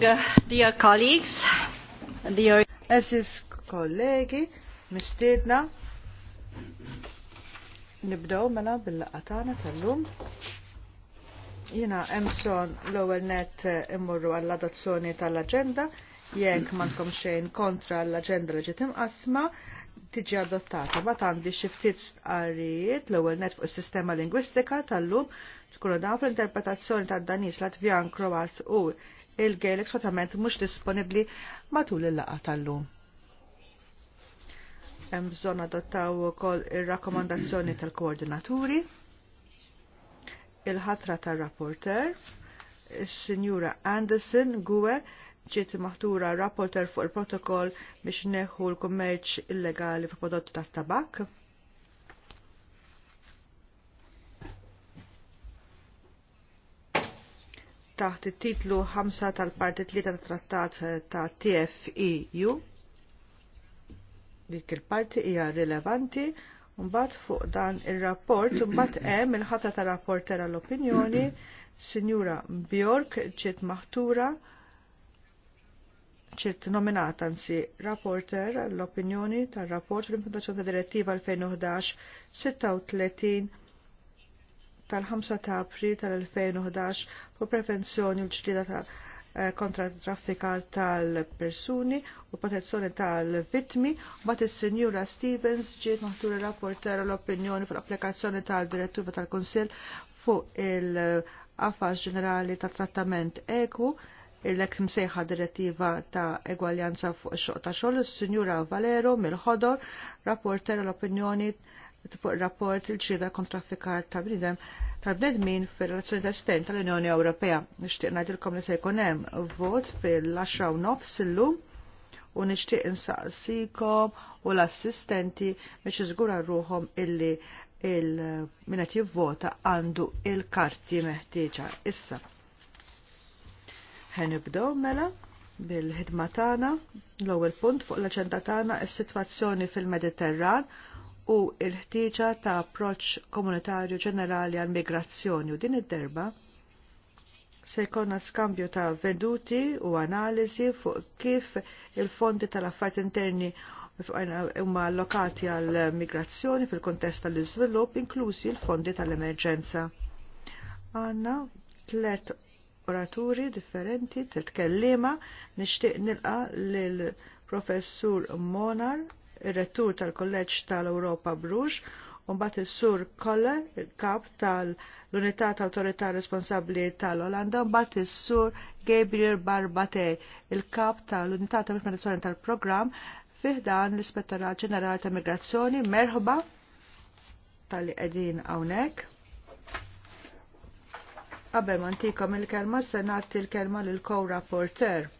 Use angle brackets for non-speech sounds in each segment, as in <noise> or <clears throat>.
morning, uh, dear colleagues. Dear... Esis kollegi, mistiedna. Nibdow mela bil-laqatana tal-lum. Jina emson l ewwel net eh, immurru għall-adozzjoni tal-agenda. Jekk mandkom xejn kontra l-agenda li ġiet imqasma, tiġi adottata. Ma għandi xi ftit l-ewwel net fuq is-sistema lingwistika tal-lum tkunu dawn fl-interpretazzjoni tad-Danis Latvjan Kroat u il-Gaelic sfortunatament mhux disponibbli matul il-laqgħa tal-lum. Hemm bżonn adottaw ukoll ir-rakkomandazzjoni tal-koordinaturi, il-ħatra tar-rapporter, is-Sinjura Anderson Gue ġiet maħtura rapporter fuq il-protokoll biex neħu l-kummerċ illegali fil prodotti tat-tabak taħt it-titlu 5 tal-parti 3 tat-trattat ta' TFEU. Eh, Dik il-parti hija rilevanti Mbagħad fuq dan ir-rapport, mbagħad hemm il ħata ta' rapporter għall-opinjoni, Sinjura Bjork ġiet maħtura ċirt nominata nsi rapporter l-opinjoni tal-rapport fl-implementazzjoni ta' direttiva 2011-36 tal-5 ta' april tal-2011 fuq prevenzjoni u ġdida ta' eh, kontra t-traffika tal-persuni u protezzjoni tal-vittmi, bat il sinjura Stevens ġiet maħtura rapporter l-opinjoni fl-applikazzjoni tal-Direttiva tal-Kunsill fuq il-Affaż Ġenerali ta' Trattament Eku il-lek msejħa direttiva ta' egwaljanza fuq xoqta ta' xogħol, is-Sinjura Valero mill-ħodor, rapporter l-opinjoni fuq rapport il ċida kontraffikar ta' bnidem ta' bnedmin fil-relazzjoni ta' estern tal-Unjoni Ewropea. Nixtieq ngħidilkom li se jkun hemm vot fil-10 u nofs illum u nixtieq insaqsikom u l-assistenti biex iżgura ruhom illi il qed jivvota għandu il-karti meħtieġa issa. Ħen nibdew mela bil-ħidma tagħna, l-ewwel punt fuq l aċenda tagħna is-sitwazzjoni fil-Mediterran u l-ħtieġa ta' approċċ komunitarju ġenerali għal migrazzjoni u din id-derba se jkollna skambju ta' veduti u analiżi fuq kif il-fondi tal-affarijiet interni huma allokati għal migrazzjoni fil-kontest tal-iżvilupp inklużi l-fondi tal-emerġenza. Għanna tlet oraturi differenti, tlet kellima, nixtieq nilqa' lil professur Monar ir-rettur tal-Kolleġġ tal-Ewropa u mbagħad is sur Kolle, kap tal-Unità tal-Autorità Responsabli tal-Olanda, mbagħad is sur Gabriel Barbate, il-kap tal-Unità tal-Implementazzjoni tal-Programm, fiħdan l-Ispettorat Ġenerali ta' Migrazzjoni, merħba tal-li qegħdin hawnhekk. Qabel ma ntikom il-kelma, se nagħti l-kelma lil co-rapporter.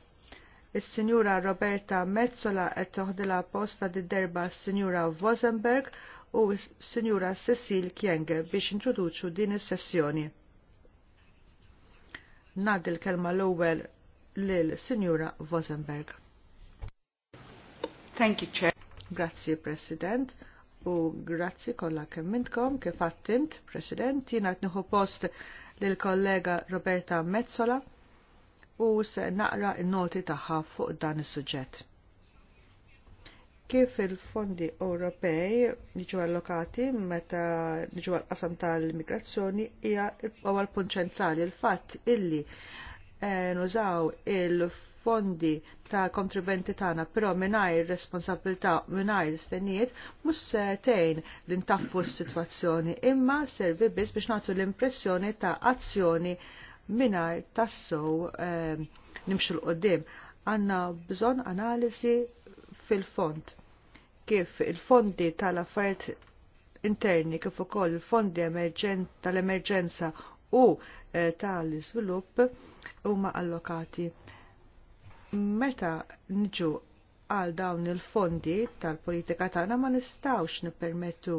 Is-Sinjura Roberta Mezzola qed toħdilha posta di derba s-Sinjura Vosenberg u s-Sinjura Cecil Kienge biex introduċu din is-sessjoni. Nad il-kelma l-ewwel lil Sinjura Vosenberg. Thank you, Chair. Grazzi, President u grazzi kollha kemm intkom kif għattint, President, jiena qed post lill kollega Roberta Mezzola u se naqra n-noti tagħha fuq dan is-suġġett. Kif il-fondi Ewropej niġu allokati meta niġu għal-qasam tal-immigrazzjoni hija l punt ċentrali l-fatt illi eh, nużaw il-fondi ta' kontribenti tagħna però mingħajr responsabilità mingħajr stenijiet mhux se tgħin li ntaffu s-sitwazzjoni imma servi biss biex nagħtu l-impressjoni ta' azzjoni minar tassow ehm, nimxu l-qoddim. Għanna bżon analizi fil-fond. Kif il-fondi tal-affarijiet interni kif ukoll il-fondi tal-emerġenza u e, tal-iżvilupp huma allokati. Meta niġu għal dawn il-fondi tal-politika tagħna ma nistgħux nippermettu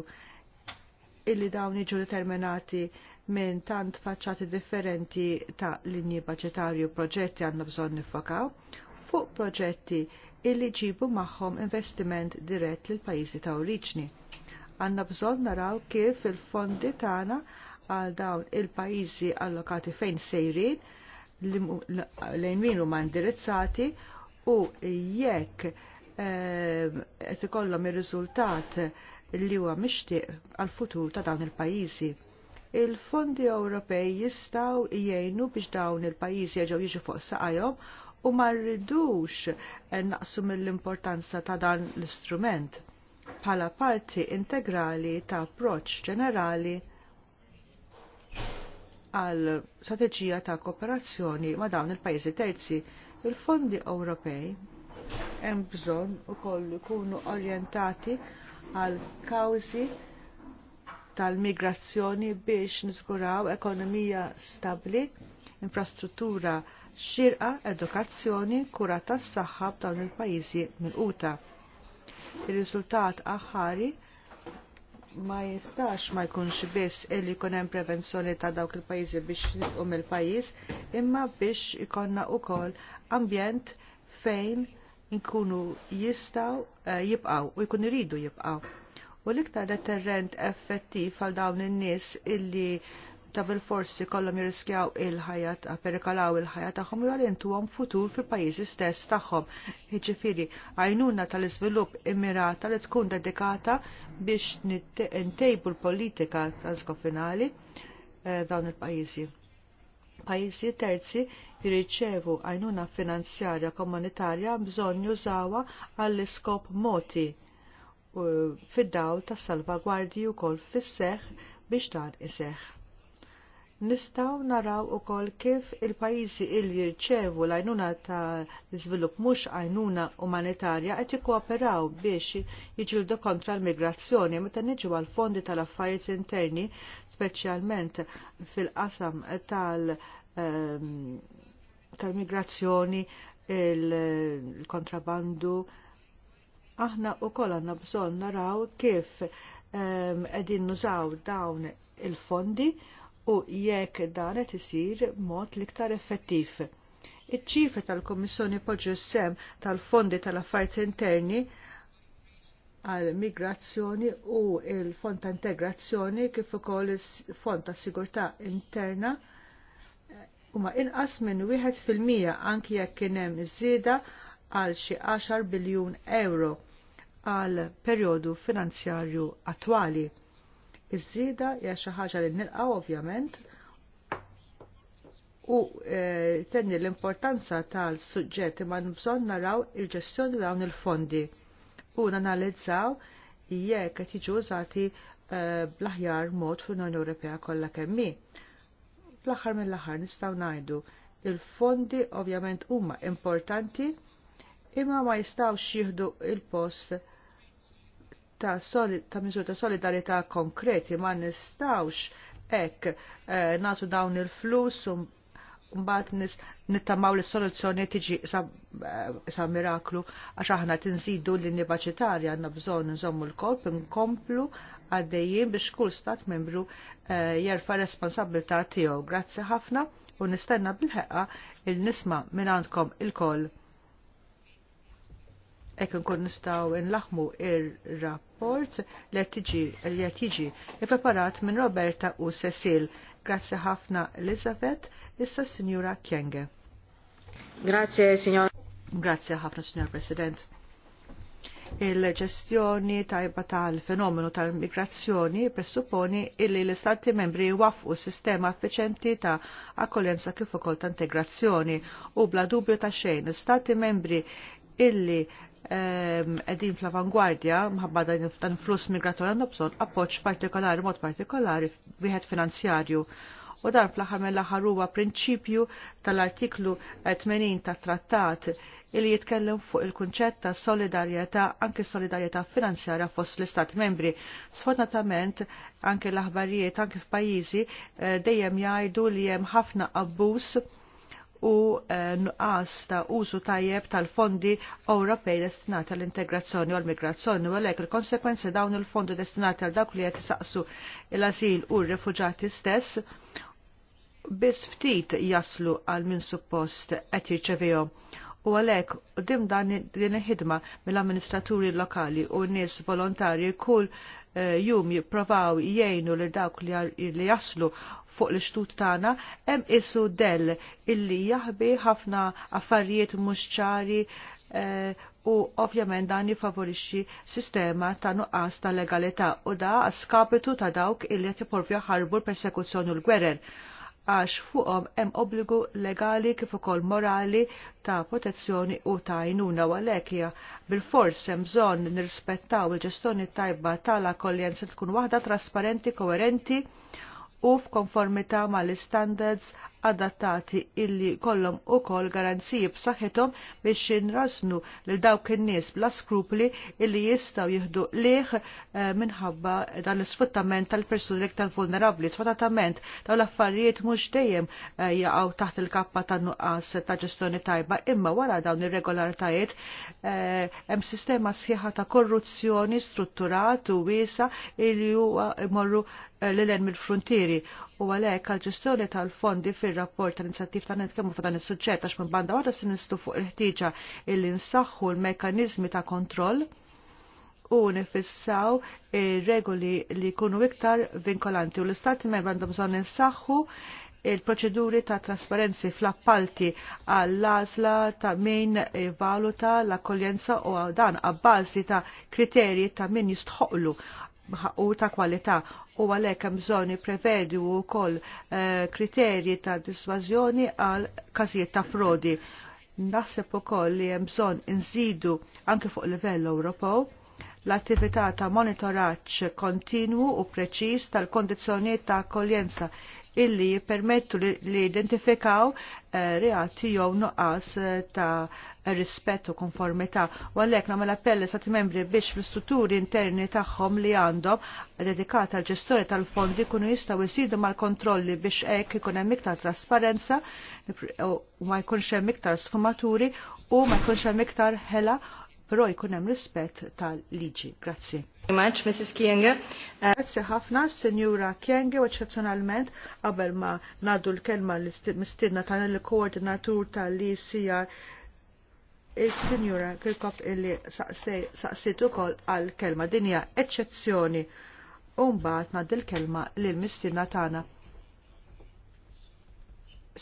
illi dawn jiġu determinati minn tant faċċati differenti ta' linji u proġetti għandna bżonn nifokaw fuq proġetti illi ġibu magħhom investiment dirett lil pajjiżi ta' oriġni. Għandna bżonn naraw kif il-fondi tagħna għal dawn il-pajjiżi allokati fejn sejrin lejn min huma indirizzati u jekk ehm, qed ikollhom ir-riżultat li huwa mixtieq għal futur ta' dawn il-pajjiżi il-fondi Ewropej jistaw jgħinu biex dawn il-pajjiżi jeġgħu jiġu fuq saqajhom u ma rridux eh, naqsu mill-importanza ta' dan l-istrument bħala parti integrali ta' approċċ ġenerali għal strateġija ta' kooperazzjoni ma' dawn il-pajjiżi terzi. Il-fondi Ewropej hemm bżonn ukoll ikunu orjentati għal kawżi tal-migrazzjoni biex niżguraw ekonomija stabbli, infrastruttura xirqa, edukazzjoni, kura tas-saħħa b'dawn il-pajjiżi mill-quta. Ir-riżultat aħħari ma jistax ma jkunx biss illi jkun hemm prevenzjoni ta' dawk il-pajjiżi biex nitqum il-pajjiż, imma biex ikonna wkoll ambjent fejn nkunu jistgħu uh, eh, jibqgħu u jkun iridu jibqgħu. U l-iktar deterrent effettiv għal dawn in-nies illi ta' bil-forsi kollom jirriskjaw il-ħajja perikalaw il-ħajja tagħhom u għalintuhom futur fil-pajjiżi stess tagħhom. Jiġifieri għajnuna tal-iżvilupp immirata li tkun dedikata biex ntejbu l-politika transkofinali eh, dawn il-pajjiżi. Pajjiżi terzi jirriċevu għajnuna finanzjarja komunitarja bżonn jużawa għall-iskop moti fid-dawl tas salvagwardji wkoll fis-seħħ biex dan iseħħ. Nistgħu naraw ukoll kif il-pajjiżi il jirċevu l ajnuna ta' iżvilupp mhux għajnuna umanitarja qed jikkooperaw biex jiġildu kontra l-migrazzjoni meta niġu għal fondi tal-affarijiet interni, speċjalment fil-qasam tal- ehm, tal-migrazzjoni, il-kontrabandu, il kontrabandu aħna u kolanna bżon naraw kif ehm, għedin nużaw dawn il-fondi u jekk dan qed isir mod liktar effettiv. Iċ-ċifri tal-Kommissjoni poġġu sem tal-Fondi tal-Affarijiet Interni għal migrazzjoni u il-Fond ta' Integrazzjoni kif ukoll il-Fond ta' Sigurtà Interna huma inqas minn wieħed fil-mija anki jekk kien hemm iż-żieda għal xi 10 biljun euro għal perjodu finanzjarju attwali. Iż-żieda hija xi ħaġa li nilqgħu ovvjament u e, tenni l-importanza tal-suġġett imma bżonn naraw il-ġestjoni dawn il-fondi u nanalizzaw jekk qed jiġu użati e, bl-aħjar mod fl-Unjoni Ewropea kollha kemm Fl-aħħar mill-aħħar nistgħu ngħidu il-fondi ovvjament huma importanti imma ma jistawx jieħdu il-post ta', soli, ta miżur ta' solidarità konkreti ma nistawx ek eh, natu dawn il-flus um, mbagħad nittamaw li soluzzjoni tiġi sa, eh, sa miraklu għax aħna tinżidu l-linja baċitarja għandna bżonn nżommu l kolp nkomplu għaddejjin biex kull stat membru eh, jerfa responsabilità tiegħu. Grazzi ħafna u nistenna bil-ħeqqa il-nisma' minn għandkom il-koll ek nkun nistaw nlaħmu il-rapport li tiġi li tiġi ippreparat minn Roberta u Cecil. Grazzi ħafna Elizabeth, issa Sinjura Kienge. Grazie, signor. Grazie ħafna, signor President. Il-ġestjoni tajba tal-fenomenu tal-migrazzjoni presupponi illi l-Istati membri waffqu sistema effiċenti ta' akkoljenza kif ukoll ta' integrazzjoni u bla dubju ta' xejn l-Istati membri illi edin fl-avangwardja mħabba dan flus migratorja għandu bżonn appoġġ partikolari mod partikolari wieħed finanzjarju. U dan fl-aħħar mill-aħħar huwa prinċipju tal-artiklu 80 tat-trattat illi jitkellem fuq il-kunċett ta' solidarjetà anke solidarjetà finanzjarja fost l-Istat membri. Sfortunatament anke l-aħbarijiet anke f'pajjiżi eh, dejjem jgħidu li hemm ħafna abbuż u eh, nuqqas ta' użu tajjeb tal-fondi Ewropej destinati għall integrazzjoni u l-migrazzjoni u għalhekk il-konsekwenzi dawn il-fondi destinati għal dawk li qed isaqsu l-asil u r-rifuġati stess biss ftit jaslu għal min suppost qed jirċevihom U għalek, dim dan din ħidma mill-amministraturi lokali u nis volontarji kull eh, jum jipprovaw jgħinu li dawk li jaslu fuq l-istut tagħna hemm isu del illi jaħbi ħafna affarijiet mhux ċari eh, u ovvjament dan jifavorixxi sistema ta' nuqqas ta' legalità u da skapitu ta' dawk illi qed jipprovja ħarbu l-persekuzzjoni u l-gwerer għax fuqhom hemm obbligu legali kif ukoll morali ta' protezzjoni u ta' għajnuna u għalhekk hija bilfors hemm bżonn nirrispettaw il-ġestjoni tajba tal-akkoljenza tkun waħda trasparenti, koerenti u f'konformità mal-standards adattati illi u ukoll garanziji b'saħħithom biex jinrasnu lil dawk in-nies bla skrupli illi jistgħu jieħdu liħ eh, minħabba dan l-isfuttament tal-persuni iktar vulnerabbli. Sfortunatament dawn l-affarijiet mhux dejjem eh, jaqgħu taħt il-kappa tan-nuqqas ta' ġestjoni tajba, imma wara dawn ir-regolaritajiet eh, hemm sistema sħiħa ta' korruzzjoni strutturat u wiesa illi huwa imorru l-elen mill-frontieri u għalhekk għal-ġestjoni tal-fondi fir-rapport tal-inizjattiv ta' nitkellmu fuq dan is sujġet għax minn banda waħda se nistu fuq il-ħtieġa il nsaħħu l-mekkaniżmi ta' kontroll u nifissaw regoli li jkunu iktar vinkolanti u l-istati membri għandhom bżonn insaħħu il-proċeduri ta' trasparenzi fl-appalti għall-azla ta' min valuta l-akkoljenza u dan għabbażi ta' kriterji ta' min jistħoqlu u ta' kwalità u għalhekk hemm bżonn prevedu wkoll eh, kriterji ta' disważjoni għal każijiet ta' frodi. Naħseb ukoll li hemm bżonn inżidu anke fuq livell Ewropew l-attività ta' monitoraġġ kontinwu u preċiż tal-kondizzjonijiet ta' akkoljenza illi jippermettu li, identifikaw eh, reati jew nuqqas eh, ta' rispett u konformità. U għalhekk nagħmel appell sa' membri biex fl-istrutturi interni tagħhom li għandhom dedikata għal ġestjoni tal-fondi kunu jistgħu jsidu mal-kontrolli biex hekk ikun hemm iktar trasparenza u ma jkunx hemm iktar sfumaturi u ma jkunx hemm iktar ħela però jkun hemm rispett tal-liġi. Grazzi. Much, Mrs. Kienge. Uh, Grazzi ħafna, Senjura Kienge, u eccezjonalment qabel ma nadu l-kelma l-mistidna tan il-koordinatur tal-ICR il-Sinjura Kirkop illi saqsit ukoll għal kelma dinja eċċezzjoni. mbagħad ngħaddi l kelma lil mistiedna tagħna.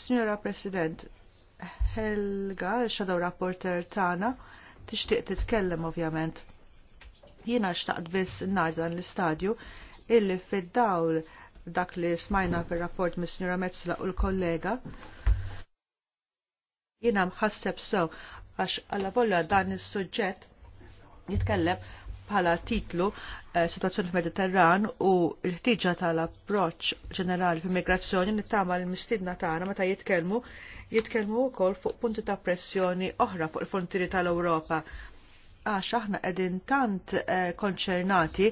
Signora President, Helga, il-Shadow Rapporter tagħna, tixtieq titkellem ovvjament. Jiena xtaqt biss ngħid dan l-istadju illi fid-dawl dak li smajna fir-rapport mis-Sinjura Metzla u l-kollega jiena mħasseb sew għax għalla bolla dan is-suġġett jitkellem bħala titlu situazzjoni f'Mediterran mediterran u l-ħtiġa tal-approċ ġenerali fil immigrazzjoni nittama l-mistidna tagħna meta jitkellmu jitkellmu wkoll fuq punti ta' pressjoni oħra fuq il-frontieri tal-Ewropa. Għax aħna qegħdin tant eh, konċernati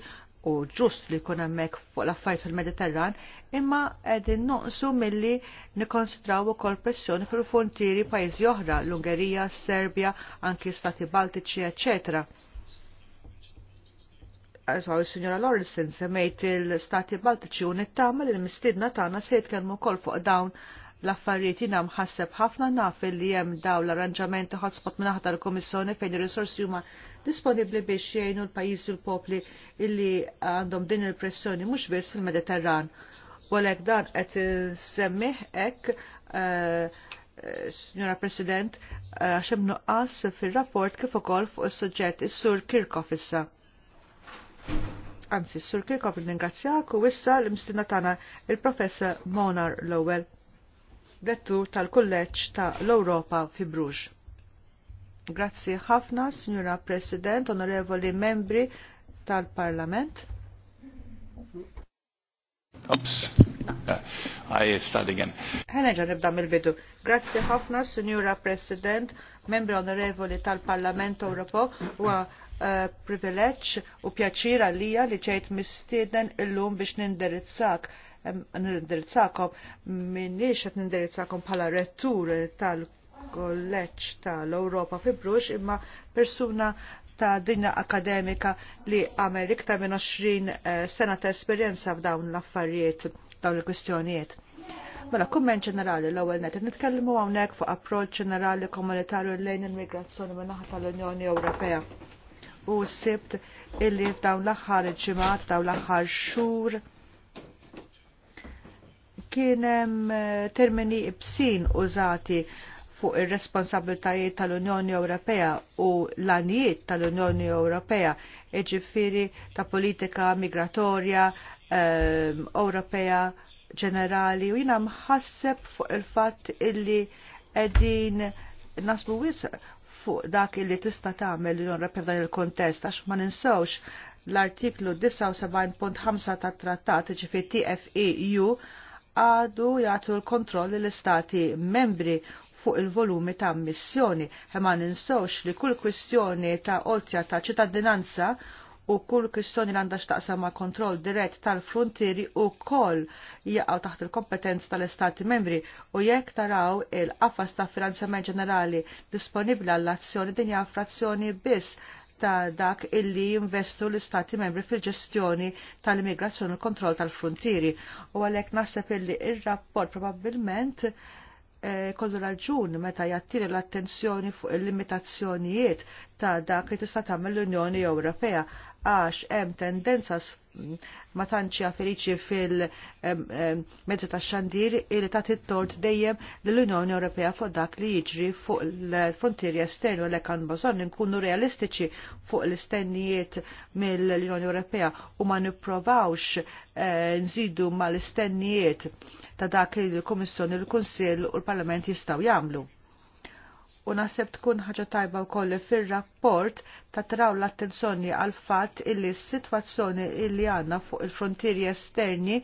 u ġust li jkun hemmhekk fuq l-affarijiet fil-Mediterran, imma qegħdin noqsu milli nikkonsidraw ukoll pressjoni fil-frontieri pajjiżi oħra, l-Ungerija, Serbja, anki Stati Baltiċi, eċċetera għaw il-Sinjora Lawrenson semmejt il-Stati Baltiċi u nittama li l-mistidna tagħna se jitkellmu wkoll fuq dawn l-affarijiet jina mħasseb ħafna naf li hemm dawn l-arranġamenti hotspot minn aħdar il-Kummissjoni fejn ir-risorsi huma disponibbli biex jgħinu l-pajjiżi u l-popli illi għandhom din il-pressjoni mhux biss fil-Mediterran. U għalhekk dan qed semmih hekk eh, Signora President, eh, għaxem nuqqas fil-rapport kif ukoll fuq is-suġġett is-Sur Kirkoff issa. Anzi, Sur Kirkov ringrazzjak u wissa l-mistina tagħna il-Professor Monar Lowell, rettur tal-Kulleġġ ta' l-Ewropa fi Bruġ. Grazzi ħafna, Signora President, onorevoli membri tal-Parlament. Ops. I start again. Ħeneġa nibda mill-bidu. Grazzi ħafna, Signora President, membri onorevoli tal-Parlament Ewropew, u Eh, privileġġ u pjaċir għalija li ġejt mistieden illum biex nindirizzak nindirizzakom minniex qed nindirizzakom bħala rettur tal-kolleġġ tal-Ewropa fi Brux imma persuna ta' dinja akademika li għamel iktar minn 20 eh, sena ta' esperjenza f'dawn l-affarijiet dawn il-kwistjonijiet. Mela, kumment ġenerali l-ewwel net, nitkellmu hawnhekk fuq approċċ ġenerali komunitarju lejn il-migrazzjoni min-naħa tal-Unjoni Ewropea u sibt illi f'daw l-aħħar ġimgħat, dawn l-aħħar xhur kien hemm eh, termini ibsin użati fuq ir-responsabiltajiet tal-Unjoni Ewropea u l-anijiet tal-Unjoni Ewropea, iġifiri ta' politika migratorja eh, Ewropea ġenerali u jina mħasseb fuq il-fatt illi qegħdin nasbu wisq fuq dak illi tista' tagħmel l-Unjoni Ewropea f'dan il-kontest għax ma ninsewx l-artiklu 79.5 tat trattat ġifi TFEU għadu jagħtu l-kontroll l-istati membri fuq il-volumi ta' missjoni, ma ninsawx li kull kwistjoni ta' qotja ta' ċittadinanza u kull li għandha x'taqsam ma' kontroll dirett tal-frontieri u koll jaqgħu taħt il-kompetenz tal-Istati membri u jekk taraw il-qafas ta' finanzjament ġenerali disponibbli għall-azzjoni din hija frazzjoni biss ta' dak illi jinvestu l-istati membri fil-ġestjoni tal-immigrazzjoni u l-kontroll tal-frontieri. U għalek nasab illi il-rapport probabilment eh, kollu raġun meta jattiri l-attenzjoni fuq il-limitazzjonijiet ta' dak li tista' tagħmel l-Unjoni Ewropea għax hemm tendenza ma tantxi feliċi fil-mezzi ta' xandir il ta' tort dejjem l-Unjoni Ewropea fuq dak li jiġri fuq l-frontieri u l kan bżonn nkunu realistiċi fuq l-istennijiet mill-Unjoni Ewropea u ma nipprovawx eh, nżidu mal istennijiet ta' dak li l-Komissjoni, l-Kunsill u l-Parlament jistgħu jagħmlu u naħseb tkun ħaġa tajba wkoll fir-rapport ta' traw l-attenzjoni għal fatt illi s-sitwazzjoni illi għandna fuq il-frontieri esterni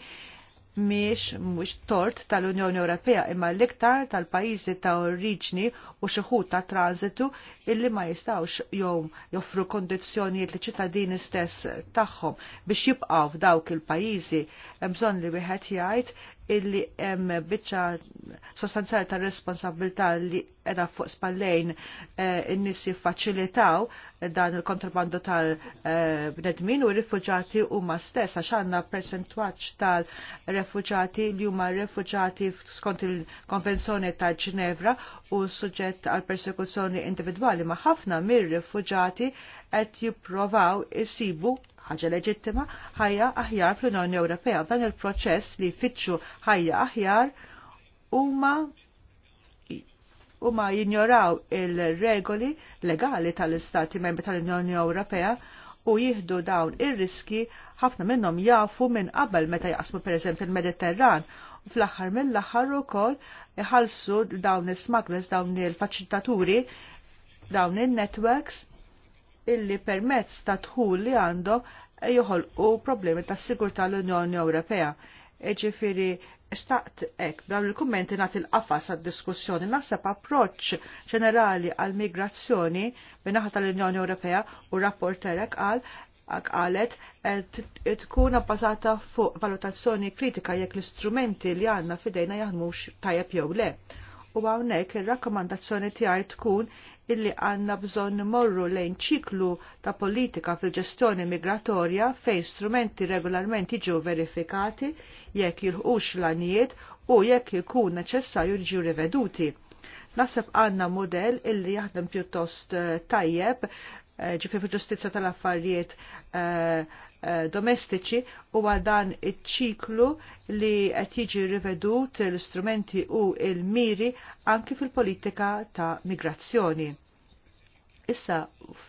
miex mhux tort tal-Unjoni Ewropea imma l-iktar tal-pajjiżi ta' oriġni u xuħud ta' transitu illi ma jistawx jom joffru kondizzjonijiet li ċittadini stess tagħhom biex jibqgħu f'dawk il-pajjiżi hemm bżonn li wieħed jgħid illi hemm biċċa sostanzjali ta' responsabilità li edha fuq spallejn eh, in-nies jiffaċilitaw eh, dan il-kontrabbando tal-bnedmin u rifuġati huma stess għax għandna persentwaġġ tal-refuġati li huma refuġati skont il-Konvenzjoni ta' Ġinevra u suġġett għal persekuzzjoni individwali ma' ħafna mir-refuġati qed jipprovaw isibu ħaġa leġittima, ħajja aħjar fl-Unjoni Ewropea. Dan il-proċess li jfittxu ħajja aħjar huma huma jinjoraw il-regoli legali tal-Istati membri tal-Unjoni Ewropea u jihdu dawn ir-riski ħafna minnhom jafu minn qabel meta jaqsmu pereżempju il-Mediterran u fl-aħħar mill-aħħar ukoll iħallsu dawn is-smugglers dawn il-faċilitaturi dawn in-networks il illi permezz ta' tħul li għandhom joħolqu problemi ta' sigurtà l-Unjoni Ewropea. Eġifiri, staqt ek dawn il-kummenti nagħti il-qafas għad-diskussjoni naħseb approċċ ġenerali għall-migrazzjoni minnaħat tal-Unjoni Ewropea u rapporterek għal għalet eh, tkun abbażata fuq valutazzjoni kritika jekk l-istrumenti li għandna fidejna jaħdmux tajjeb jew le u hawnhekk ir-rakkomandazzjoni tiegħi tkun illi għanna bżon morru lejn ċiklu ta' politika fil-ġestjoni migratorja fejn strumenti regolarment jiġu verifikati jekk jilħux l-anijiet u jekk jkun neċessarju ġu riveduti. Nasab għanna model illi jaħdem pjuttost eh, tajjeb Eh, ġifi fil-ġustizja tal-affarijiet eh, eh, domestiċi u dan iċ-ċiklu li qed jiġi rivedut l-istrumenti u l-miri anki fil-politika ta' migrazzjoni. Issa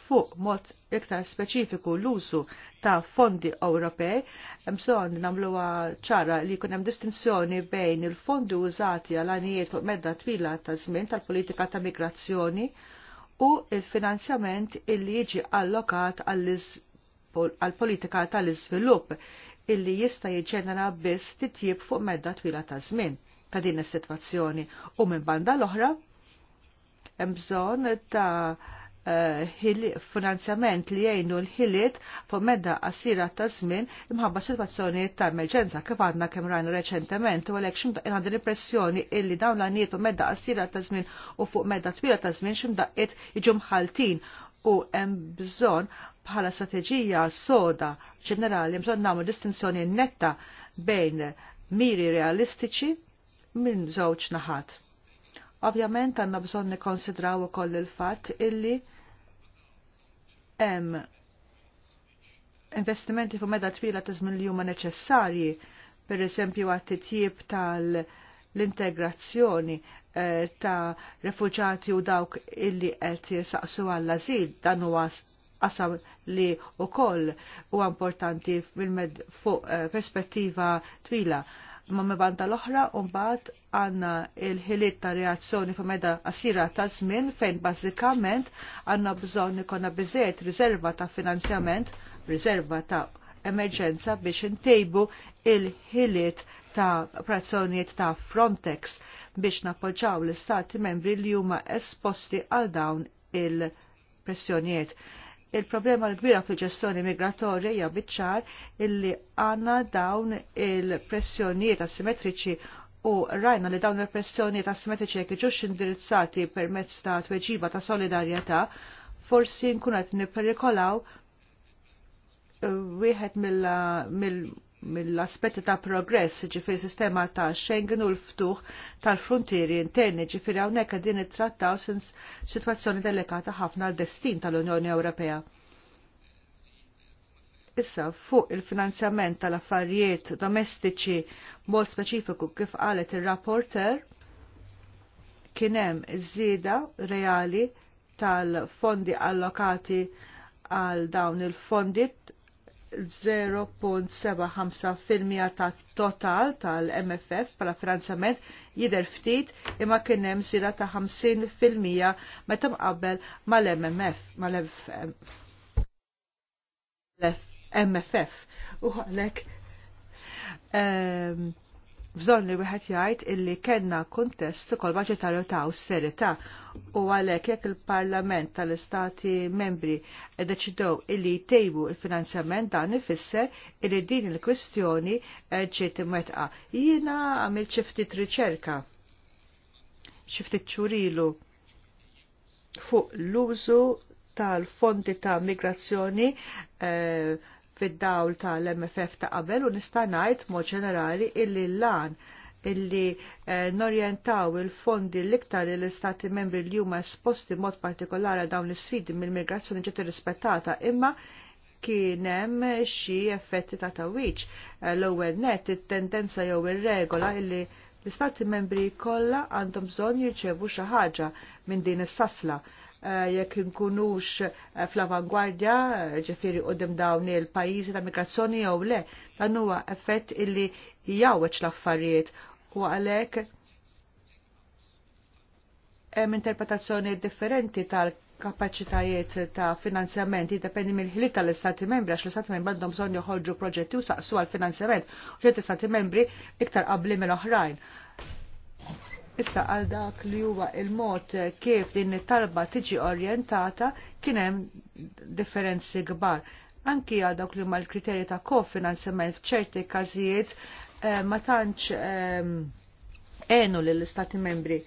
fuq mod iktar speċifiku l-użu ta' fondi Ewropej, mson namlu ċara li kun hemm distinzjoni bejn il-fondi użati għal għanijiet fuq medda twila ta' żmien tal-politika ta' migrazzjoni u il-finanzjament illi jiġi allokat għal-politika tal-iżvilupp illi jista' jiġġenera biss titjib fuq medda twila ta' żmien ta' din is-sitwazzjoni u minn banda l-oħra hemm bżonn ta' finanzjament li jgħinu l-ħiliet fuq medda qasira ta' żmien imħabba situazzjoni ta' emerġenza kif għadna kemm rajnu reċentement u għalhekk ximda għandi l-impressjoni illi dawn l-għaniet fuq medda qasira ta' żmien u fuq medda twila ta' żmien ximda qed jiġu mħaltin u hemm bżonn bħala strateġija soda ġenerali bżonn nagħmlu distinzjoni netta bejn miri realistiċi minn żewġ naħat Ovvjament għandna bżonn nikkonsidraw ukoll il-fatt illi hemm investimenti fu meda twila ta' żmien li huma neċessarji, per għat titjib tal- l-integrazzjoni eh, ta' refuġati u dawk illi qed jisaqsu għall azil dan huwa qasam li u koll u importanti fuq eh, perspettiva twila ma mibanda l-oħra u mbagħad għandna il-ħiliet ta' reazzjoni fa' meda asira ta' żmien fejn bażikament għandna bżonn ikonna biżejjed riserva ta' finanzjament, riserva ta' emerġenza biex intejbu il-ħiliet ta' operazzjonijiet ta' Frontex biex nappoġġaw l-istati membri li huma esposti għal dawn il-pressjonijiet il-problema l-kbira fil-ġestjoni migratorja hija biċċar illi għandna dawn il-pressjonijiet asimetriċi u rajna li dawn il-pressjonijiet asimetriċi jek iġux indirizzati permezz ta' tweġiba ta' solidarjetà, forsi nkunet qed eh, wieħed mill mill-aspetti ta' progress ġifir sistema ta' Schengen u l-ftuħ tal-frontieri interni ġifir hawnhekk din it-trattaw sinz situazzjoni delikata ħafna l destin tal-Unjoni Ewropea. Issa fuq il-finanzjament tal-affarijiet domestiċi mod speċifiku kif qalet il-rapporter kienem iż-żieda reali tal-fondi allokati għal dawn il-fondi 0.75% ta' total tal-MFF pala Med jider ftit imma kien hemm sira ta' 50% meta mqabbel mal-MMF mal-MFF u għalhekk ehm, bżonn li wieħed jgħid illi kellna kuntest ukoll budgetarju ta' austerità u għalhekk jekk il-Parlament tal-Istati membri ddeċidew illi jtejbu il-finanzjament dan ifisser illi din il-kwistjoni ġiet imwetqa. Jiena għamil ftit riċerka xi ftit ċurilu fuq l-użu tal-fondi ta' migrazzjoni eh, fid-dawl tal-MFF ta' qabel u nista' ngħid mod ġenerali illi l-lan illi eh, norjentaw il-fondi l-iktar l istati membri li huma esposti mod partikolari dawn l-sfidi mill-migrazzjoni ġiet irrispettata imma kien hemm xi effetti ta' tawiċ eh, l-ewwel net it-tendenza jew ir-regola illi l-istati membri kollha għandhom bżonn jirċevu xi ħaġa minn din is-sasla Eh, jekk nkunux eh, fl-avangwardja eh, ġifiri qudiem dawn il-pajjiżi ta' migrazzjoni jew le, dan huwa effett illi jawweġ l-affarijiet u għalhekk hemm interpretazzjoni differenti tal kapaċitajiet ta' finanzjament jiddependi mill-ħiliet tal-Istati membri għax l-Istati membri għandhom bżonn joħorġu proġetti u saqsu għal finanzjament u ċerti Istati membri iktar qabli minn oħrajn. Issa għal dak li huwa il-mod kif din it-talba tiġi orjentata kien hemm differenzi kbar. Anki għal dawk li huma l-kriterji ta' kofinanzjament f'ċerti każijiet eh, ma tantx ehm, għenu lill-Istati membri.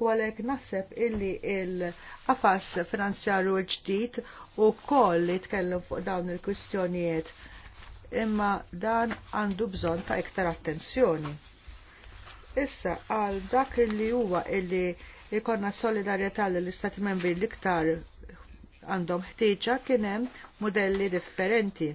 U għalhekk naħseb illi il-qafas finanzjaru l-ġdid u koll li tkellem fuq dawn il-kwistjonijiet imma dan għandu bżonn ta' iktar attenzjoni Issa għal dak li huwa illi jkollna solidarjetà lill istati membri l-iktar għandhom ħtieġa kien hemm modelli differenti.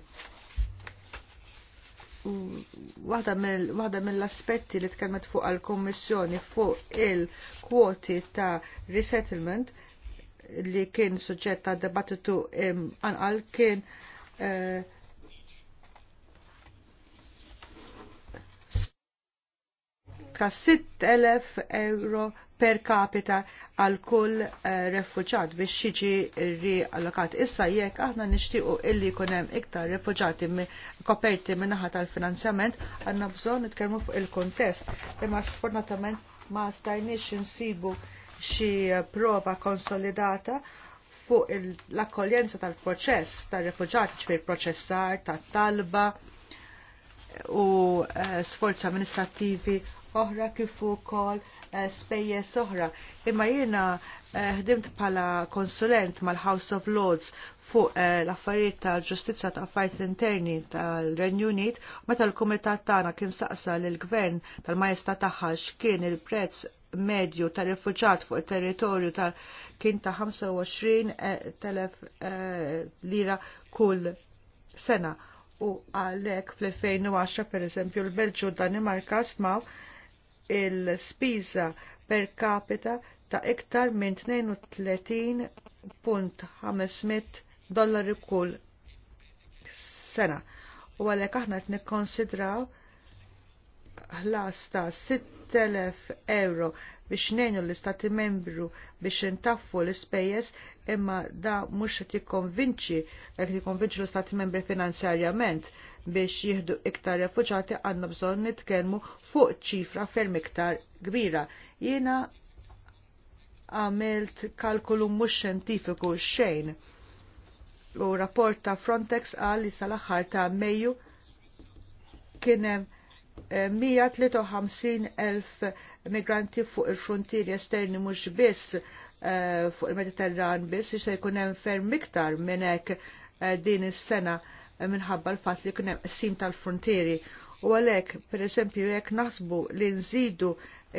Waħda mill-aspetti li tkellmet fuq għal-Kommissjoni fuq il-kwoti ta' resettlement li kien suġġett ta' debattitu anqal kien uh, ċirka 6,000 euro per capita għal kull eh, refuġat biex jiġi riallokat. Issa jekk aħna nixtiequ illi jkun hemm iktar refuġati koperti min-naħa tal-finanzjament, għandna bżonn nitkellmu fuq il-kontest. Imma sfortunatament ma stajniex insibu xi prova konsolidata fuq l-akkoljenza tal-proċess tal refuġat ċfir proċessar, tat-talba u eh, sforzi amministrativi oħra kif ukoll eh, spejjeż oħra. Imma jiena eh, ħdimt bħala konsulent mal-House of Lords fuq eh, l-affarijiet tal-ġustizza ta' affarijiet interni tal-Renju Unit meta l-kumitat tagħna kien saqsa lill gvern tal-majesta tagħha x'kien il-prezz medju ta' rifuġat fuq il-territorju ta' kien ta' 25.000 lira kull sena. U għalek fl-2010 per eżempju l-Belġu Danimarka smaw il-spiża per capita ta' iktar minn 32.500 dollari kull sena. U għalhekk aħna qed nikkonsidraw Ħlasta ta' 6.000 euro biex nejnu l-istati membru biex intaffu l-ispejjeż imma da mhux qed jikkonvinċi qed jikkonvinċi l-istati membri finanzjarjament biex jieħdu iktar refuġati għandna bżonn nitkellmu fuq ċifra ferm iktar kbira. Jiena għamilt kalkulu mhux xjentifiku xejn u rapport ta' Frontex għal li sal-aħħar ta' Mejju kienem 153.000 migranti fuq il-frontieri esterni mhux biss eh, fuq il-Mediterran biss se jkun hemm ferm iktar minn hekk eh, din is-sena minħabba l-fatt li kien hemm qsim tal-frontieri. U għalhekk, pereżempju, jekk naħsbu li nżidu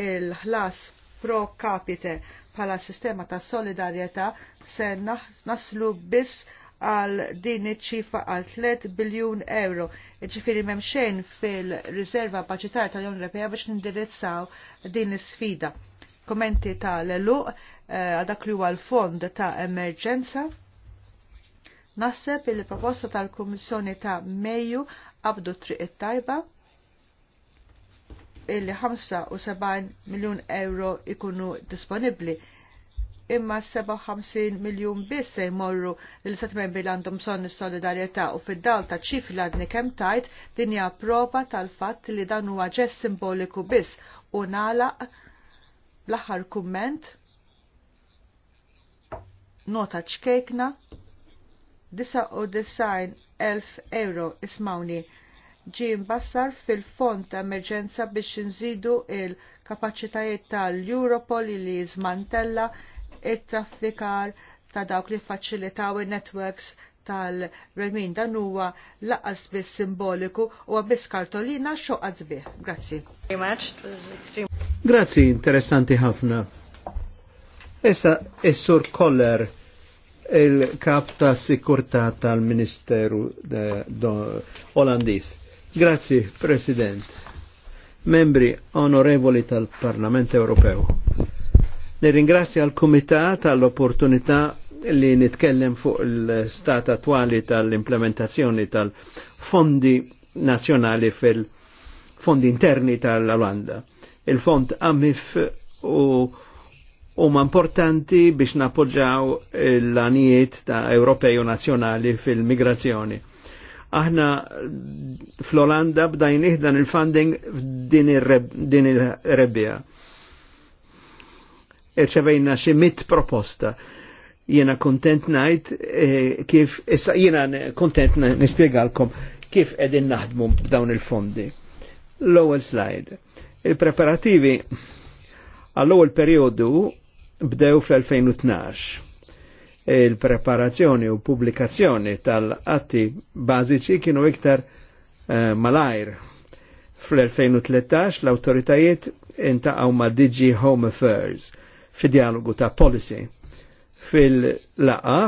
l ħlas pro capite bħala sistema ta' solidarjetà se naslu biss għal din iċ-ċifra għal 3 biljun euro. Ġifiri memxen fil-riserva paċitar tal-Unjoni Ewropea biex nindirizzaw din l-sfida. Kommenti ta' l-eluq eh, għal dak li huwa l-fond ta' emerġenza. Naħseb il-proposta tal-Kummissjoni ta' Mejju abdu triq it-tajba illi 75 miljun euro ikunu disponibli imma 57 miljon biss se jmorru l-istat membri li għandhom bżonn is-solidarjetà u fid-dawl ta' ċif li għadni kemm tajt din hija prova tal-fatt li dan huwa ġest simboliku biss u nagħlaq l-aħħar kumment nota ċkejkna 99.000 euro ismawni ġi mbassar fil-fond ta' emerġenza biex nżidu il-kapacitajiet tal-Europol li jizmantella it-traffikar ta' dawk li faċilitaw il networks tal-remin dan huwa laqas biss simboliku u biss kartolina xoqgħad sbieħ. Grazzi. Grazzi, interessanti ħafna. Issa Essur Koller il-kap ta' sikurtà tal-Ministeru Olandis. Grazzi, President. Membri onorevoli tal-Parlament Ewropew Nirringrazzja l-Kumitat għall-opportunità li nitkellem fuq l-stat attwali tal-implementazzjoni tal-fondi nazjonali fil-fondi interni tal-Olanda. Il-fond AMIF u huma importanti biex napoġġaw l-anijiet ta' Ewropej u nazzjonali fil-migrazzjoni. Aħna fl-Olanda bdajn iħdan il-funding din ir-rebbija irċevejna xi mit proposta. Jiena kontent najt e, kif issa jiena kontent nispjegalkom kif qegħdin naħdmu dawn il-fondi. L-ewwel slide. Il-preparativi għall-ewwel perjodu bdew fl-2012 il-preparazzjoni u pubblikazzjoni tal-atti bażiċi kienu iktar uh, malajr. Fl-2013 l-autoritajiet intaqgħu ma' DG Home Affairs fi dialogu ta' policy. Fil-laqa,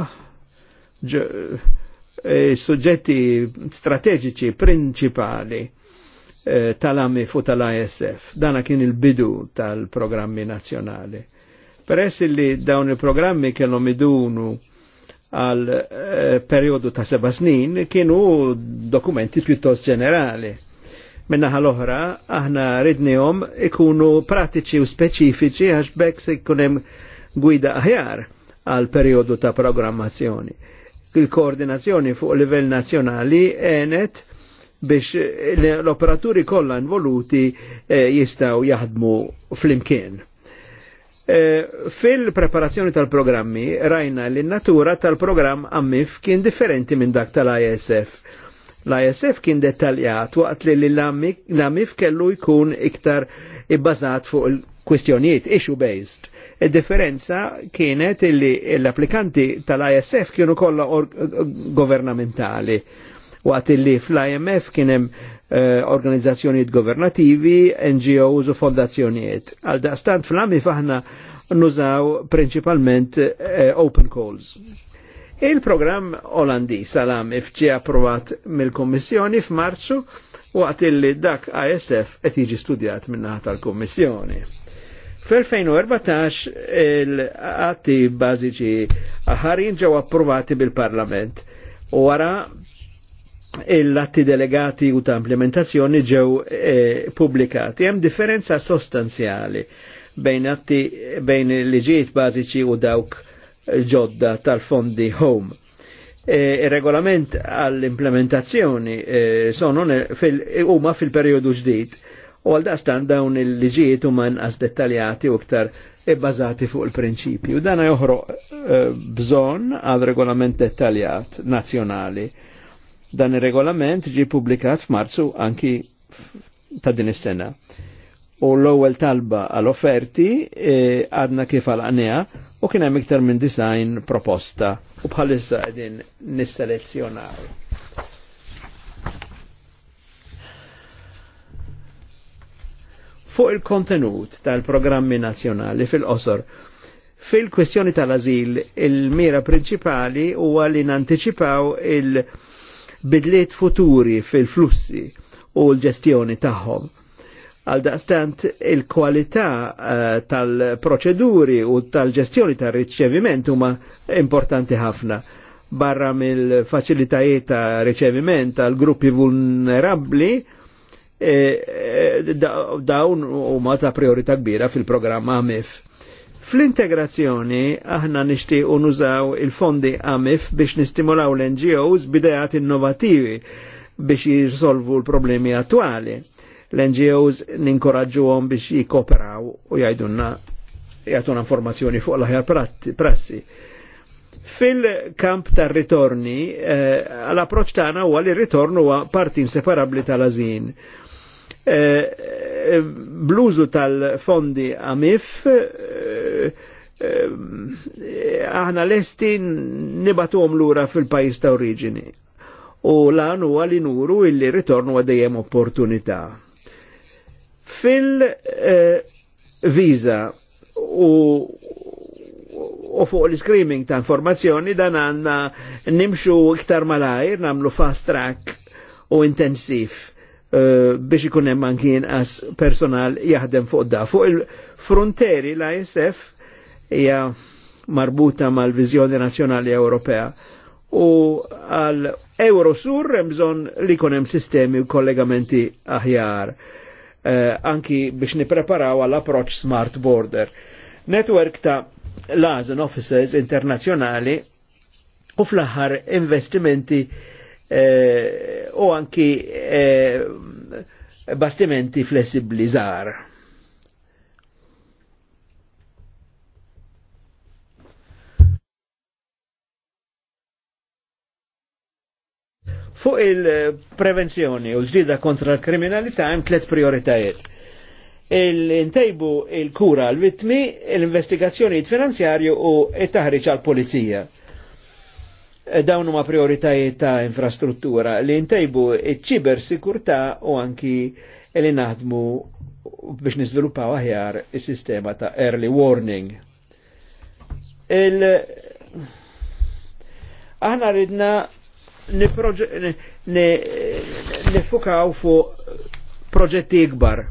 e, suġġetti strateġiċi principali e, tal ami fu tal-ISF. Dana kien il-bidu tal-programmi nazjonali. Peress li dawn il-programmi kellhom idunu għal e, periodu ta' seba snin kienu dokumenti pjuttost ġenerali Minnaħal oħra, aħna ridnihom ikunu pratiċi u speċifiċi għax bekk se jkun hemm gwida aħjar għal periodu ta' programmazzjoni. Il-koordinazzjoni fuq livell nazzjonali enet biex l-operaturi kollha involuti eh, jistaw jaħdmu fl-imkien. Eh, fil-preparazzjoni tal-programmi rajna li n-natura tal-programm għammif kien differenti minn dak tal-ISF L-ISF kien dettaljat waqt li l-AMIF kellu jkun iktar ibbażat fuq il-kwistjonijiet issue-based. Il-differenza kienet li l-applikanti tal-ISF kienu kollha governamentali waqt li fl-IMF kienem eh, organizzazzjonijiet governativi, NGOs u fondazzjonijiet. Għal daqstant fl-AMIF aħna nużaw principalment eh, open calls. Il-programm Olandis salam ifġi approvat mill-Kommissjoni f'Marzu waqt illi dak ASF qed jiġi studjat minnaħat tal-Kommissjoni. Fl-2014 il-atti bażiċi ħarin ġew approvati bil-Parlament u wara l-atti delegati u ta' implementazzjoni ġew eh, pubblikati. Hemm differenza sostanzjali bejn atti bejn liġijiet bażiċi u dawk ġodda tal-fondi Home. E, il-regolament għall-implementazzjoni e, sono huma fil, perjodu periodu ġdid u għal dastan dawn il-liġijiet huma nqas dettaljati u iktar bbażati e fuq il-prinċipji. U dana joħroq bżonn għal regolament dettaljat nazzjonali. Dan ir-regolament ġi publikat f'Marzu anki ta' din is-sena u l-ewwel talba għal-offerti e, għadna kif għal-għanija u kien hemm iktar minn design proposta u bħalissa qegħdin nisselezzjonaw. Fuq il-kontenut tal-programmi nazzjonali fil-qosor, fil-kwestjoni tal-azil il-mira prinċipali huwa li nanticipaw il-bidliet futuri fil-flussi u l-ġestjoni tagħhom Għal daqstant il-kwalità eh, tal-proċeduri u tal-ġestjoni tal-riċeviment huma importanti ħafna. Barra mill-faċilitajiet ta' riċeviment tal-gruppi vulnerabli, eh, eh, dawn huma ta' priorità kbira fil-programm AMIF. Fl-integrazzjoni aħna nixtiequ nużaw il-fondi AMIF biex nistimulaw l-NGOs bidejat innovativi biex jisolvu l-problemi attuali l-NGOs ninkoraġġuhom biex jikoperaw u jgħidunna jgħatuna informazzjoni fuq l aħjar prassi. Fil-kamp tar ritorni eh, l-approċ tagħna huwa li ritorn huwa parti inseparabbli tal-għażin. Eh, Bluzu tal-fondi AMIF eh, aħna lesti nibatuhom lura fil-pajjiż ta' oriġini. U lan huwa li nuru illi ritorn huwa dejjem opportunità Fil-viza u u fuq l-screaming ta' informazzjoni dan għanna nimxu iktar malajr, namlu fast track u intensif eh, biex ikun hemm anki personal jaħdem fuq da. Fuq il fronteri la ISF hija marbuta mal-Viżjoni Nazzjonali Ewropea u għal Eurosur hemm bżonn li jkun hemm sistemi u kollegamenti aħjar. Eh, anki biex nipreparaw għal approach Smart Border. Network ta' laws and offices internazjonali u fl-aħħar investimenti eh, u anki eh, bastimenti flessibli żgħar Fuq il-prevenzjoni u l-ġdida kontra l-kriminalità hemm tliet prioritajiet. Il-intejbu il-kura għal-vittmi, l-investigazzjonijiet finanzjarju u it-taħriġ għal-polizija. Dawn huma prioritajiet ta' infrastruttura li ntejbu iċ-ċiber sikurtà u anki li naħdmu biex niżviluppaw aħjar is-sistema ta' early warning. Il Aħna ridna nifukaw fuq proġetti ikbar.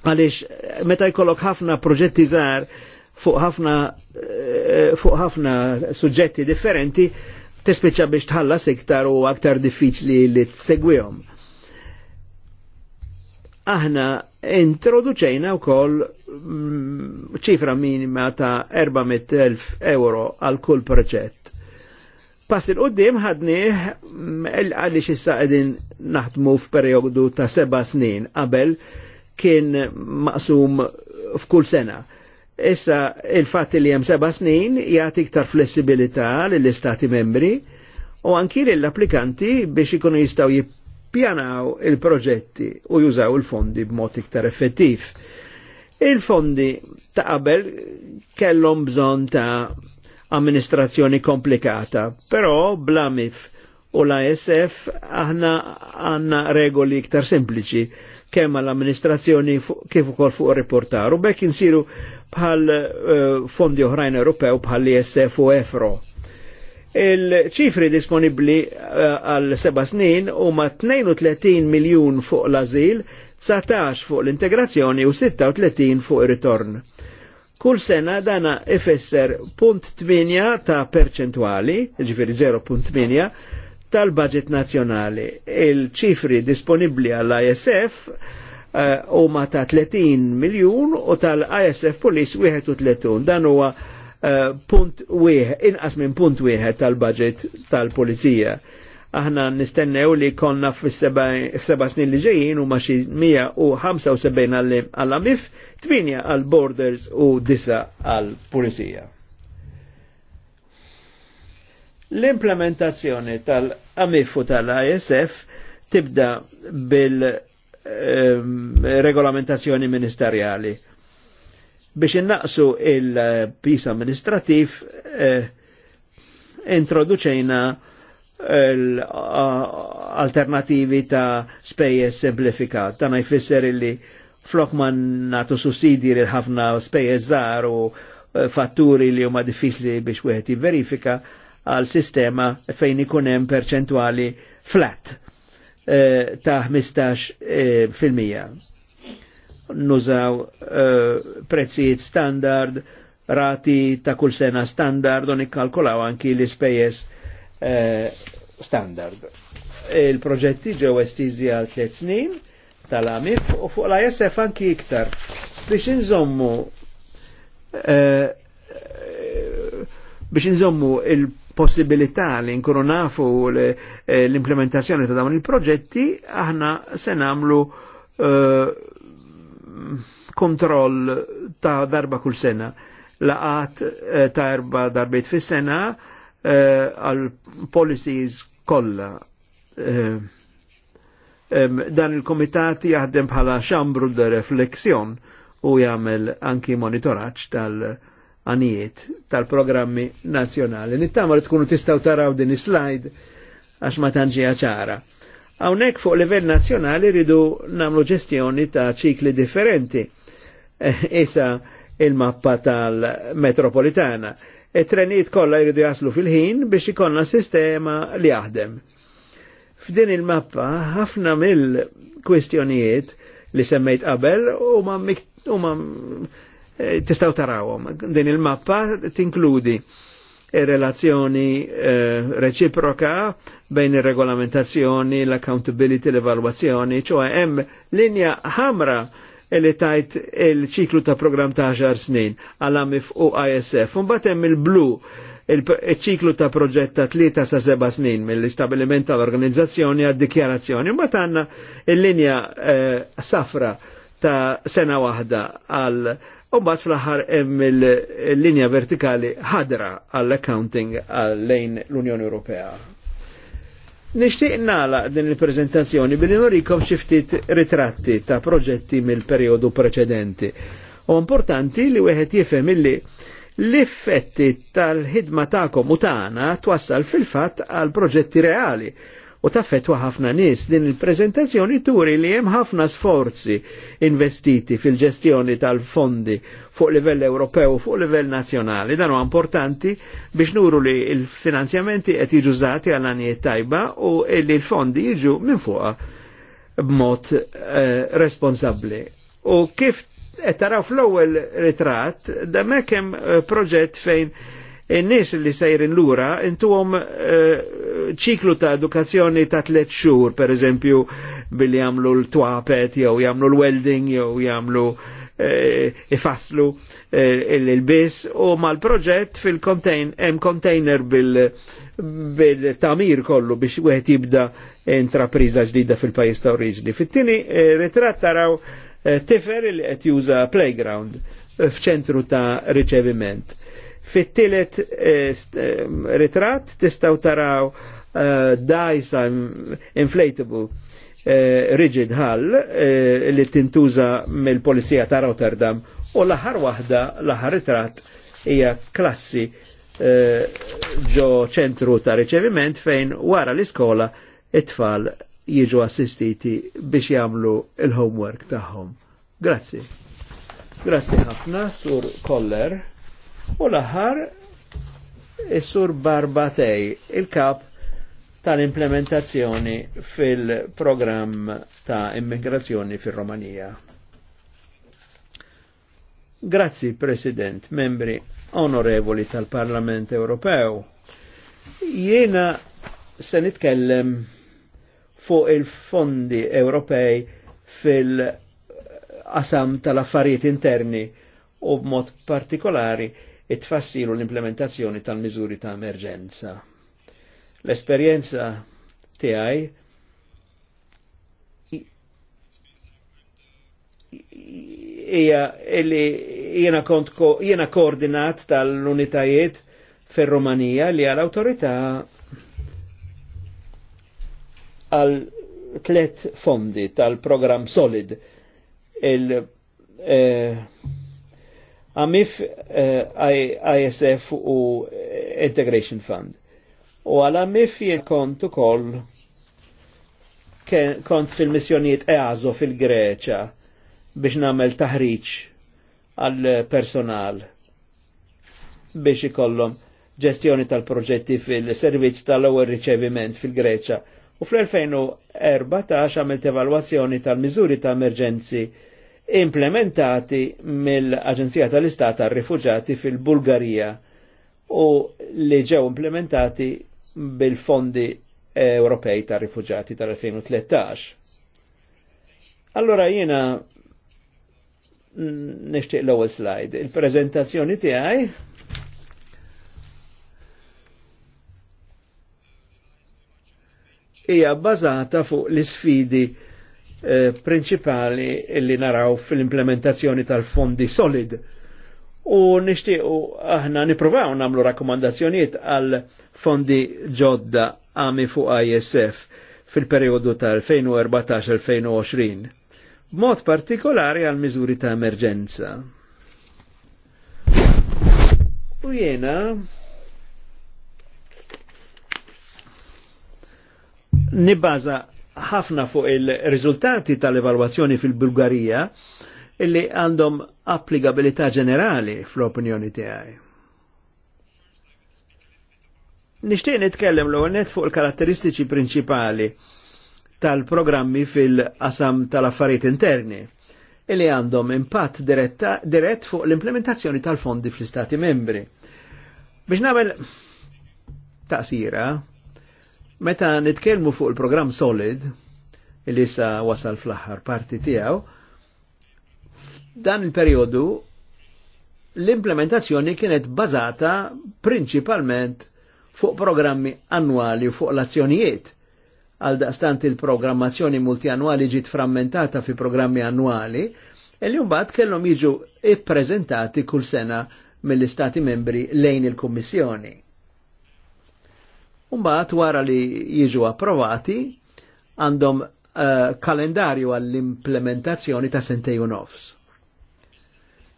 Għalix, meta jkollok ħafna proġetti żgħar fuq ħafna eh, fuq ħafna suġġetti differenti, tispiċċa biex tħallas iktar u aktar diffiċli li tsegwihom. Aħna introduċejna wkoll mm, ċifra minima ta' 400.000 euro għal kull proġett Pass il-qoddim ħadni għalli issa qegħdin naħdmu f'perjodu ta' seba' snin qabel kien maqsum f'kull sena. Issa il fat li hemm seba' snin jagħti iktar flessibilità lill-istati membri u anki lill-applikanti biex ikunu jistgħu jippjanaw il-proġetti u jużaw il-fondi b'mod iktar effettiv. Il-fondi ta' qabel kellhom bżonn ta' amministrazzjoni komplikata. Però blamif u la SF aħna għanna regoli iktar sempliċi kemm għall-amministrazzjoni kif ukoll fuq riportar u bekk insiru bħal uh, fondi oħrajn Ewropew bħal ISF u EFRO. Il-ċifri disponibli eh, għal uh, seba snin huma 32 miljun fuq l-azil, 19 fuq l-integrazzjoni u 36 fuq ir-ritorn. Kull sena dana ifisser punt 8 ta' perċentwali, ġifiri 0.8, tal-budget nazjonali. Il-ċifri disponibli għall-ISF eh, u ma ta' 30 miljun u tal-ISF Police 31. Dan huwa eh, punt wieħed, inqas minn punt wieħed tal-budget tal-Polizija. tal budget tal pulizija aħna nistennew li konna f-seba snin li ġejjin u maċi 175 għall-AMIF, 8 għall-Borders u 9 għall-Pulizija. L-implementazzjoni tal-AMIF u tal-ISF tibda bil-regolamentazzjoni ehm, ministerjali. Biex innaqsu il-pis amministrativ, eh, introduċejna alternativi ta' spejjeż semplifikat. Dan jfisser illi flok ma natu sussidi li ħafna spejjeż żgħar u eh, fatturi li huma diffiċli biex wieħed verifika għal sistema fejn ikun hemm perċentwali flat eh, ta' 15 eh, fil-mija. Nużaw prezzijiet standard, rati ta' kull sena standard u nikkalkulaw anki l-ispejjeż Eh, standard. Il-proġetti ġew estiżi għal tliet snin tal-AMIF u fuq l-ISF anki iktar biex inżommu eh, biex inżommu il-possibilità li nkunu nafu eh, l-implementazzjoni ta' dawn il-proġetti, aħna se namlu kontroll ta' darba kull sena. Laqat ta' erba darbiet fis sena Eh, għal policies kollha. Eh, dan il-komitat jaħdem bħala xambru de refleksjon u jagħmel anki monitoraċ tal-anijiet tal-programmi nazzjonali. li tkunu tistaw taraw din is-slide għax ma tanġija ċara. Hawnhekk fuq livell nazzjonali ridu namlu ġestjoni ta' ċikli differenti. Eh, issa il-mappa tal-metropolitana trenijiet kollha jridu jaslu fil-ħin biex ikollna sistema li jaħdem. F'din il-mappa ħafna mill-kwistjonijiet li semmejt qabel huma huma eh, tistgħu tarawhom. Din il-mappa tinkludi relazzjoni eh, reċiproka bejn ir-regolamentazzjoni, l-accountability, l-evalwazzjoni, ċoħe hemm linja ħamra li tajt il-ċiklu ta' program ta' 10 snin għal-AMIF u ISF. Unbatem il-blu il-ċiklu ta' proġett ta' 3 sa' 7 snin mill-istabiliment tal-organizzazzjoni għad dikjarazzjoni ma tanna il-linja eh, safra ta' sena waħda għal Umbat fl-ħar hemm il-linja vertikali ħadra għall-accounting għal lejn l-Unjoni Ewropea. Nishtiq nala din il-prezentazzjoni billi nurikom xiftit ritratti ta' proġetti mill-periodu preċedenti. U importanti li wieħed jifhem illi l-effetti tal-ħidma ta'kom u tagħna twassal fil-fatt għal proġetti reali u taffetwa ħafna nis din il-prezentazzjoni turi li hemm ħafna sforzi investiti fil-ġestjoni tal-fondi fuq livell Ewropew fuq livell nazzjonali. Dan huwa importanti biex nuru li l-finanzjamenti qed jiġu żati għal anijiet tajba u li l-fondi jiġu minn fuqha b'mod eh, responsabbli. U kif qed taraw fl-ewwel ritratt, da hemm eh, proġett fejn n-nies li sejrin lura intuhom eh, ċiklu ta' edukazzjoni ta' xur, xhur, pereżempju billi jagħmlu l-twapet jew jagħmlu l-welding jew jamlu eh, ifaslu eh, il-bis u mal-proġett fil-contain, hemm container bil-tamir kollu biex wieħed jibda intrapriza ġdida fil pajis ta' oriġni. Fit-tieni ritratt taraw tifer il qed juża playground f'ċentru ta' riċeviment. Fit-tielet eh, eh, ritratt tistgħu taraw eh, dajsa inflatable rigid hall li tintuża mill-Polizija ta' Rotterdam u l-aħħar waħda l-aħħar ritratt hija klassi ġo ċentru ta' riċeviment fejn wara l-iskola it-tfal jiġu assistiti biex jagħmlu il-homework tagħhom. Grazzi. Grazzi ħafna, Sur Koller. U l-aħħar is-sur Barbatej, il-kap tal-implementazzjoni fil-programm ta' immigrazzjoni fil-Romanija. Grazzi, President, membri onorevoli tal-Parlament Ewropew. Jena se nitkellem fuq il-fondi Ewropej fil-qasam tal-affarijiet interni u b'mod partikolari it-tfassilu l-implementazzjoni tal-miżuri ta' emerġenza. l esperienza tiegħi hija li jiena kont jiena koordinat tal-unitajiet fir-Rumanija li għal awtorità għal tlet fondi tal-programm Solid il eh, għamif eh, ISF u eh, Integration Fund. U għal għamif jekont ukoll kont fil-missjonijiet EASO fil-Greċa biex namel taħriġ għal personal biex ikollhom ġestjoni tal-proġetti fil-servizz tal-ewwel riċeviment fil-Greċa. U fl-2014 għamilt evalwazzjoni tal-miżuri ta' emerġenzi ta implementati mill-Aġenzija tal-Istat tar-Rifuġati fil-Bulgarija u li ġew implementati bil-fondi Ewropej tar-Rifuġati tal-2013. Allora jiena nixtieq l-ewwel slide. Il-preżentazzjoni tiegħi hija bbażata fuq l-isfidi Eh, prinċipali li naraw fil-implementazzjoni tal-fondi solid. U nishtiqu aħna niprovaw namlu rakkomandazzjoniet għal fondi ġodda għami fuq ISF fil-periodu tal-2014-2020, b'mod partikolari għal miżuri ta' emerġenza. U jena nibbaza ħafna fuq il-riżultati tal-evalwazzjoni fil-Bulgarija illi għandhom applikabilità ġenerali fl-opinjoni tiegħi. Nixtieq nitkellem l net fuq il-karatteristiċi prinċipali tal-programmi fil-qasam tal-affarijiet interni illi għandhom impatt dirett fuq l-implementazzjoni tal-fondi fl-Istati membri. Biex nagħmel taqsira, Meta nitkellmu fuq il-programm Solid, li issa wasal fl-aħħar parti tiegħu, dan il-perjodu l-implementazzjoni kienet bazata prinċipalment fuq programmi annwali u fuq l-azzjonijiet. Għal daqstant il-programmazzjoni multianwali ġiet frammentata fi programmi annwali, e li mbagħad kellhom jiġu ippreżentati kull sena mill-Istati membri lejn il-Kummissjoni. Umbaħt wara li jiġu approvati, għandhom uh, kalendarju għall-implementazzjoni ta' sentej u nofs.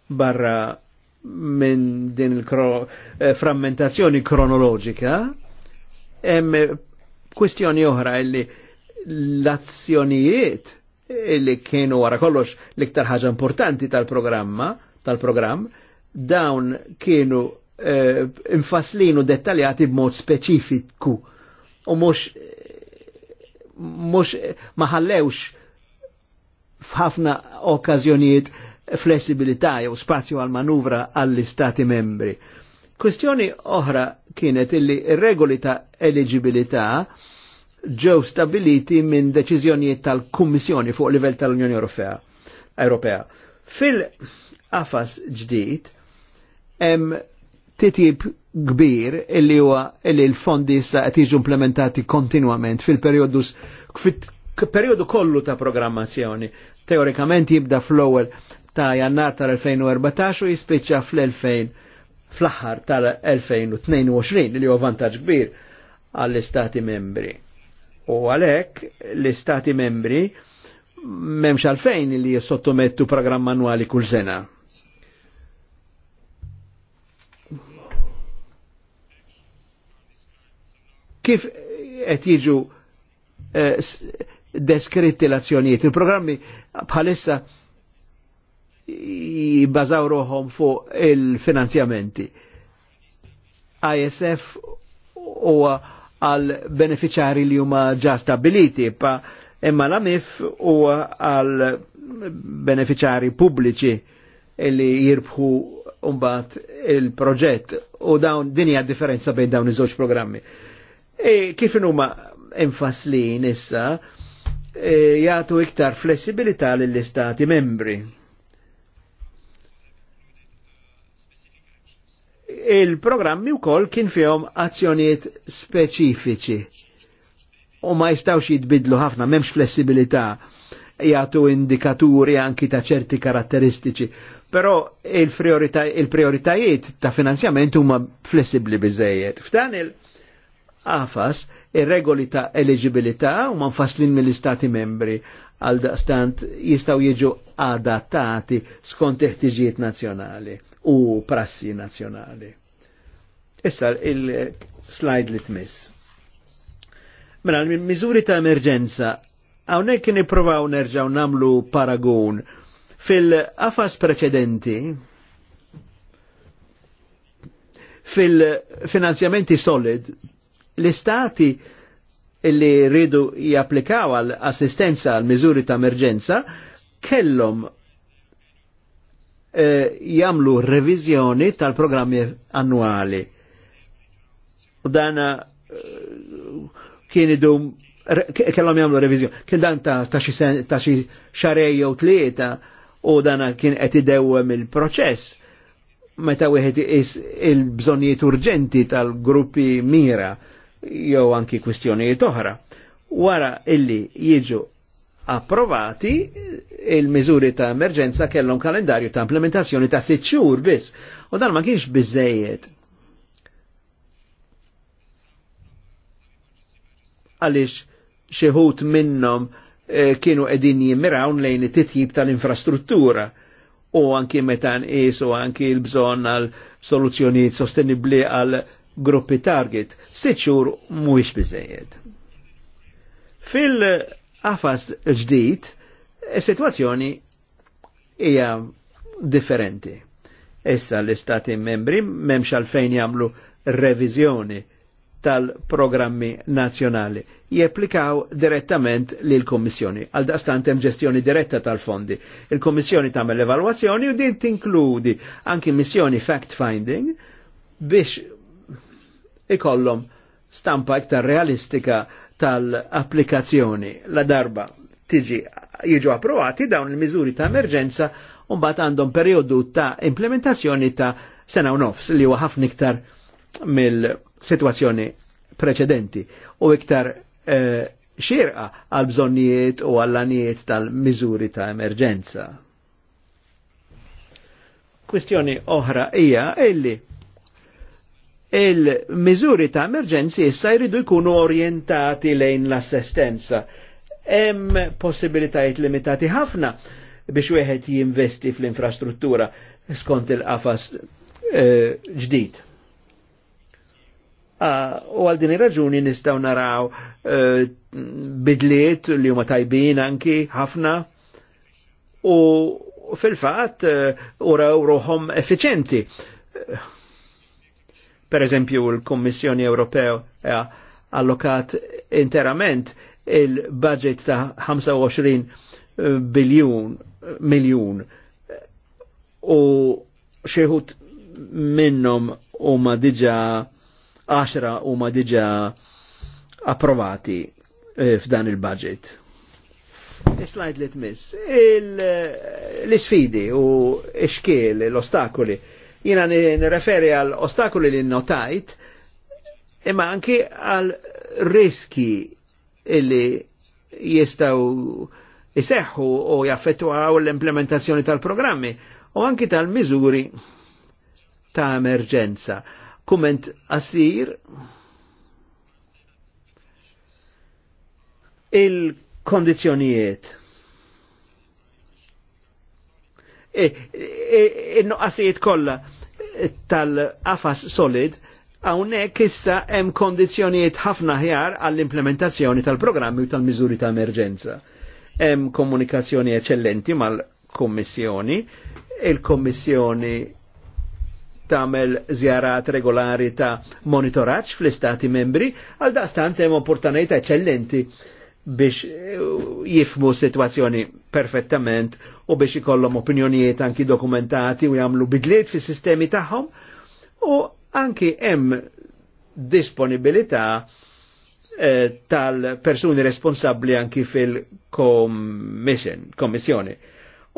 Barra minn din il-frammentazzjoni eh, kronologika, hemm kwistjoni oħra illi l-azzjonijiet illi kienu wara kollox l-iktar ħaġa importanti tal-programma, tal-programm, dawn kienu Eh, infaslin u dettaljati b'mod speċifiku u mhux mhux ma ħallewx f'ħafna okkażjonijiet flessibilità jew spazju għal manuvra għall-istati membri. Kwestjoni oħra kienet illi regoli ta' eligibilità ġew stabiliti minn deċiżjonijiet tal-Kummissjoni fuq livell tal-Unjoni Ewropea. Fil-qafas ġdid hemm titjib kbir illi huwa illi l-fondi issa qed jiġu implementati kontinwament fil-perjodu periodu kollu ta' programmazzjoni. Teorikament jibda fl-ewwel ta' jannar tal-2014 u jispiċċa fl-2000 fl-aħħar tal-2022 li huwa vantaġġ kbir għall-istati membri. U għalhekk l-istati membri memx għalfejn li jissottomettu programm annwali kull sena kif eh, qed jiġu eh, deskritti l-azzjonijiet. Il-programmi bħalissa jibbażaw ruħom fuq il-finanzjamenti. ISF huwa għal beneficjari li huma ġa stabiliti, pa imma la MIF huwa għal beneficjari pubbliċi li jirbħu umbat il-proġett u dawn dinja differenza bejn dawn iż-żewġ programmi. E kif huma enfaslin issa e, jagħtu iktar flessibilità lill-istati membri. Il-programmi wkoll kien fihom azzjonijiet speċifiċi u ma jistawx jitbidlu ħafna, memx flessibilità jgħatu indikaturi anki ta' ċerti karatteristiċi. Però il-prioritajiet il ta' finanzjament huma flessibli biżejjed. F'dan il- għafas ir-regoli ta' eligibilità u man faslin mill-istati membri għal daqstant jistaw jiġu adattati skont iħtiġijiet nazjonali u prassi nazjonali. Issa il-slide li tmiss. Mela, miżuri ta' emerġenza, għawnek kien iprovaw nerġaw namlu paragun fil-qafas preċedenti, fil-finanzjamenti solid l-istati li rridu japplikaw għal assistenza għal miżuri ta' emerġenza kellhom eh, jamlu revizjoni tal-programmi annuali. U Dana eh, kien idum kellhom jagħmlu revizjoni, Kien dan ta', ta xi xarej jew tlieta u dana kien qed idewwem il-proċess meta wieħed is il-bżonnijiet urġenti tal-gruppi mira jew anki kwistjonijiet oħra. Wara illi jiġu approvati il-miżuri ta' emerġenza kellhom kalendarju ta' implementazzjoni ta' sitt xhur biss. U dan ma kienx biżejjed. Għaliex xi ħut minnhom eh, kienu qegħdin jimmirawn lejn it-titjib tal-infrastruttura u anki metan is anki l-bżonn għal soluzzjonijiet sostenibbli għal gruppi target, siċur mhuwiex bizzejed. Fil-qafas ġdid, situazzjoni sitwazzjoni hija differenti. Issa l-istati membri memx għalfejn jagħmlu revizjoni tal-programmi nazjonali jeplikaw direttament l-Komissjoni. għal daqstant hemm ġestjoni diretta tal-fondi. Il-Kommissjoni tagħmel evalwazzjoni u din tinkludi anki missjoni fact-finding biex ikollhom stampa iktar realistika tal-applikazzjoni la darba tiġi jiġu approvati dawn il-miżuri ta' emerġenza u mbagħad għandhom perjodu ta' implementazzjoni ta' sena u nofs li huwa ħafna iktar mill-sitwazzjoni preċedenti u iktar eh, xirqa għal bżonnijiet u għall-anijiet tal-miżuri ta' emerġenza. Kwistjoni oħra hija illi il-miżuri ta' emerġenzi issa jridu jkunu orientati lejn l-assistenza. Hemm possibilitajiet limitati ħafna biex wieħed jinvesti fl-infrastruttura skont il-qafas eh, ġdid. Ah, u għal din ir-raġuni nistgħu naraw eh, bidliet li huma tajbin anki ħafna u fil-fatt eh, uraw ruħhom effiċenti Per eżempju, l-Kommissjoni Ewropew allokat interament il-budget ta' 25 eh, biljun miljun u xieħut minnom u ma diġa 10 u ma diġa approvati eh, f'dan il-budget. Slide li tmiss, l isfidi u xkiel, l-ostakoli Jina nireferi għal ostakoli li notajt, imma anki għal riski illi jistaw jiseħħu u jaffettwaw l-implementazzjoni tal-programmi u anki tal mizuri ta' emerġenza. Kumment qasir il-kondizjonijiet E, e, in-nuqqasijiet kollha tal-qafas solid hawnhekk issa hemm kondizzjonijiet ħafna ħjar għall-implementazzjoni tal-programmi u tal-miżuri ta' emerġenza. Hemm komunikazzjoni eċċellenti mal-Kummissjoni, il-Kommissjoni tagħmel żjarat regolari ta' monitoraġġ fl-Istati membri, għal daqstant hemm opportunità eċċellenti biex eh, jifmu situazzjoni perfettament u biex ikollhom opinjonijiet anki dokumentati u jagħmlu bidliet fis sistemi tagħhom u anki hemm disponibilità eh, tal-persuni responsabbli anki fil kommission kommissjoni.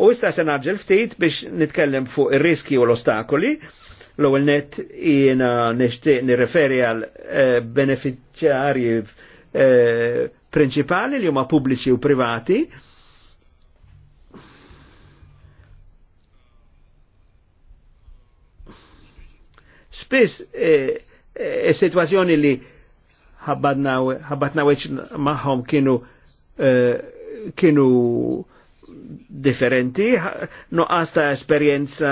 U issa se naġġel ftit biex nitkellem fuq ir-riski u l-ostakoli l-ewwel net jiena nixtieq nirreferi għal eh, beneficjarji prinċipali li huma pubbliċi u privati. Spiss is-sitwazzjoni e, e, e li ħabbatna weċ maħħom kienu eh, kienu differenti, noqqas ta' esperienza,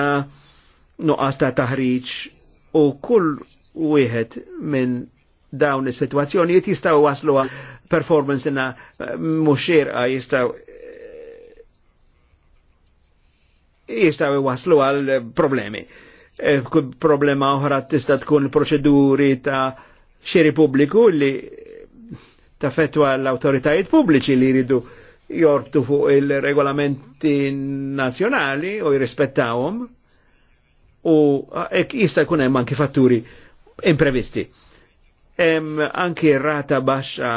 noqqas ta' taħriċ u kull wieħed minn dawn is-sitwazzjonijiet jistgħu waslu performance inna mhux xierqa jistaw jistaw iwaslu għal problemi. E, problema oħra tista' tkun proċeduri ta' xiri publiku li ta' fetwa l-autoritajiet publiċi li jridu jorbtu fuq il-regolamenti nazjonali u jirrispettawhom u ek jista' jkun hemm anki fatturi imprevisti. Hemm anki rata baxxa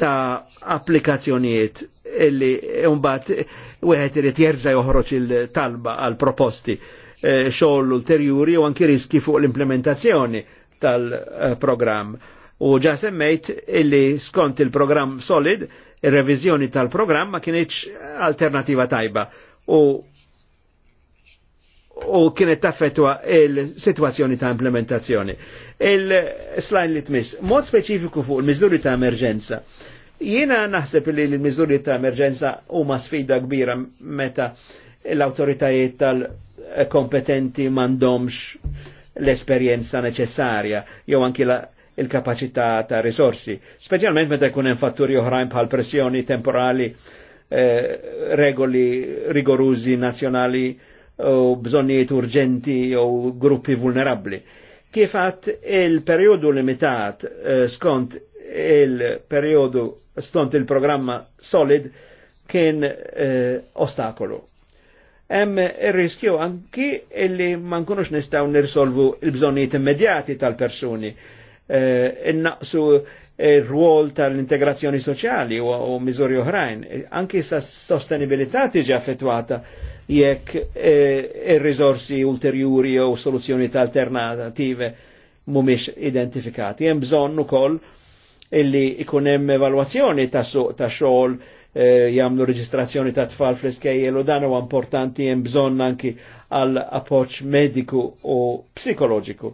ta' applikazzjonijiet illi umbat wieħed irrit jerġa' joħroġ il-talba għal proposti xoll eh, xogħol ulterjuri u anki riski fuq l-implementazzjoni tal program U ġa semmejt illi skont il-programm solid, ir-reviżjoni il programm solid ir reviżjoni tal program ma kienieċ alternativa tajba u u kienet taffetwa il-situazzjoni ta' implementazzjoni. Il-slide li tmiss, mod speċifiku fuq il-miżuri ta' emerġenza Jiena naħseb li l-miżuri ta' emerġenza huma sfida kbira meta l-autoritajiet tal-kompetenti mandomx l-esperjenza neċessarja jew anki il-kapacità ta' risorsi, speċjalment meta jkun hemm fatturi oħrajn bħal pressjoni temporali, eh, regoli rigorużi nazzjonali u bżonnijiet urġenti u gruppi vulnerabbli. Kif il-periodu limitat eh, skont il-periodu stont il-programma solid kien eh, ostakolu. Hemm ir-riskju anki illi ma nkunux nistgħu nirsolvu l bżonijiet immedjati tal-persuni. Eh, Innaqsu ir-rwol tal-integrazzjoni soċjali u, u miżuri oħrajn. Anki sa sostenibilità tiġi affettwata jekk eh, ir-riżorsi ulterjuri u soluzzjoni alternative mumiex identifikati. Hemm bżonn ukoll illi ikun hemm evalwazzjoni ta' suq ta' xogħol eh, jagħmlu reġistrazzjoni ta' tfal fl-iskejjel u dan huwa importanti hemm bżonn anki għal appoġġ mediku u psikoloġiku.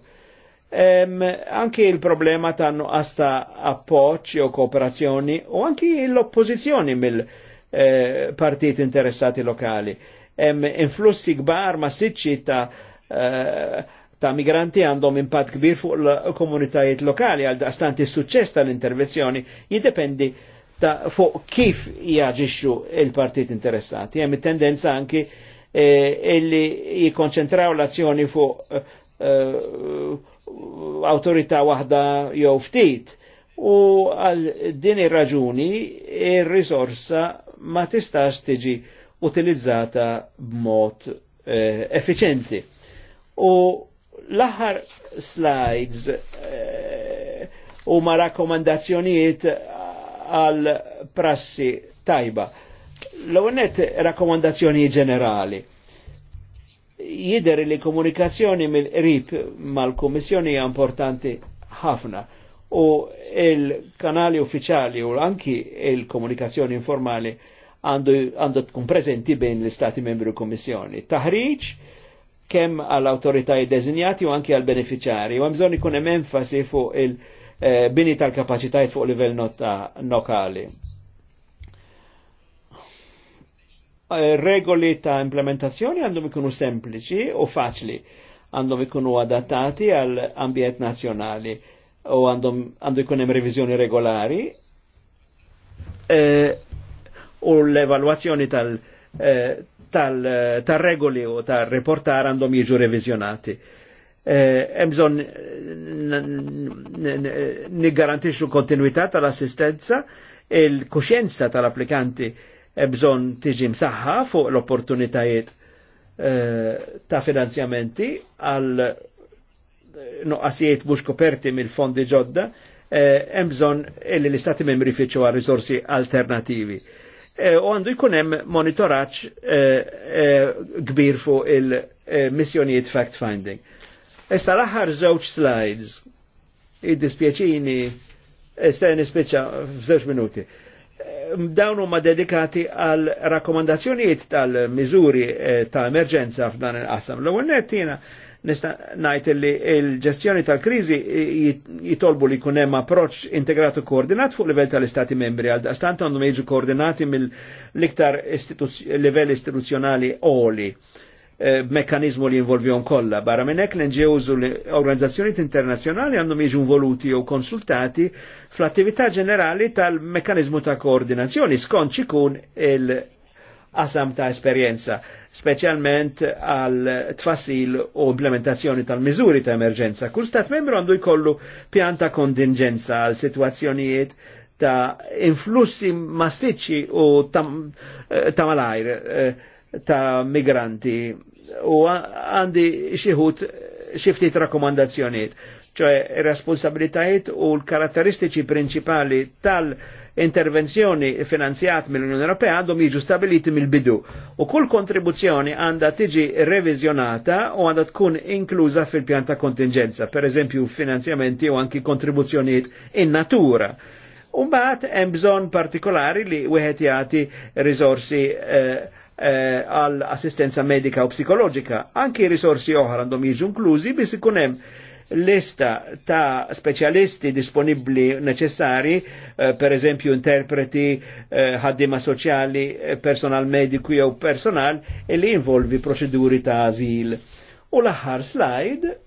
Em, anki il-problema ta' nuqqas ta' appoċ jew kooperazzjoni u anki l-oppożizzjoni mill-partit eh, interessati lokali. Hemm influssi kbar ma' siċċi ta' eh, ta' migranti għandhom impatt kbir fuq l-komunitajiet lokali għal daqstanti suċċess tal-intervenzjoni jiddependi ta' fuq kif jaġixxu il-partit interessati. Hemm tendenza anki eh, illi jikkonċentraw l-azzjoni fuq eh, autorità waħda jew ftit. U għal din ir-raġuni ir-risorsa ma tistax tiġi utilizzata b'mod eh, efficienti. U L-aħħar slides eh, huma rakkomandazzjonijiet għal prassi tajba. L-għonet rakkomandazzjoni ġenerali. Jider li komunikazzjoni mill-rib mal-Komissjoni hija importanti ħafna u il-kanali uffiċjali u anki il-komunikazzjoni informali għandu tkun prezenti bejn l-Istati membri u Komissjoni. Taħriġ, kem għall autoritaj dezinjati u anki għal beneficjari. U għamżon ikun hemm enfasi fuq il-bini eh, tal kapacitajt fuq livell lokali. Eh, regoli ta' implementazzjoni għandhom ikunu sempliċi u faċli, għandhom ikunu adattati għal ambjent nazjonali u għandhom għandu jkun hemm reviżjoni regolari eh, u l-evalwazzjoni tal- eh, tal-regoli u tal-reportar għandhom jiġu revizjonati. Eh, Emżon nigarantixu kontinuità tal-assistenza, il-kuxjenza tal-applikanti bżon tiġim saħħa fuq l-opportunitajiet eh, ta' finanzjamenti għal noqqasijiet mhux koperti mill-fondi ġodda, eh, hemm bżonn l-Istati membri fiċċu għal risorsi alternativi. Eh, u għandu jkun hemm monitoraġġ eh, eh, kbir fuq il-missjonijiet fact-finding. Issa l-aħħar żewġ slides, id-dispjaċini, se nispiċċa f'żewġ minuti. Dawn huma dedikati għal rakkomandazzjonijiet tal-miżuri ta' emerġenza f'dan il-qasam. L-ewwel nista' najt li l-ġestjoni tal-kriżi jitolbu li kunem hemm approċċ koordinat fuq livell tal-Istati membri għal daqstant għandhom jiġu koordinati mill-iktar livell istituzjonali oli eh, mekkanizmu li jinvolvihom kollha. Barra minn l-NGOs u l-organizzazzjonijiet internazjonali għandhom jiġu involuti jew konsultati fl-attività ġenerali tal mekanizmu ta' koordinazzjoni skont kun qasam ta' esperjenza, specialment għal tfassil u implementazzjoni tal-miżuri ta' emerġenza. Kull stat membru għandu jkollu pjan ta' kontingenza għal situazzjonijiet ta' influssi massiċi u ta' malajr eh, ta' migranti u għandi xieħut xiftit rakkomandazzjoniet, ċoħe responsabilitajiet u l-karatteristiċi principali tal- intervenzjoni finanzjat mill-Unjoni Ewropea għandhom jiġu stabiliti mill-bidu. U kull kontribuzzjoni għandha tiġi revizjonata u għandha tkun inkluża fil-pjan ta' kontingenza, per eżempju finanzjamenti u anki kontribuzzjonijiet in natura. U mbagħad hemm bżonn partikolari li wieħed jagħti risorsi eh, eh, għall assistenza medika u psikoloġika. Anki risorsi oħra għandhom jiġu inklużi biex ikun hemm lista ta' specialisti disponibli necessari, eh, per eżempju interpreti, eh, ħaddima soċjali, eh, personal mediku jew personal, e li involvi proċeduri ta' azil. U l-aħħar slide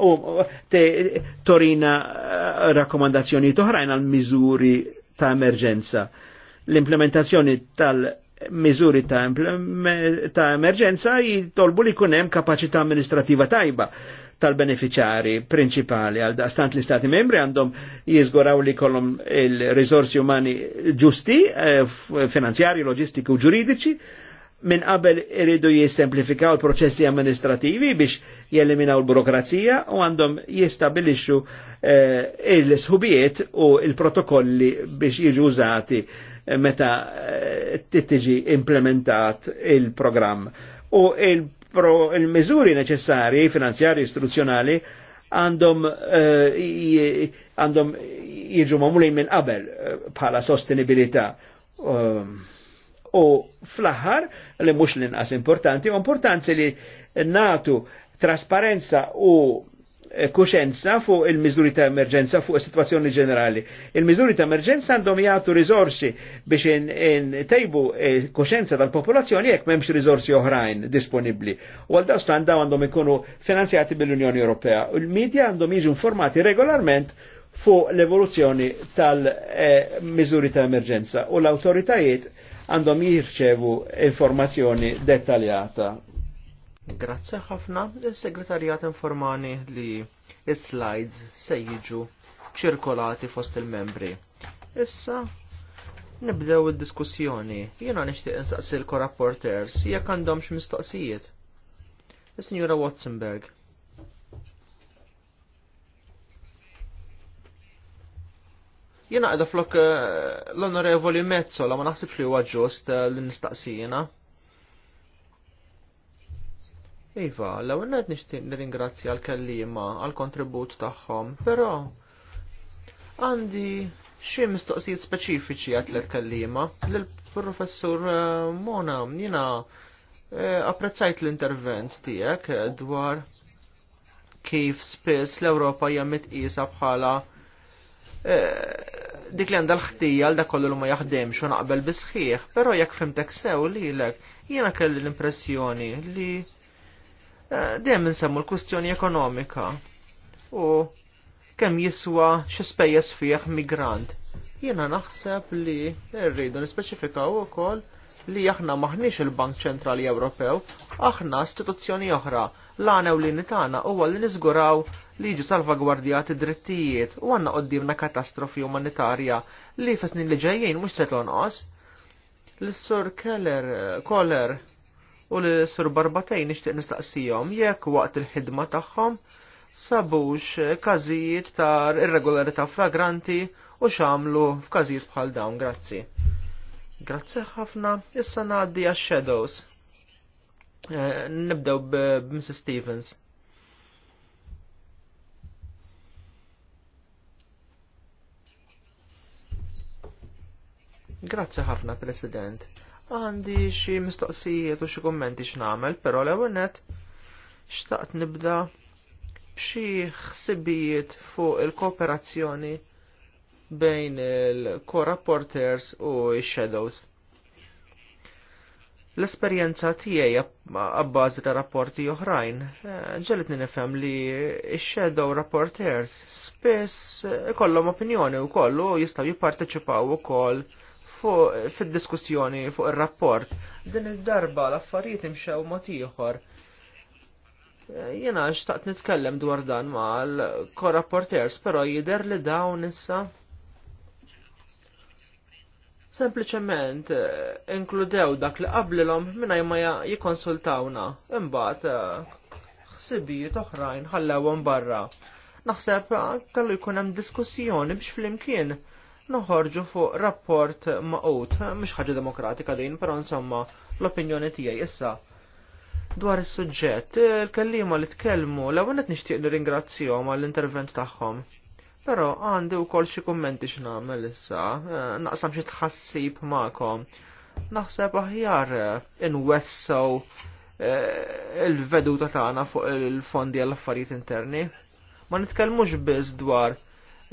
u te, torina rakkomandazzjoni toħrajn għal miżuri ta' emerġenza. L-implementazzjoni tal- miżuri ta', ta emerġenza jitolbu li kunem kapacità amministrativa tajba tal beneficiari principali għal daqstant l-istati membri għandhom jizgoraw li kolom il-rizorsi umani ġusti, eh, finanzjari, loġistiku, ġuridiċi, minn qabel iridu jissemplifikaw il-proċessi amministrativi biex jeliminaw l-burokrazija u għandhom jistabilixu eh, il-sħubijiet u il-protokolli biex jiġu użati eh, meta eh, t-tiġi implementat il-programm. U il il-mizuri neċessari, finanzjari, istruzzjonali, għandhom eh, għandhom jiġu mamulin minn qabel eh, bħala sostenibilità. Um, u fl-aħħar, li mux l-inqas importanti, importanti li natu trasparenza u Eh, kuxenza fuq il-miżuri ta' emerġenza fuq is-sitwazzjoni ġenerali. Il-miżuri ta' emerġenza għandhom jgħatu riżorsi biex tejbu eh, kuxenza tal-popolazzjoni jekk m'hemmx riżorsi oħrajn disponibbli. U għal dastan daw għandhom ikunu finanzjati bil-Unjoni Ewropea. Il-medja għandhom jiġu informati regolarment fuq l-evoluzzjoni tal-miżuri eh, ta' emerġenza u l-autoritajiet għandhom jirċevu informazzjoni dettaljata Grazzi ħafna, il-segretarjat informani li il-slides se jiġu ċirkolati fost il-membri. Issa, nibdew il-diskussjoni. Jena nishtiq insaqsil l-korrapporters, jek għandhomx mistoqsijiet. Signora sinjura Watsonberg. Jena għada flok eh, l-onorevoli Mezzola ma naħsibx li huwa ġust eh, l-nistaqsijina. Iva, l-ewwel qed nixtieq nirringrazzja l-kellima għall-kontribut tagħhom, però għandi xie mistoqsijiet speċifiċi għat l-kellima l professur eh, Mona jiena eh, apprezzajt l-intervent tiegħek eh, dwar kif spiss l-Ewropa hija mitqisa bħala dik li għanda l-ħtija għal dak kollu ma jaħdemx u naqbel bisħiħ, però jekk fimtek sew lilek, jiena kelli l-impressjoni li Eh, dejjem insemmu l-kwistjoni ekonomika u kemm jiswa spejjeż fih migrant. Jiena naħseb li rridu nispeċifikaw ukoll li aħna maħniex il-Bank Ċentrali Ewropew, aħna istituzzjoni oħra, l-għana u l-lini tagħna huwa li niżguraw li jiġu salvagwardjati drittijiet u għandna qoddimna katastrofi umanitarja li fesni li ġejjin mhux se tonqos. L-Sur Keller, Koller, u li sur Barbatej nixtieq nistaqsijom jekk waqt il-ħidma tagħhom sabux każijiet ta' irregolarità fragranti u xamlu f'każijiet bħal dawn, grazzi. Grazzi ħafna, issa ngħaddi għax-shadows. Eh, nibdew b'Mrs. Stevens. Grazzi ħafna, President. Għandi xi mistoqsijiet u xi kummenti x'nagħmel, però l-ewwel nett xtaqt nibda b'xi ħsibijiet fuq il-kooperazzjoni bejn il-co-rapporters u x-shadows. L-esperjenza tiegħi għabbażi ta' rapporti oħrajn eh, ġelitni nifhem li x-shadow rapporters spiss ikollhom opinjoni wkoll u jistgħu jipparteċipaw ukoll fuq fid-diskussjoni fuq ir-rapport. Din id-darba l-affarijiet imxew mod ieħor. Jena xtaqt nitkellem dwar dan mal korrapporters, però jider li dawn issa sempliċement eh, inkludew dak li qablilhom mingħajr ma jikkonsultawna. Imbagħad eh, ħsibijiet oħrajn ħallewhom barra. Naħseb eh, kellu jkun hemm diskussjoni biex flimkien noħorġu fuq rapport maqut, mhux ħaġa demokratika din, però insomma l-opinjoni tiegħi issa dwar is-suġġett, il-kellima li tkellmu l-ewwel qed nixtieq nirringrazzjahom għall-intervent tagħhom. Però għandi wkoll xi kummenti nagħmel issa, eh, naqsam xi tħassib magħkom. Naħseb aħjar inwessaw eh, il-veduta tagħna fuq il-fondi għall-affarijiet interni. Ma nitkellmux biss dwar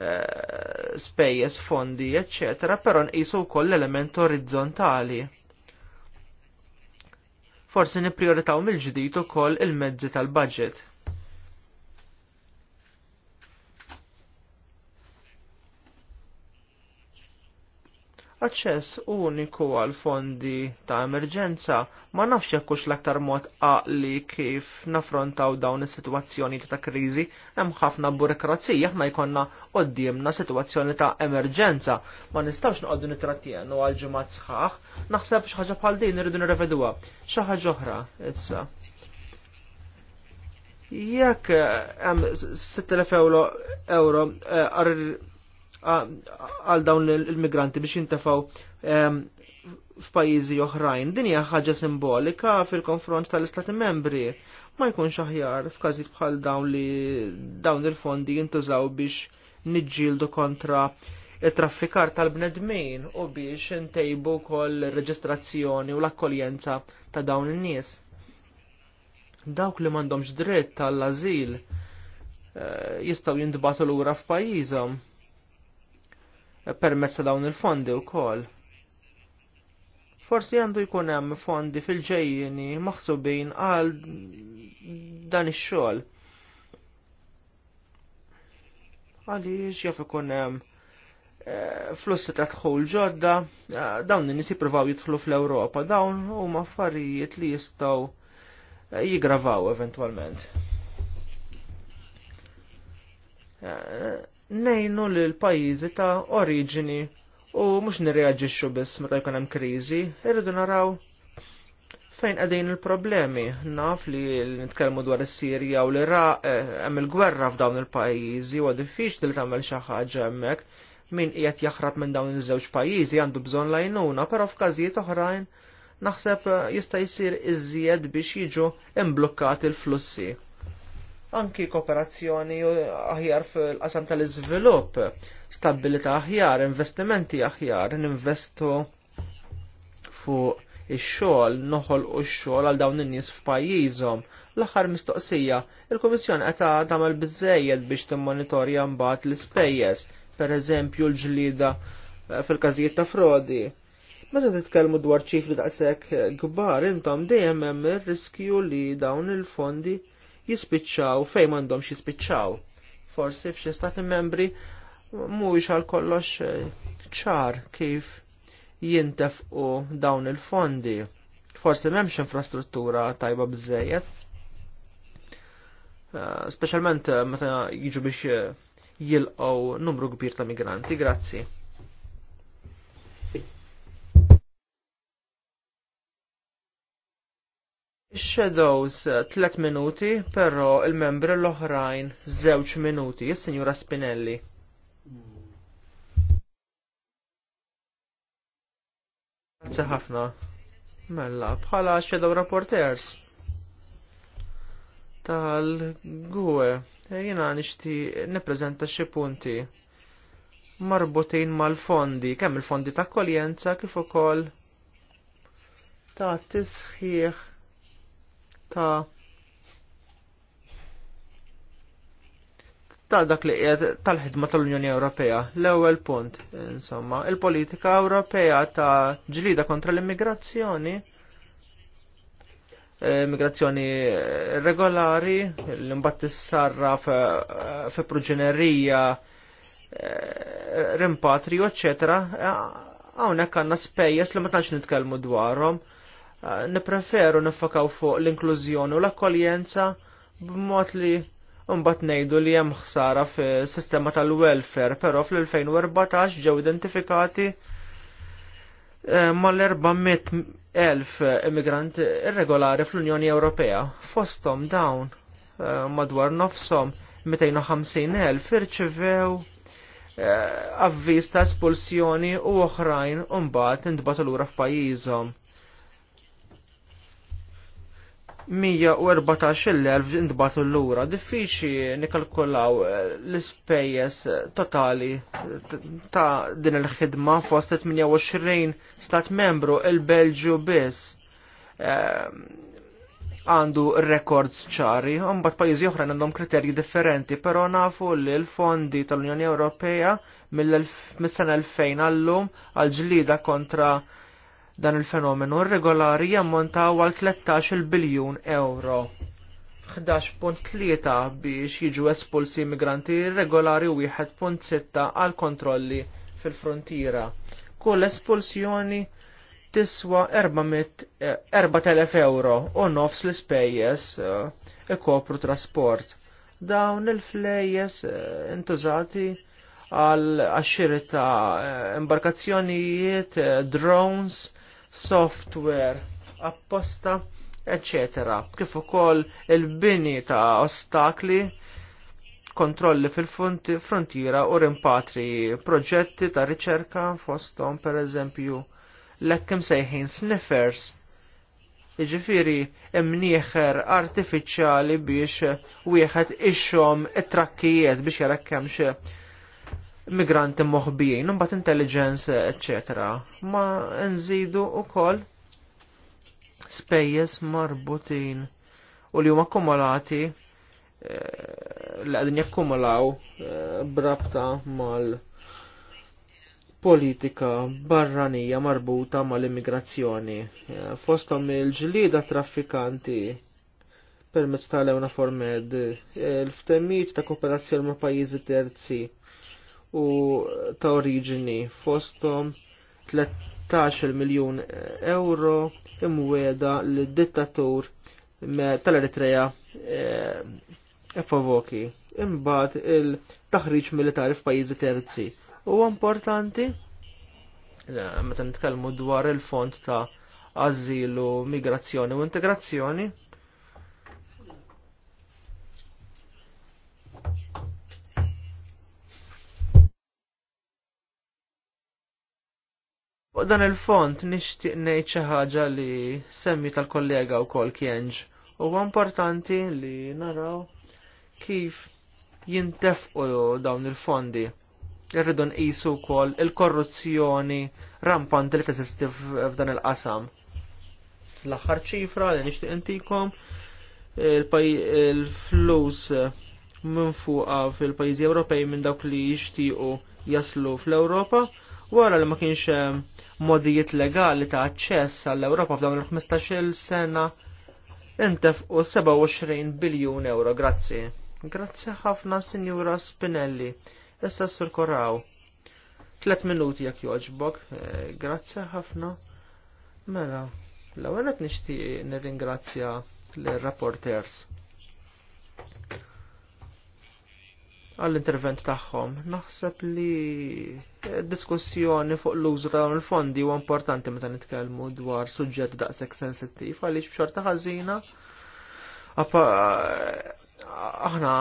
Eh, spejjeż fondi, eċċetera, però nqisu wkoll l-element orizzontali. Forsi nipprioritaw mill-ġdid ukoll il-mezzi tal-budget. Aċċess uniku għal fondi ta' emerġenza ma nafx jekkux l-aktar mod għaqli kif nafrontaw dawn is-sitwazzjoni ta' kriżi hemm ħafna burokrazija aħna jkollna qudiemna sitwazzjoni ta' emerġenza ma nistgħux noqogħdu nitrattienu għal ġimgħat sħaħ naħseb xi ħaġa bħal din irridu nirrevedwa xi ħaġa oħra issa. Jekk eh, hemm 6000 euro eh, għal dawn il-migranti biex jintafaw ehm, f'pajjiżi oħrajn. Din hija ħaġa simbolika fil-konfront tal-Istati membri. Ma jkunx aħjar f'każijiet bħal dawn li dawn il-fondi jintużaw biex niġġieldu kontra it-traffikar tal-bnedmin u biex intejbu kol reġistrazzjoni u l-akkoljenza ta' dawn in-nies. Dawk li m'għandhomx dritt tal-azil eh, jistaw jintbatu lura f'pajjiżhom permessa dawn il-fondi wkoll. Forsi għandu jkun hemm fondi fil-ġejjini maħsubin għal dan ix-xogħol. Għaliex jaf ikun hemm eh, flussi ta' dħul ġodda, eh, dawn n-nis jipruvaw jidħlu fl-Europa, dawn u maffarijiet li jistaw eh, jigravaw eventualment nejnu l-pajizi ta' oriġini u mux nirreagġixxu biss meta jkun hemm kriżi, irridu naraw fejn qegħdin il-problemi. Naf li nitkellmu dwar is-Sirja u l-Iraq eh, hemm il-gwerra f'dawn il-pajjiżi u diffiċli li tagħmel xi ħaġa hemmhekk min qiegħed jaħrab minn dawn iż-żewġ pajjiżi għandu bżonn lajnuna, però f'każijiet oħrajn naħseb eh, jista' jsir iżjed biex jiġu imblukkati l-flussi anki kooperazzjoni aħjar fil-qasam tal-iżvilupp, stabilità aħjar, investimenti aħjar, ninvestu fuq ix-xogħol, noħol u x-xogħol għal dawn in-nies f'pajjiżhom. L-aħħar mistoqsija, il-Kummissjoni qed tagħmel biżejjed biex timmonitorja mbagħad l-ispejjeż, pereżempju l-ġlida eh, fil-każijiet ta' frodi. Meta titkellmu dwar ċifri daqshekk kbar intom dejjem hemm ir-riskju li dawn il-fondi jispiċċaw fejn m'għandhomx jispiċċaw. Forsi f'xi stati membri mhuwiex għal kollox eh, ċar kif jintefqu dawn il-fondi. Forsi m'hemmx infrastruttura tajba bżejjed. Eh, speċjalment eh, meta jiġu biex jilqgħu numru kbir ta' migranti. Grazzi. Shadows, eh, tlet minuti, però il-membri l-oħrajn, żewġ minuti, il-Sinjura Spinelli. Grazie ħafna. Mella, bħala Shadow Reporters. Tal-gwe, eh, jina nishti neprezenta xie punti marbutin mal-fondi, kemm il-fondi ta' kolienza kif ukoll ta' tisħiħ ta' ta' dak li qiegħed tal-ħidma tal-Unjoni Ewropea. L-ewwel punt, insomma, il-politika Ewropea ta' ġlida kontra l-immigrazzjoni eh, Immigrazzjoni regolari, l-imbatt sarra fe proġenerija, eh, rimpatri, eccetera, eh, hawnhekk għandna spejjeż li ma tantx nitkellmu dwarhom nipreferu nifakaw fuq l-inklużjoni u l-akkoljenza b'mod li mbagħad ngħidu li hemm ħsara fis-sistema tal-welfare, però fl-2014 ġew identifikati eh, mal-400,000 immigranti irregolari fl-Unjoni Ewropea. Fostom dawn eh, madwar nofsom 250,000 irċivew eh, avviż ta' espulsjoni u oħrajn u mbagħad intbatu lura f'pajjiżhom. 114.000 indbatu l-lura, diffiċi nikalkulaw eh, l-spejjes totali ta' din il-ħidma fost 28 stat membru il-Belġu biss eh, għandu rekords ċari, mbagħad pajjiżi oħra għandhom kriterji differenti, però nafu li l-fondi tal-Unjoni Ewropea mill-sena 2000 għallum għal ġlida kontra Dan il-fenomenu regolari jammontaw għal 13 biljun euro. 11.3 biex jiġu espulsi immigranti regolari u 1.6 għal kontrolli fil-frontiera. Kull espulsjoni tiswa 4.000 eh, euro u nofs l-spejjes eh, ikopru trasport. Dawn il-flejjes eh, intużati għal għaxxiri ta' imbarkazzjonijiet, drones, software apposta, etc. Kif ukoll il-bini ta' ostakli, kontrolli fil-frontiera u rimpatri proġetti ta' riċerka fostom per eżempju l-ekkim sejħin sniffers. Iġifiri imnieħer artifiċjali biex wieħed ixxom it-trakkijiet biex jarakkemx migranti moħbijin, mbagħad intelligence, etc. Ma nżidu kol spejjeż marbutin u li huma akkumulati eh, li għadin jakkumulaw eh, brabta mal politika barranija marbuta mal-immigrazzjoni. Eh, Fostom il-ġlida traffikanti permezz tal-ewna formed il-ftemiet ta' kooperazzjoni ma' pajizi terzi u ta' oriġini fostom 13 miljun euro imweda l-dittatur tal-Eritrea eh, favoki. Imbagħad il-taħriġ militari f'pajjiżi terzi. Huwa importanti eh, meta nitkellmu dwar il-fond ta' azilu, migrazzjoni u integrazzjoni, U dan il-font nixtieq ngħid xi ħaġa li semmi tal-kollega wkoll kienġ. Huwa importanti li naraw kif jintefqu dawn il-fondi. Irridu nqisu wkoll il-korruzzjoni rampanti li teżisti f'dan il-qasam. L-aħħar ċifra li nixtieq intikom il-flus minn fuqa fil-pajjiżi Ewropej minn dawk li jixtiequ jaslu fl-Ewropa wara li ma kienx hemm modijiet legali ta' aċċess għall-Ewropa f'dawn il-15 sena intef u 27 biljun euro, grazzi. Grazzi ħafna Sinjura Spinelli, issa sur korraw. Tlet minuti jak joġbok, eh, grazzi ħafna. Mela, l-għanet nishti nir ingrazzja l-rapporters. għall-intervent tagħhom. Naħseb li diskussjoni fuq l-użu u l-fondi huwa importanti meta nitkellmu dwar suġġett daqshekk sensittiv għaliex b'xorta ħażina aħna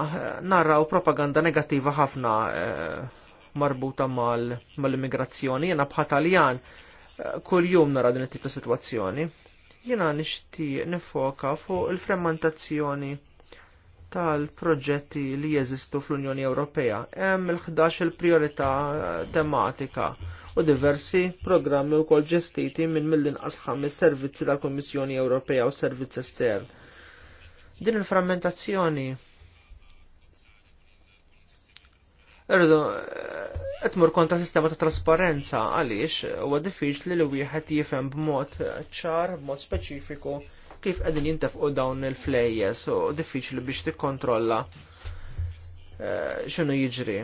narraw propaganda negattiva ħafna eh, marbuta mal-immigrazzjoni, jena bħataljan eh, kull jum nara din it-tip ta' situazzjoni. Jena nixtieq nifoka fuq il fremmentazzjoni tal-proġetti li jeżistu fl-Unjoni Ewropea. Hemm il-11 il-priorità tematika u diversi programmi wkoll ġestiti minn mill-inqas ħames servizzi tal-Kummissjoni Ewropea u servizz estern. Din il-frammentazzjoni Erdo, Etmur kontra sistema ta' trasparenza għaliex huwa diffiċli li wieħed jifhem b'mod ċar, b'mod speċifiku kif qegħdin jintefqu dawn il-flejjes u diffiċli biex tikkontrolla eh, x'inhu jiġri.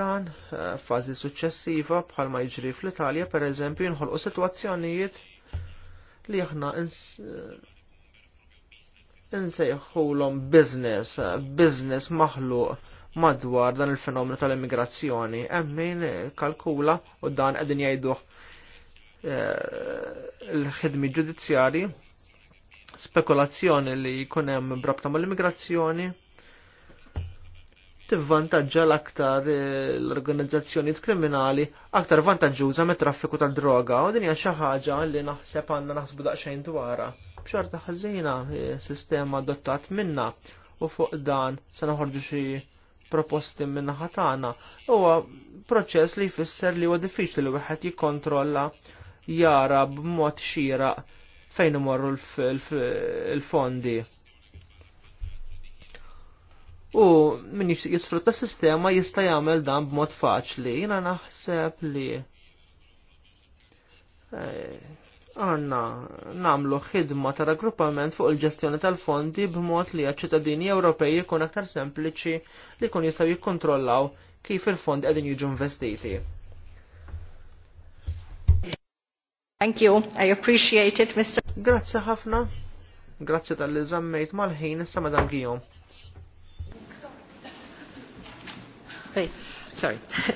Dan successiva, eh, suċċessiva bħalma jiġri fl-Italja pereżempju jinħolqu sitwazzjonijiet li aħna eh, insejħulhom business, business maħluq madwar dan il-fenomenu tal-immigrazzjoni. Hemm min kalkula u dan qegħdin jajduħ eh, l-ħidmi ġudizzjari spekulazzjoni li jkun hemm brabta mal-immigrazzjoni tivvantaġġa l-aktar eh, l-organizzazzjonijiet kriminali aktar vantaġġuża me traffiku ta' droga u din hija xi ħaġa li naħseb għandna naħsbu daqsxejn dwarha. B'xorta ħażina eh, sistema adottat minna u fuq dan se noħorġu xi proposti minn ħatana. Huwa proċess li jfisser li huwa diffiċli li wieħed jikkontrolla jara b'mod xira fejn imorru l-fondi. U min jisfrutta sistema jista' jagħmel dan b'mod faċli. Jiena naħseb li eh, għanna namlu ħidma ta' raggruppament fuq il-ġestjoni tal-fondi b'mod li għal-ċittadini Ewropej jkun aktar sempliċi li jkun jistaw jikkontrollaw kif il-fond qegħdin jiġu investiti. Thank you, I appreciate it, Mr. Grazzi ħafna. Grazzi tal-li zammejt mal-ħin issa madam Gijom. Sorry. <laughs>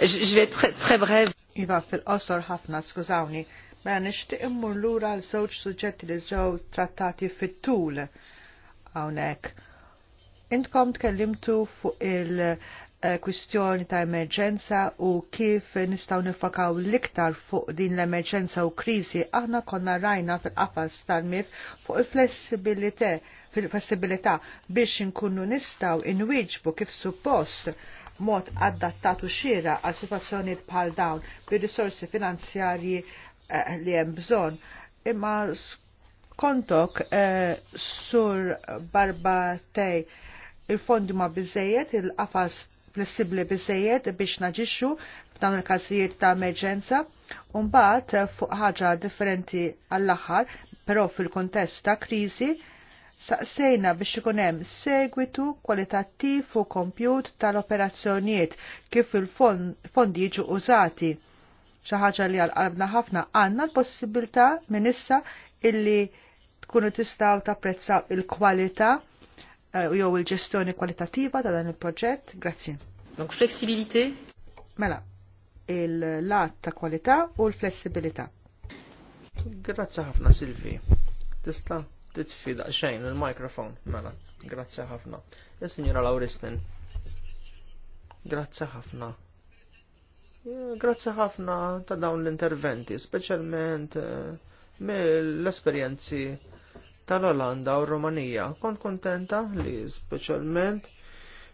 Je vais très, Iva fil-qosor ħafna, skużawni Ma mela, nixtieq immur lura l żewġ suġġetti li ġew trattati fit-tul hawnhekk. Intkom tkellimtu fuq il-kwistjoni ta' emerġenza u kif nistgħu nifakaw l-iktar fuq din l-emerġenza u kriżi aħna konna rajna fil-qafas tal-mif fuq il-flessibilità fil-flessibilità biex inkunu nistgħu inwieġbu kif suppost mod adattatu xira għal situazzjoni bħal dawn bir risorsi finanzjarji Eh, li hemm bżonn. Imma kontok eh, sur barbatej il-fondi ma biżejjed il-qafas flessibbli biżejjed biex naġixxu f'dawn il-każijiet ta' emerġenza, u mbagħad eh, fuq ħaġa differenti għall-aħħar, però fil-kontest ta' kriżi, saqsejna biex ikun hemm segwitu kwalitattiv u kompjut tal-operazzjonijiet kif il-fondi jiġu użati xi ħaġa li għal qalbna ħafna għanna l-possibilità minn issa illi tkunu tistgħu tapprezzaw il-kwalità eh, jew il-ġestjoni kwalitattiva ta' dan il-proġett. Grazzi. Donk, flexibilité. Mela, il-lat ta' kwalità u l-flessibilità. Grazzi ħafna Silvi. Tista' titfi xejn il-mikrofon. Mela, grazzi ħafna. is signora Lauristin. Grazzi ħafna. Grazzi ħafna ta' dawn l-interventi, speċjalment eh, mill-esperjenzi tal-Olanda u Romania. Kont kontenta li speċjalment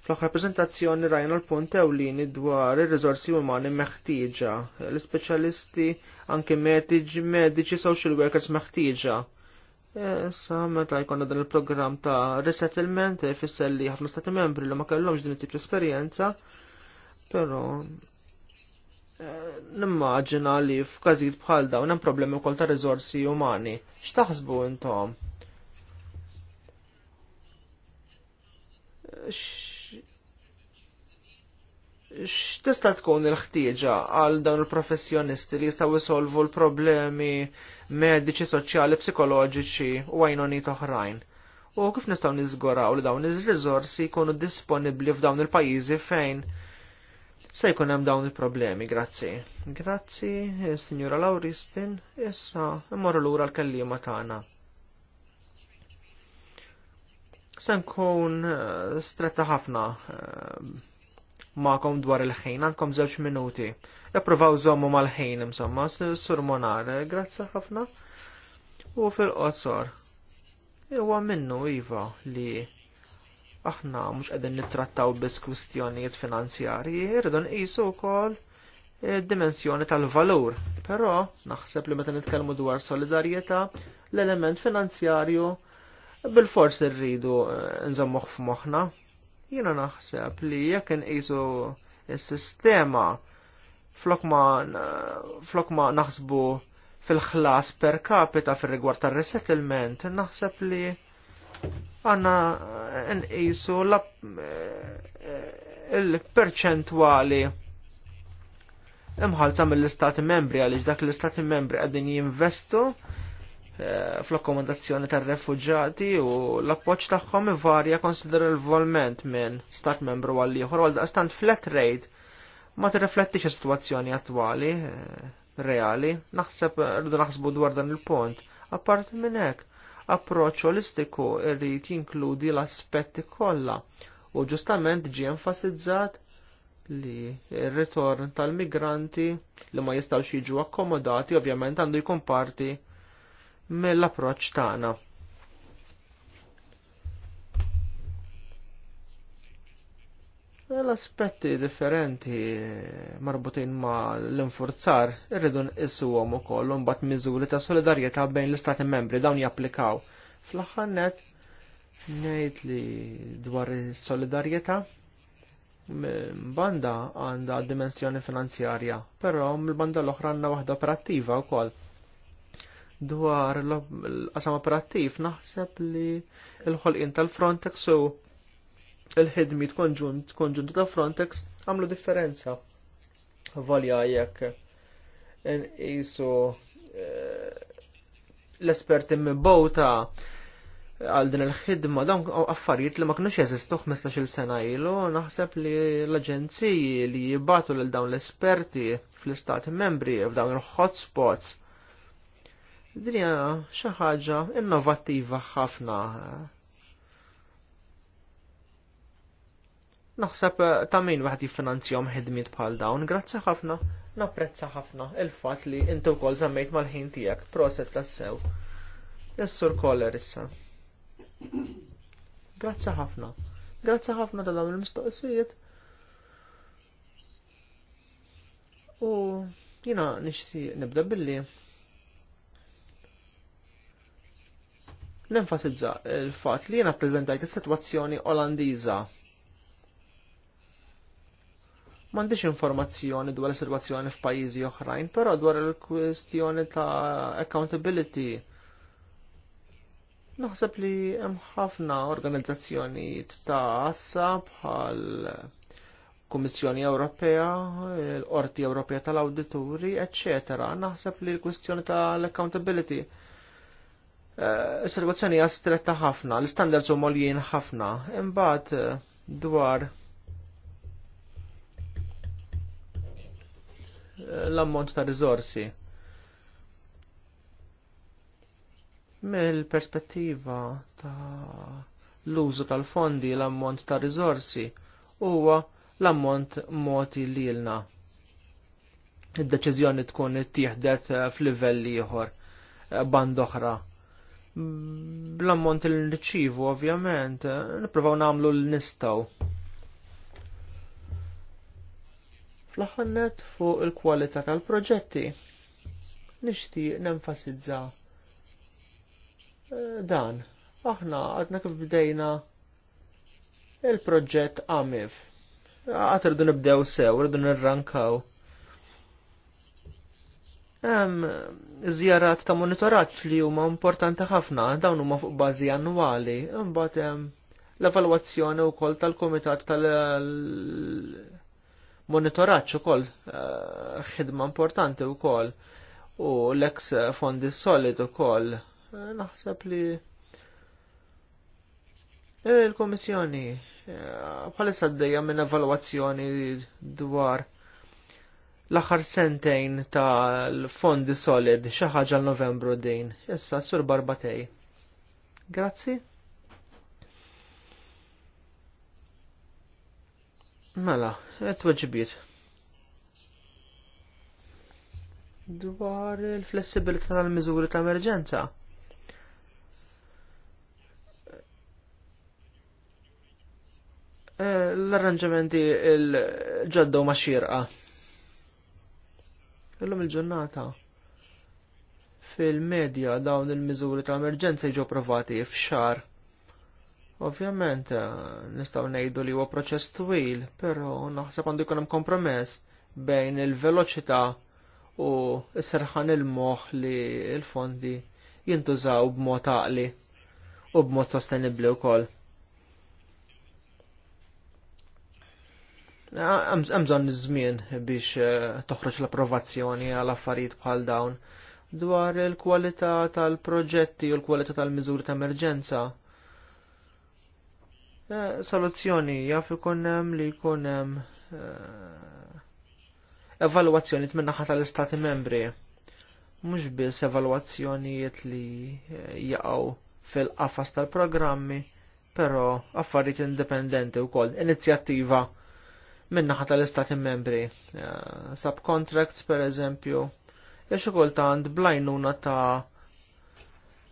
fl-aħħar prezentazzjoni rajna l-punt ewlieni dwar ir-riżorsi umani meħtieġa, l-ispeċjalisti anke mediċi, mediċi social workers meħtieġa. Issa meta jkollna dan il-programm ta' resettlement ifisser li ħafna stati membri li ma kellhomx din it-tip esperjenza però Eh, nimmaġina li f'każijiet bħal dawn hemm problemi wkoll ta' riżorsi umani. X'taħsbu intom? X'tista' tkun il-ħtieġa għal dawn il-professjonisti li jistgħu jsolvu l-problemi mediċi, soċjali, psikoloġiċi u għajnoniet oħrajn? U kif nistgħu niżgoraw li dawn ir-riżorsi jkunu disponibbli f'dawn il-pajjiżi fejn se jkun hemm dawn il-problemi, grazzi. Grazzi, eh, Sinjura Lauristin, issa immorru lura l-kellima tagħna. Se nkun eh, stretta ħafna eh, ma'kom dwar il-ħin, għandkom żewġ minuti. Ippruvaw żommu mal-ħin insomma, sur Monar, grazzi ħafna. U fil-qosor, Iwa minnu iva li aħna mhux qegħdin nittrattaw biss kwistjonijiet finanzjarji, irridu nqisu wkoll id-dimensjoni tal-valur. Però naħseb li meta nitkellmu dwar solidarjetà, l-element finanzjarju bil forsi irridu eh, nżammuh f'moħħna. Jiena naħseb li jekk inqisu s-sistema flok ma naħsbu fil-ħlas per capita fil rigward tar resettlement naħseb li għanna nqisu l perċentwali imħalsa mill-istati membri għaliex dak l-istati membri qegħdin jinvestu eh, fl-akkomodazzjoni tar refugġati u l-appoġġ tagħhom ivarja konsiderevolment minn stat membru għal ieħor għal daqstant flat rate ma tirreflettix is-sitwazzjoni attwali eh, reali, naħseb rridu naħsbu dwar dan il-pont. Apart minn hekk, approċċ olistiku irrid jinkludi l-aspetti kollha u ġustament ġie enfasizzat li r-ritorn tal-migranti li ma jistgħux jiġu akkomodati ovvjament għandu jkun parti mill-approċċ tagħna. l-aspetti differenti marbutin ma l-infurzar irridu nqissuhom ukoll imbagħad miżuri ta' solidarjetà bejn l-istati membri dawn japplikaw. Fl-aħħar nejt ngħid li dwar is-solidarjetà banda għandha dimensjoni finanzjarja, però mill-banda l-oħra għandna waħda operattiva wkoll. Dwar l-qasam operattiv naħseb li l-ħolqien tal-Frontex u il-ħidmit konġunt, konġunt ta' Frontex għamlu differenza. Valja jekk jisu eh, l-esperti mibowta għal din il-ħidma dawn affarijiet li ma kinux jeżistu 15-il sena ilu, naħseb li l-aġenziji li jibatu lil dawn l-esperti fl-istati membri f'dawn il-hotspots. Dinja xi ħaġa innovattiva ħafna Naħseb eh, ta' min waħd jiffinanzjahom ħidmiet bħal dawn, grazzi ħafna, napprezza ħafna il-fatt li inti wkoll żammejt mal-ħin tiegħek, proset tassew. Is-sur koller issa. Grazzi ħafna. Grazzi ħafna tal dawn il-mistoqsijiet. U jiena nixtieq nibda billi nenfasizza il-fatt li jiena ppreżentajt is-sitwazzjoni Olandiża M'għandix informazzjoni dwar is-sitwazzjoni f'pajjiżi oħrajn, però dwar il-kwestjoni ta' accountability. Naħseb li hemm ħafna organizzazzjonijiet ta' assa bħal Kummissjoni Ewropea, l-Qorti Ewropea tal-Awdituri, eċċetera. Naħseb li l-kwestjoni tal-accountability eh, Is-sitwazzjoni hija stretta ħafna, l-istandards huma ħafna. Imbagħad eh, dwar l-ammont ta' rizorsi. Mill-perspettiva ta' l-użu tal-fondi l-ammont ta' rizorsi huwa l-ammont moti li lna. Id-deċiżjoni tkun ittieħdet eh, f'livell ieħor eh, band oħra bl-ammont li nirċivu ovvjament, eh, nipprovaw namlu l-nistaw. fl ħannet fuq il-kwalità tal-proġetti. Nixtieq nenfasizza eh, dan. Aħna għadna kif bdejna il-proġett għamif. Għat rridu nibdew sew, rridu nirrankaw. Hemm żjarat ta' monitoraġġ li huma importanti ħafna, dawn huma fuq bażi annwali, imbagħad hemm l-evalwazzjoni wkoll tal-Kumitat tal- monitoraċ ukoll eh, ħidma importanti wkoll u l-ex fondi solid ukoll eh, naħseb li il-Komissjoni eh, bħalissa d minn evalwazzjoni dwar l-aħħar sentejn tal-fondi solid xi ħaġa l-Novembru din. Issa sur Barbatej. Grazzi. Mela, t-weġibiet. Dwar il-flessibilità tal-miżuri ta' emerġenza. Eh, l-arranġamenti il ġaddu ma' xirqa. Illum il-ġurnata. Fil-medja dawn il-miżuri ta' emerġenza jiġu provati f'xar. Ovvjament, eh, nistaw nejdu li huwa proċess twil, però naħseb għandu jkun hemm kompromess bejn il-veloċità u s-serħan il-moħ li l-fondi jintużaw b'mod għaqli u b'mod sostenibli wkoll. Eh, hemm bżonn żmien biex eh, toħroġ l-approvazzjoni għal affarijiet bħal dawn dwar il-kwalità tal-proġetti u l-kwalità tal-miżuri ta' emerġenza Eh, soluzzjoni jaf ikun hemm li jkun hemm eh, evalwazzjoni min-naħa tal-istati membri. Mhux biss evalwazzjonijiet li eh, jaqgħu fil-qafas tal-programmi, però affarijiet indipendenti wkoll inizjattiva minnaħa tal-istati membri. Subcontracts per eżempju, jiex kultant blajnuna ta'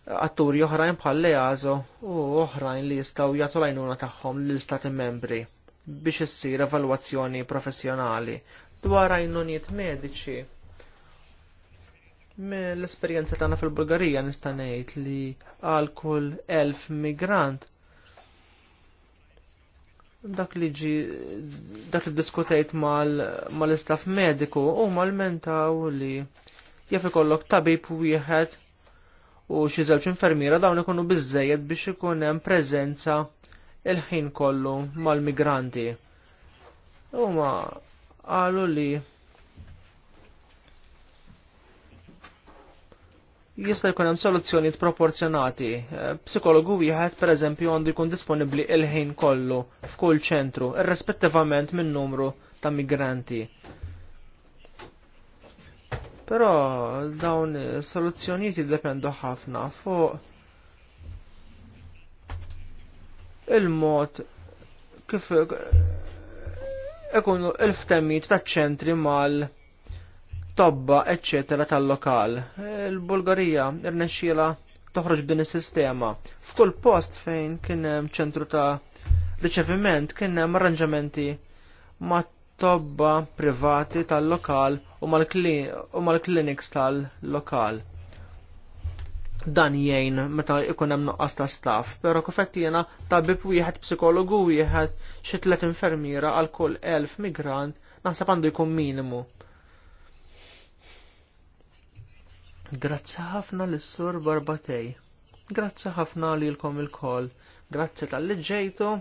atturi oħrajn bħal leazo u oħrajn li jistgħu jagħtu l-għajnuna tagħhom lill-istati membri biex issir evalwazzjoni professjonali dwar għajnuniet mediċi. Mill-esperjenza tagħna fil-Bulgarija nista' ngħid li għal kull elf migrant dak li ġi dak li diskutejt mal-istaff mediku u mal-mentaw li jaf ikollok tabib wieħed u xi żewġ infermiera dawn ikunu biżejjed biex ikun hemm preżenza il-ħin kollu mal-migranti. Huma qalu li jista' jkun hemm soluzzjonijiet proporzjonati. Psikologu wieħed pereżempju għandu jkun disponibbli il-ħin kollu f'kull ċentru, irrispettivament minn numru ta' migranti. Però dawn soluzzjonijiet jiddependu ħafna fuq il-mod kif ikunu il-ftemmit ta' ċentri mal tobba eccetera tal-lokal. Il-Bulgarija irnexxiela toħroġ b'din is-sistema. F'kull post fejn kien hemm ċentru ta' riċeviment kien hemm arranġamenti ma' tobba privati tal-lokal u mal-kliniks tal-lokal. Dan jgħin meta ikun hemm nuqqas ta' staff, però qed jiena tabib wieħed psikologu wieħed xi tliet infermiera għal kull elf migrant naħseb għandu jkun minimu. Grazzi ħafna lis sur Barbatej. Grazzi ħafna lilkom il-koll. Grazzi tal-liġġejtu.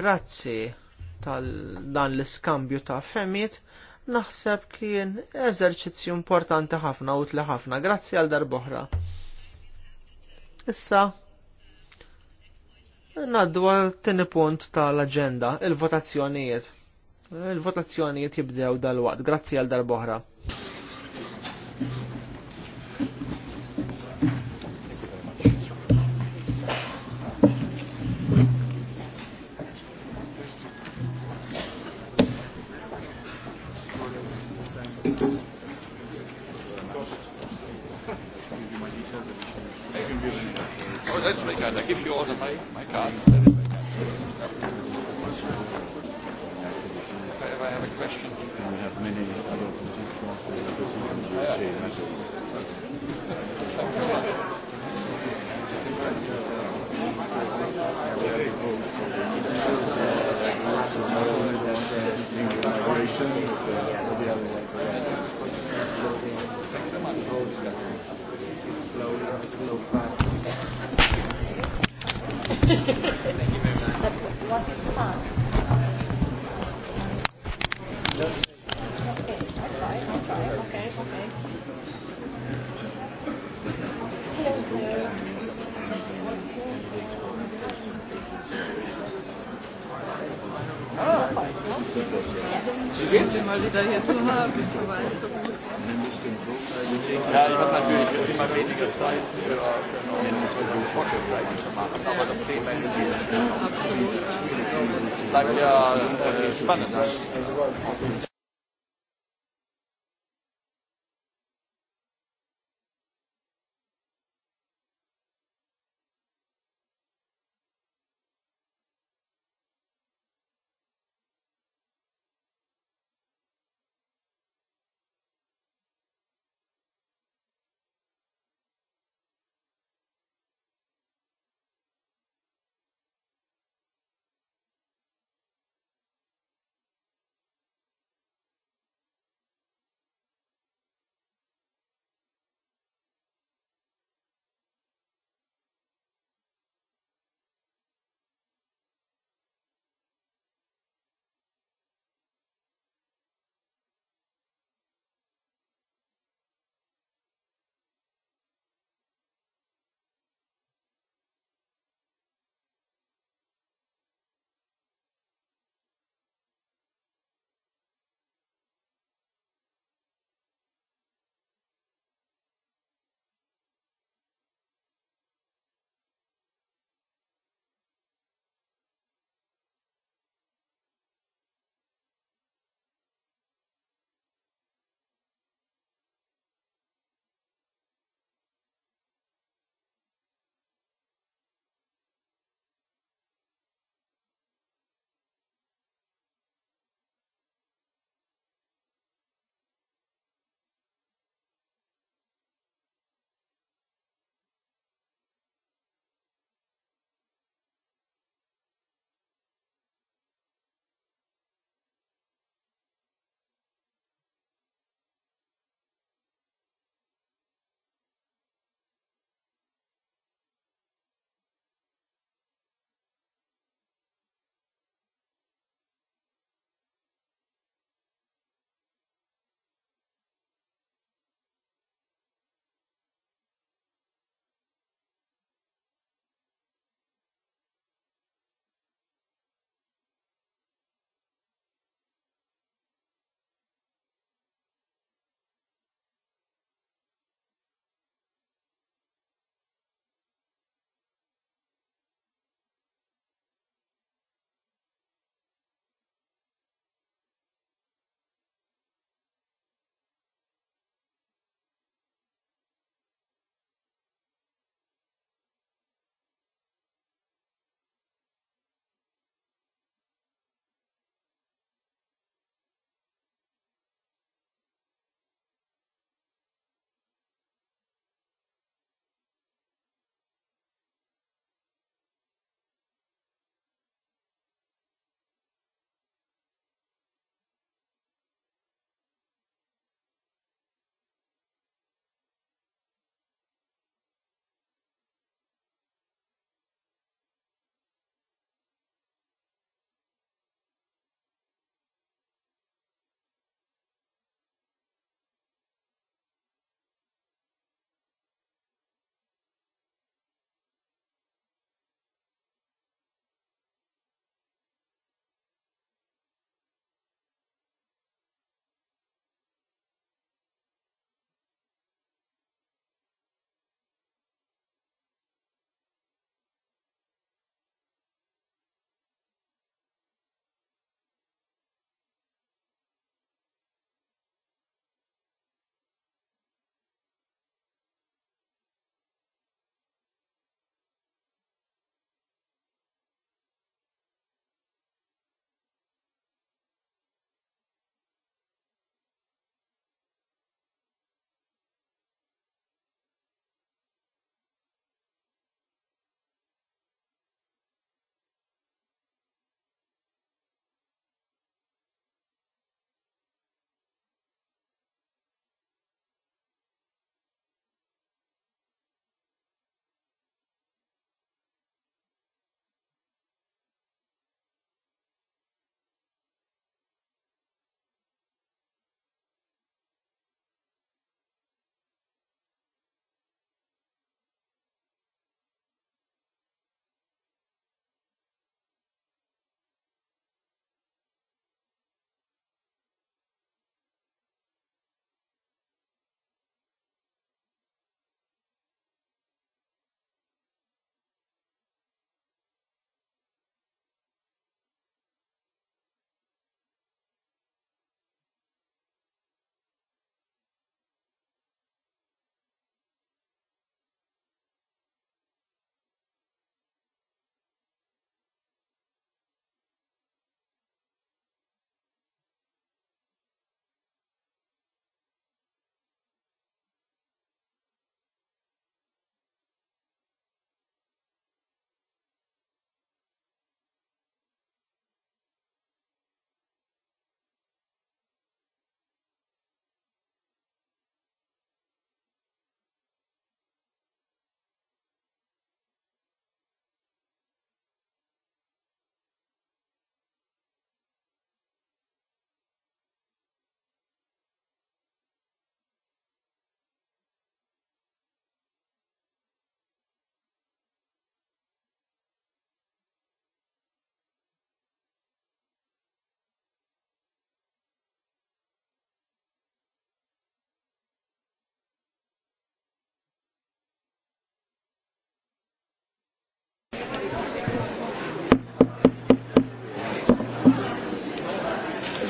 Grazzi tal-dan l-iskambju ta' femmit naħseb kien eżerċizzju importanti ħafna u tli ħafna, grazzi għal darboħra. Issa, naddu għal tini punt tal-agenda, il-votazzjonijiet. Il-votazzjonijiet jibdew dal-waqt, grazzi għal darboħra.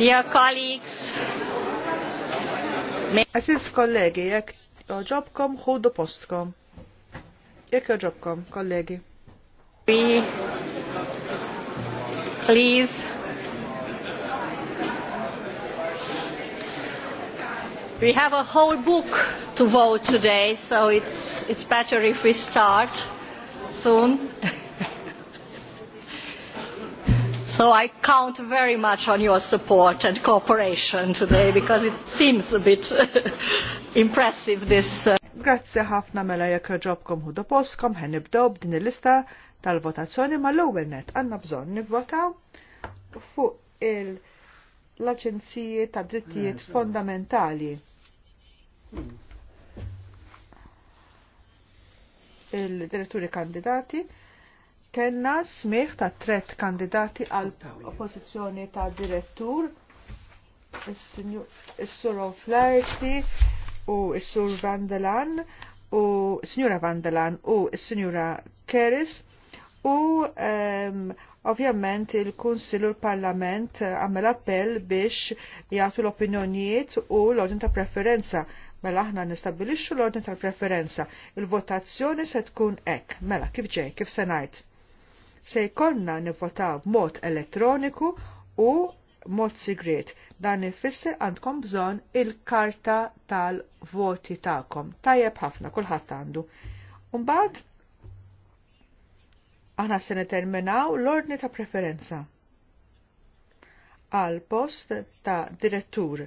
Dear colleagues. Aziz kollegi, jek oġobkom ħudu postkom. Jek oġobkom, kollegi. We please We have a whole book to vote today, so it's, it's better if we start soon. <laughs> So I count very much on your support and cooperation today because it seems a bit <laughs> impressive this. Uh, Grazzi ħafna mela jekk ġobkom hu poskom ħen nibdew b'din il-lista tal-votazzjoni ma l-ewwel net għandna bżonn nivvotaw fuq il l-Aġenziji ta' Drittijiet Fondamentali. il direttori kandidati kena smieħ ta' tret kandidati għal oppożizzjoni ta' direttur, s sur Flaherty u s-sur Vandelan u s-signora Vandelan u s-signora Keris u um, ovvjament il-Kunsil u l-Parlament eh, għamel appell biex jgħatu l-opinjonijiet u l-ordin ta' preferenza. Mela aħna nistabilixxu l-ordin tal preferenza. Il-votazzjoni se tkun hekk. Mela kif ġej, kif se ngħid? se jkollna nivvotaw b'mod elettroniku u mod sigret. Dan ifisser għandkom bżonn il-karta tal-voti tagħkom. Tajjeb ħafna kulħadd għandu. Umbagħad aħna se niterminaw l-ordni ta' preferenza għal post ta' direttur.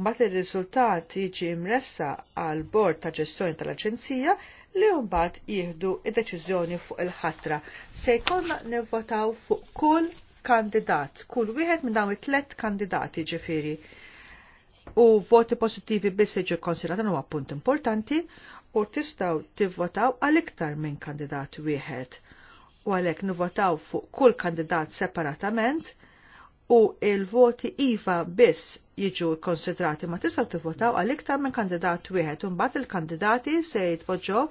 Mbagħad ir-riżultat jiġi mressa għal bord ta' ġestjoni tal-Aġenzija li mbagħad jieħdu id-deċiżjoni fuq il-ħatra. Se jkollna nivvotaw fuq kull kandidat, kull wieħed minn dawn it-tlet kandidati ġifieri. U voti pożittivi biss jiġu konsidratan huwa punt importanti u tistgħu tivvotaw għal iktar minn kandidat wieħed. U għalhekk nivvotaw fuq kull kandidat separatament u il-voti iva biss jiġu konsidrati ma tistaw tivvotaw għal iktar minn kandidat wieħed u mbagħad il-kandidati se jitpoġġew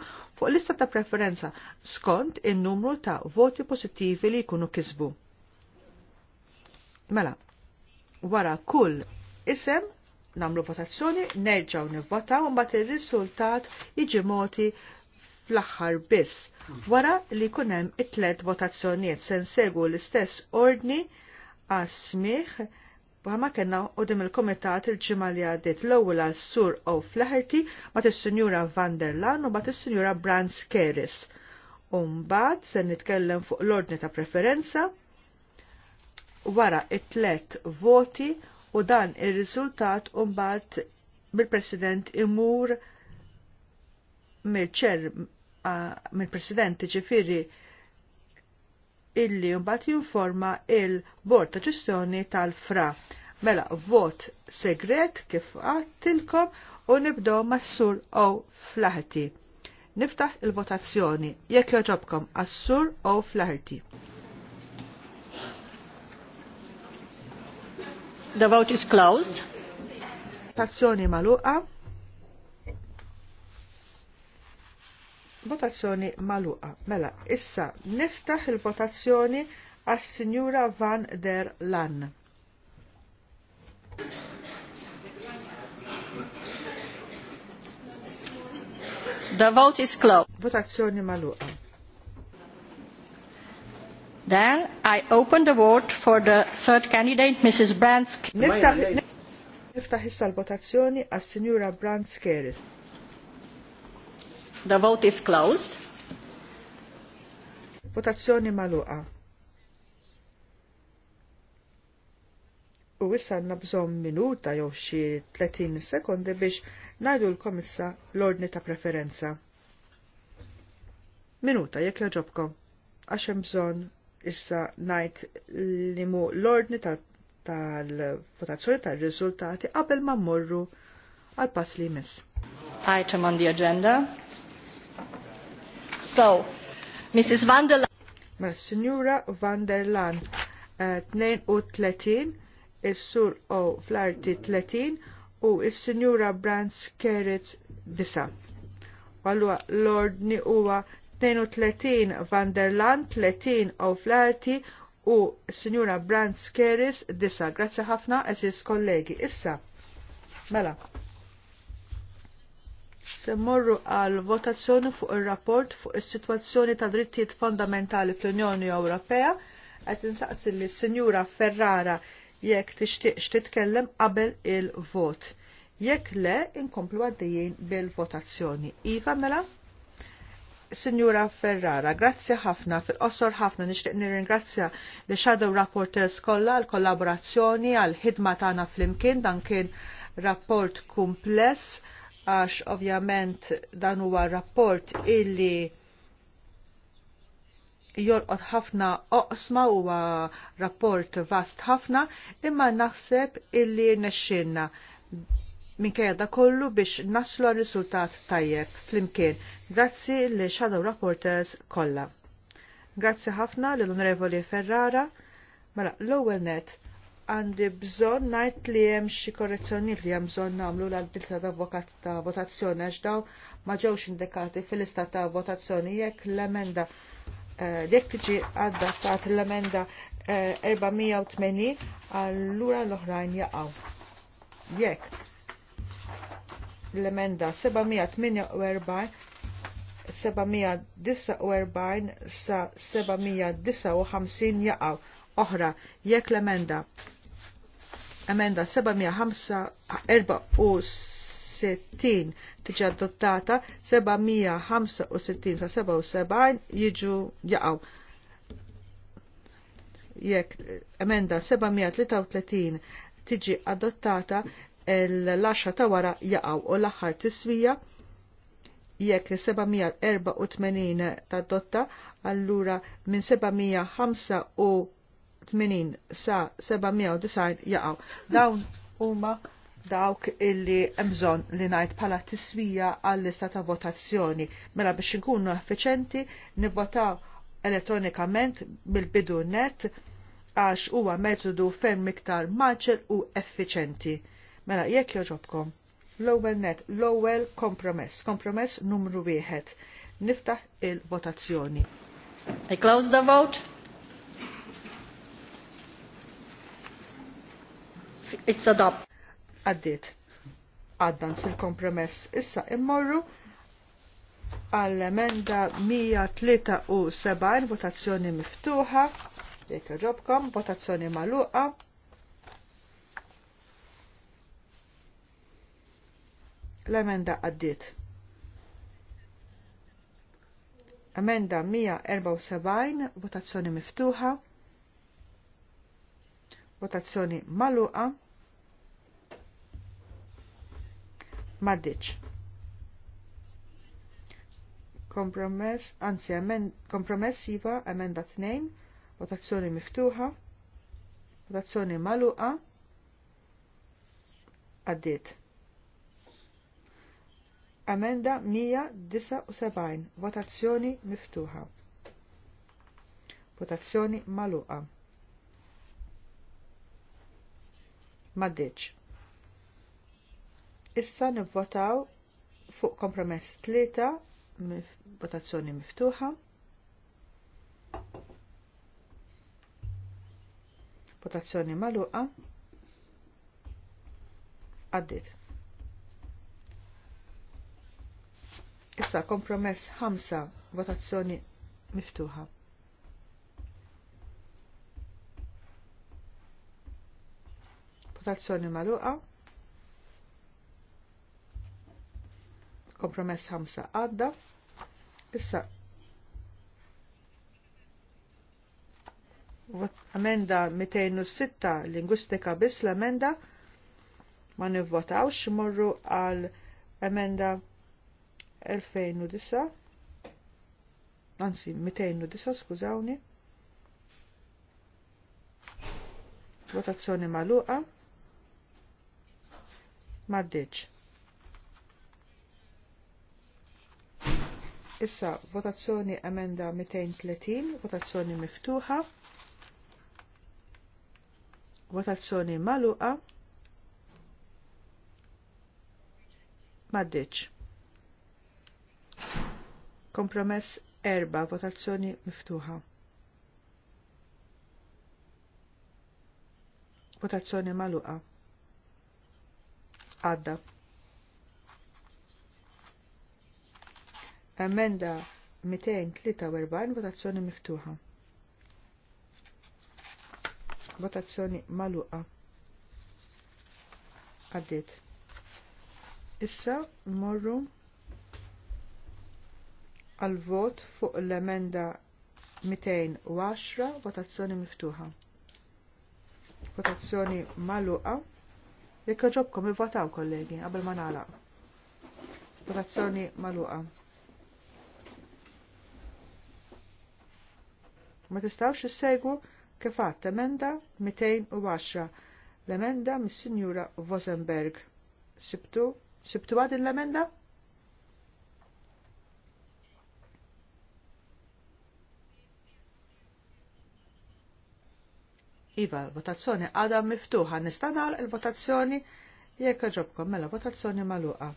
fuq lista ta' preferenza skont in-numru ta' voti pożittivi li jkunu kisbu. Mela, wara kull isem namlu votazzjoni, nerġaw nivvotaw mbagħad ir-riżultat jiġi moti fl-aħħar biss. Wara li kunem it-tlet votazzjonijiet se nsegu l-istess ordni għasmiħ Bħama kena u dim il-komitat il-ġimma li għaddit l-ewwel għal Sur O. Flaherty bat is-Sinjura Van der Lan u bat is-Sinjura Brands Keris. mbagħad se nitkellem fuq l-ordni ta' preferenza wara it-tlet voti u dan ir-riżultat mbagħad mill-President imur mill-ċer mill-President ġifiri illi mbagħad jinforma il-Bord ta' Ġestjoni tal-Fra. Mela, vot segret kif għattilkom u nibdow mas-sur o flaħti. Niftaħ il-votazzjoni jekk joġobkom għas-sur o flaħti. The vote is closed. Votazzjoni maluqa. Votazzjoni maluqa. Mela, issa niftaħ il-votazzjoni għas-Sinjura Van der Lan. The vote is closed. Votazzjoni maluqa. Then I open the vote for the third candidate, Mrs. Brands. Niftaħ issa l-votazzjoni għas-Sinjura Brandt Keris. The vote is closed. Votazzjoni maluqa. U issa għandna bżonn minuta jew xi 30 sekondi biex ngħidu l-komissa l-ordni ta' preferenza. Minuta jekk joġobkom għax hemm bżonn issa ngħid li mu l-ordni tal-votazzjoni tal votazzjoni ta tal riżultati qabel ma mmorru għal pass li jmiss. Item on the agenda So, Mrs. Van der Laan. Ma' mela, Signora Van der Laan, 32, eh, il-Sur O fl 30 u il-Signora Brands Keretz disa. Wallu Lord ni uwa 32 Van der Laan, 30 O fl u Signora Brands Keretz 9. Grazzi ħafna, eżis kollegi. Issa, mela. Se morru għal votazzjoni fuq ir-rapport fuq is-sitwazzjoni ta' drittijiet fondamentali fl-Unjoni Ewropea qed insaqsi li sinjura Ferrara jekk tixtieq titkellem qabel il-vot. Jekk le, inkomplu għaddejjin bil-votazzjoni. Iva mela? Signora Ferrara, grazzi ħafna, fil-qosor ħafna nixtieq nirringrazzja li Shadow rapporteurs kollha għal kollaborazzjoni għal ħidma tagħna flimkien dan kien rapport kumpless għax ovvjament dan huwa rapport illi jorqod ħafna oqsma huwa rapport vast ħafna imma naħseb illi nexxinna minkejja da kollu biex naslu għal riżultat tajjeb flimkien. Grazzi li Shadow Rapporters kollha. Grazzi ħafna l onorevoli Ferrara. Mela, l-ewwel net għandi bżon najt li jem xie korrezzjoni li jem bżon namlu l-għaddilta ta' vokat ta' votazzjoni għax daw ma ġewx indikati fil-lista ta' votazzjoni jekk l-emenda eh, jekk tiġi għaddattat l-emenda 480 eh, allura l-oħrajn jaqaw. Jekk l-emenda 748 749 sa 759 jaqaw oħra jekk l-emenda emenda 765 tiġi adottata 765 sa 77 jiġu jaqaw. Jekk emenda 733 tiġi adottata l-10 ta' wara jaqaw u l-aħħar tiswija jekk 784 ta' dotta allura minn 785 80 sa 790 jaqaw. Dawn huma dawk illi emżon li najt pala tiswija għall-lista ta' votazzjoni. Mela biex nkunu effiċenti nivvotaw elettronikament bil-bidu net għax huwa metodu ferm iktar maċel u effiċenti. Mela jekk joġobkom. L-ewwel net, l-ewwel kompromess, kompromess numru wieħed. Niftaħ il-votazzjoni. I close the vote. It's adopt. Għaddit. Għaddan sil-kompromess. Issa immorru għall-emenda 173 votazzjoni miftuħa. Jek ġobkom, votazzjoni maluqa. L-emenda għaddit. Emenda 174 votazzjoni miftuħa. Votazzjoni maluqa. Maddiċ. Kompromess, anzi, kompromessiva, emenda 2, votazzjoni miftuħa, votazzjoni maluqa, għaddit. Amenda 179, votazzjoni miftuħa. Votazzjoni maluqa. maddiċ. Issa nivvotaw fuq kompromess tlieta votazzjoni miftuħa. Votazzjoni maluqa. Għaddit. Issa kompromess ħamsa, votazzjoni miftuħa. Votazzjoni maluqa. Kompromess 5 għadda. Issa amenda 206 lingwistika biss l-amenda ma nivvotawx morru għal emenda 2009 anzi 209 skużawni votazzjoni maluqa maddiċ. Issa votazzjoni emenda 230, votazzjoni miftuħa, votazzjoni maluqa, maddiċ. Kompromess erba' votazzjoni miftuħa. Votazzjoni maluqa għadda. Emenda 243 votazzjoni miftuħa. Votazzjoni maluqa. Għaddit. Issa morru għal vot fuq l-emenda 210 votazzjoni miftuħa. Votazzjoni maluqa. Jekk ġobkom ivvotaw kollegi qabel ma nagħlaq. Votazzjoni magħluqa. Ma tistgħux issegwu kif għadt emenda 210 l-emenda mis-Sinjura Vosenberg. Sibtu, sibtu għad l-emenda? Iva, votazzjoni għada miftuħa, nistanal il-votazzjoni jekk ġobkom mela votazzjoni maluqa.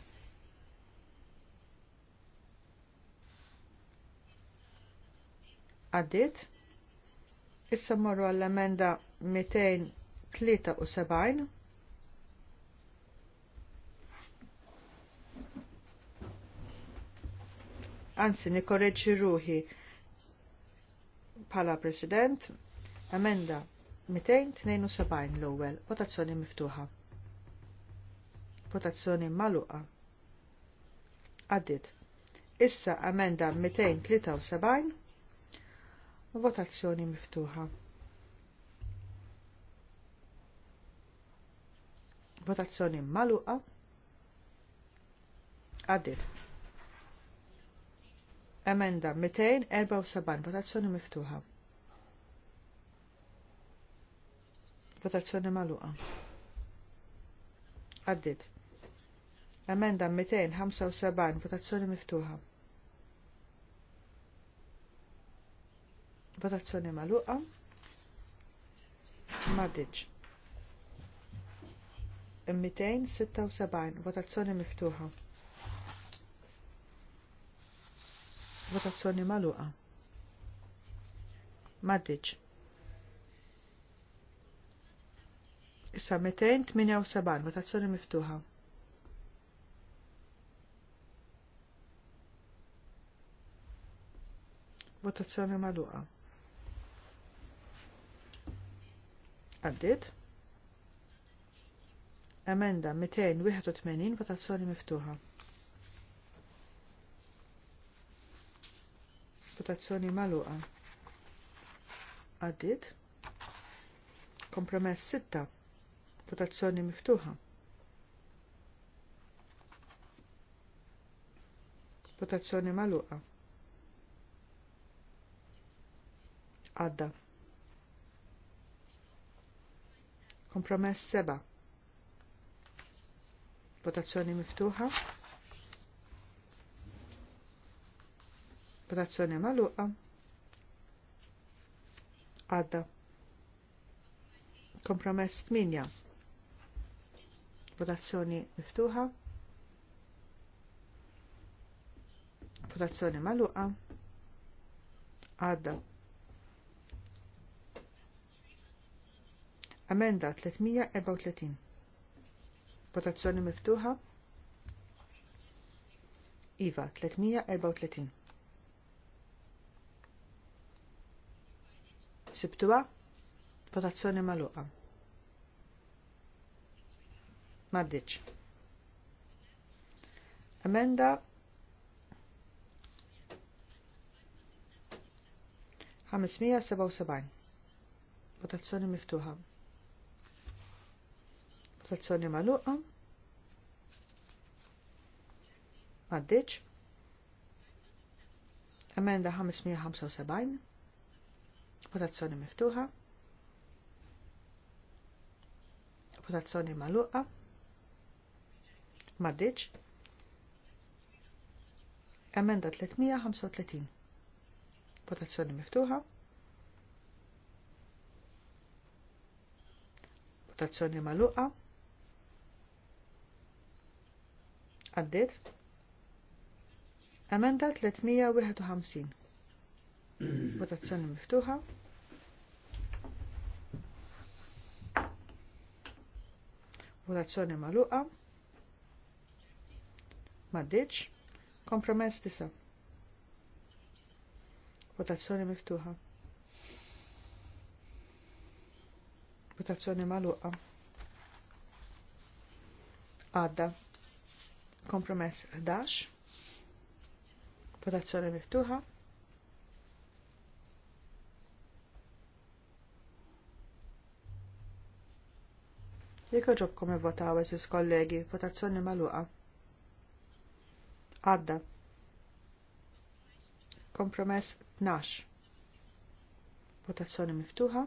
Għaddit, issa morru għall-emenda 273. Anzi, nikorreġi ruħi pala president, emenda 273 272 l-ewwel, votazzjoni miftuħa. Votazzjoni maluqa. Għaddit. Issa amenda 273, votazzjoni miftuħa. Votazzjoni maluqa. Għaddit. Amenda 274, votazzjoni miftuħa. Votazzjoni maluqa. Għaddit. Emenda 275, votazzjoni miftuħa. Votazzjoni maluqa. Maddiċ. 276, votazzjoni miftuħa. Votazzjoni maluqa. Maddiċ. Issa 278 votazzjoni miftuħa. Votazzjoni magħluqa. Għaddit. Emenda 281 votazzjoni miftuħa. Votazzjoni maluqa. Għaddit. Kompromess 6 Votazzjoni miftuħa. Votazzjoni maluqa. Għadda. Kompromess seba. Votazzjoni miftuħa. Votazzjoni maluqa. Għadda. Kompromess 8. Votazzjoni miftuħa. Votazzjoni maluqa. Għadda. Amenda 334. Votazzjoni miftuħa. Iva 334. Sibtuwa? Votazzjoni maluqa. Maddiċ. Amenda 577. Votazzjoni miftuħa. Votazzjoni maluqa. Maddiċ. Amenda 575. Votazzjoni miftuħa. Votazzjoni maluqa. Maddiċ. Emenda 335. Votazzjoni miftuħa. Votazzjoni maluqa. Għaddit. Emenda 351. Votazzjoni miftuħa. Votazzjoni maluqa. Maddiċ. Kompromess disa. Votazzjoni miftuħa. Votazzjoni maluqa. Għadda. Kompromess 11. Votazzjoni miftuħa. Jekk ġobkom e votaw eżis kollegi, votazzjoni maluqa għadda. Kompromess 12. Votazzjoni miftuħa.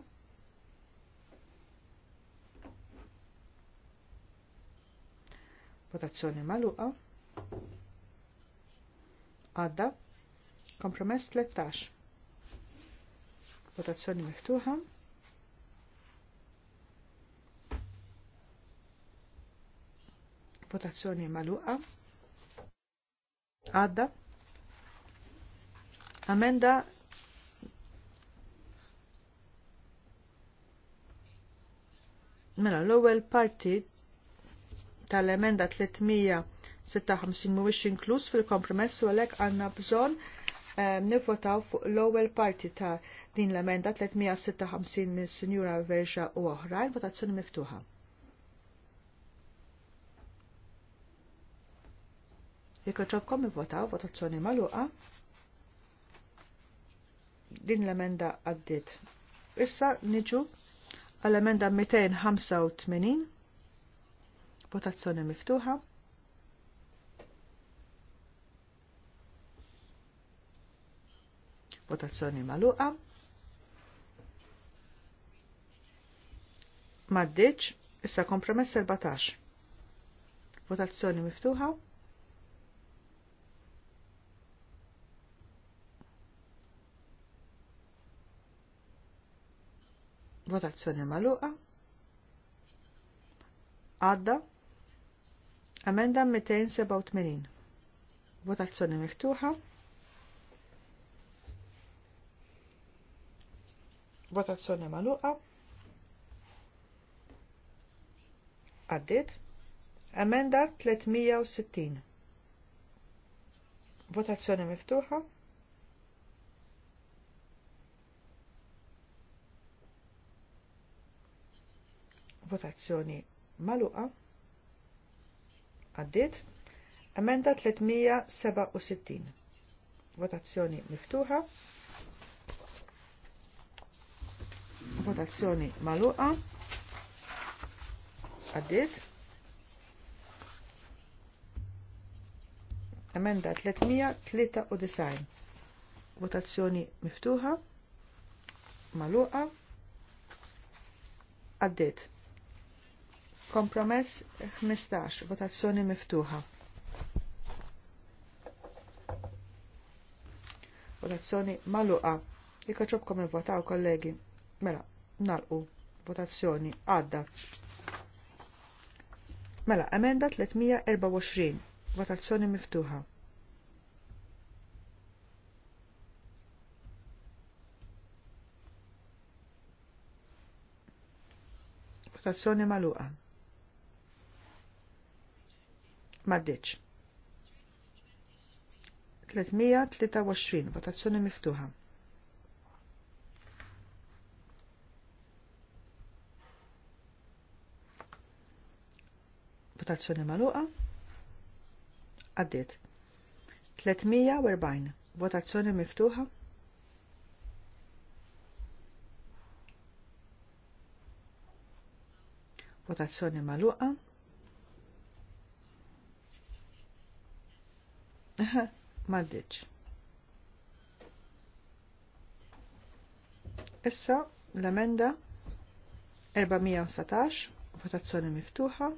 Votazzjoni maluqa. Għadda. Kompromess 13. Votazzjoni miftuħa. Votazzjoni maluqa. Għadda. Amenda Mela, l-ewwel parti tal-emenda 356 mhuwiex inkluż fil-kompromess u għalhekk għandna bżonn eh, nivvotaw fuq l-ewwel parti ta' din l-emenda 356 minn Sinjura Verġa u oħrajn votazzjoni miftuħa. Jekk ġobkom votaw votazzjoni magħluqa, din l-emenda għaddit. Issa niġu għall-emenda 285, votazzjoni miftuħa. Votazzjoni magħluqa. Maddiċ, issa kompromess 14. Votazzjoni miftuħa. Votazzjoni maluqa. Għadda. Amenda 287. Votazzjoni miftuħa. Votazzjoni maluqa. Għaddit. Amenda 360. Votazzjoni miftuħa. Votazzjoni maluqa. Għaddit. Emenda 367. Votazzjoni miftuħa. Votazzjoni maluqa. Għaddit. Emenda 393. Votazzjoni miftuħa. Maluqa. Għaddit. Kompromess 15, votazzjoni miftuħa. Votazzjoni maluqa. Ikaċobkom il-votaw, kollegi. Mela, nalqu. Votazzjoni għadda. Mela, emenda 324. Votazzjoni miftuħa. Votazzjoni maluqa maddeċ. 323 votazzjoni miftuħa. Votazzjoni maluqa. Għaddiet. 340 votazzjoni miftuħa. Votazzjoni maluqa. Maddiċ. Issa l-emenda 417, votazzjoni miftuħa.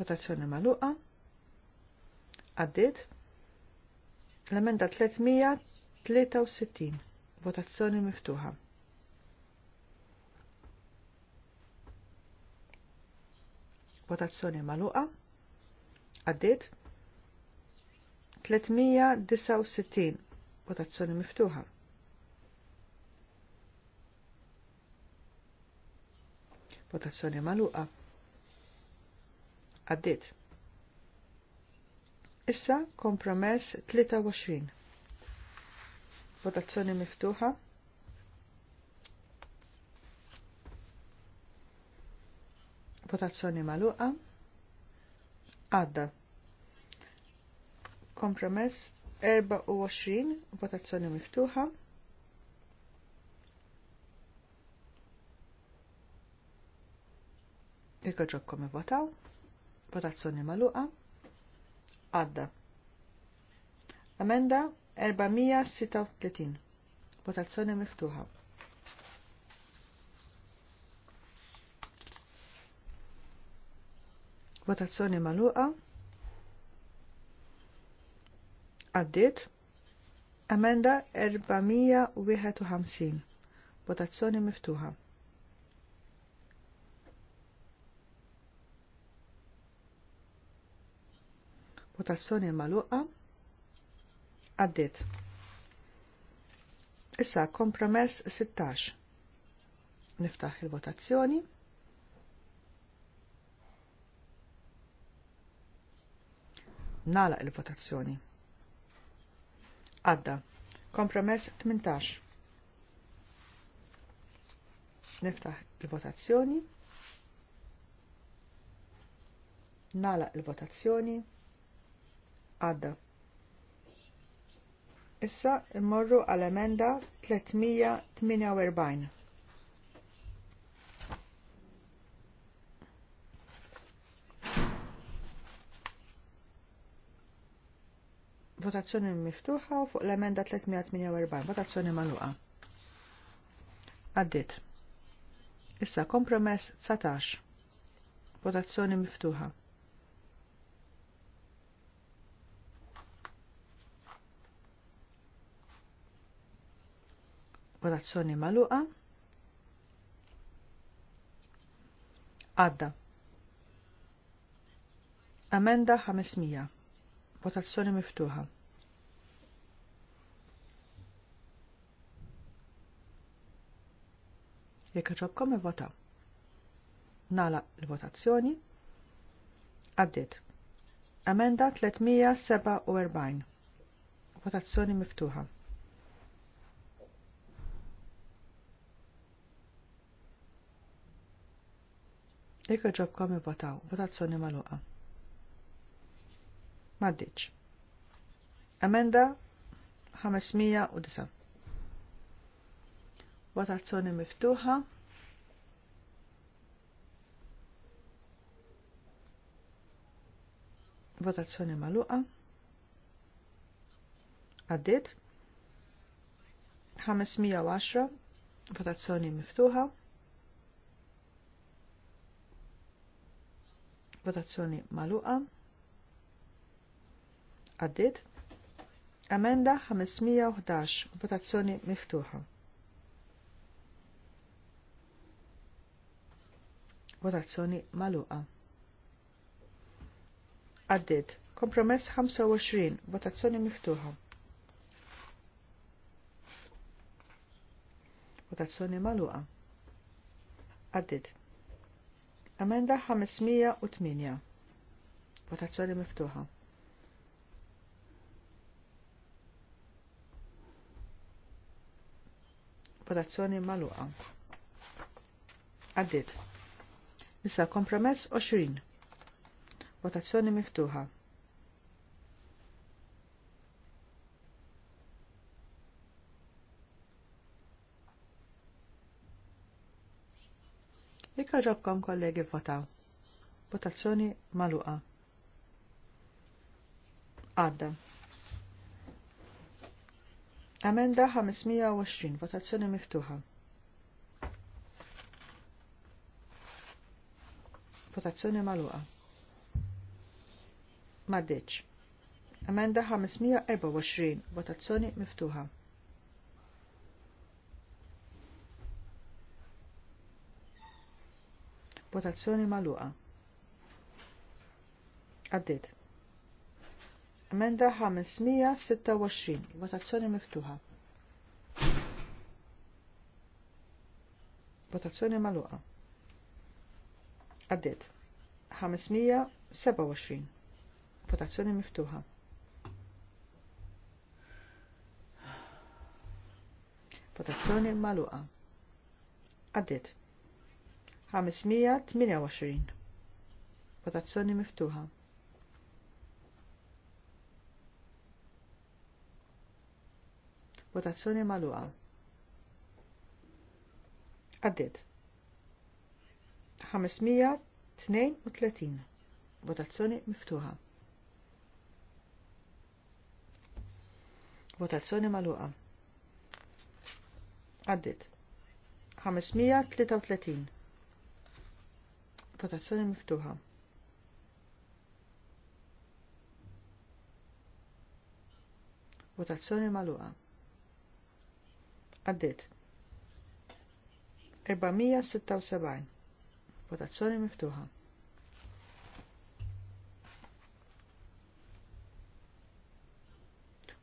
votazzjoni maluqa, għaddit, l-emenda 363, votazzjoni miftuħa. Votazzjoni maluqa. Għaddit. 369. Votazzjoni miftuħa. Votazzjoni maluqa. Għaddit. Issa kompromess 23. Votazzjoni miftuħa. votazzjoni maluqa, għadda. Kompromess 24, votazzjoni miftuħa. Irka ġobkom votaw, votazzjoni maluqa, għadda. Amenda 436, votazzjoni miftuħa. Votazzjoni maluqa. Għaddit. Amenda 451. Votazzjoni miftuħa. Votazzjoni maluqa. Għaddit. Issa kompromess 16. Niftaħ il-votazzjoni. Nala il-votazzjoni. Għadda. Kompromess 18. Niftaħ il-votazzjoni. Nala il-votazzjoni. Għadda. Issa immorru għal-emenda 348. Votazzjoni miftuħa fuq l-emenda 348. Votazzjoni maluqa. Għaddit. Issa kompromess 19. Votazzjoni miftuħa. Votazzjoni maluqa. Għadda. Amenda 500. Votazzjoni miftuħa. Jekk ġobkom vota. Nala l-votazzjoni. Għaddit. Amenda 347. Votazzjoni miftuħa. Jekk ġobkom votaw. Votazzjoni maluqa. Maddiċ. Amenda 509. Votazzjoni miftuħa. Votazzjoni maluqa. Għaddit. 510. Votazzjoni miftuħa. Votazzjoni maluqa. Għaddit. Amenda 511. Votazzjoni miftuħa. Votazzjoni maluqa. Għaddit. Kompromess 25. Votazzjoni miftuħa. Votazzjoni maluqa. Għaddit. Amenda 508. Votazzjoni miftuħa. Votazzjoni maluqa. Għaddit. Issa kompromess 20. Votazzjoni miftuħa. Ika ġobkom kollegi votaw. Votazzjoni maluqa. Għadda. Amenda 520, votazzjoni miftuħa. votazzjoni maluqa. Maddiċ. Emenda 524, votazzjoni miftuħa. Votazzjoni maluqa. Addit. Emenda 526, votazzjoni miftuħa. Votazzjoni maluqa. Għaddit. 527. Votazzjoni miftuħa. Votazzjoni maluqa. Għaddit. 528. Votazzjoni miftuħa. Votazzjoni maluqa. Għaddit. 528. 532. Votazzjoni miftuħa. Votazzjoni maluqa. Għaddit. 533. Votazzjoni miftuħa. Votazzjoni maluqa. Għaddit. 476. Votazzjoni miftuħa.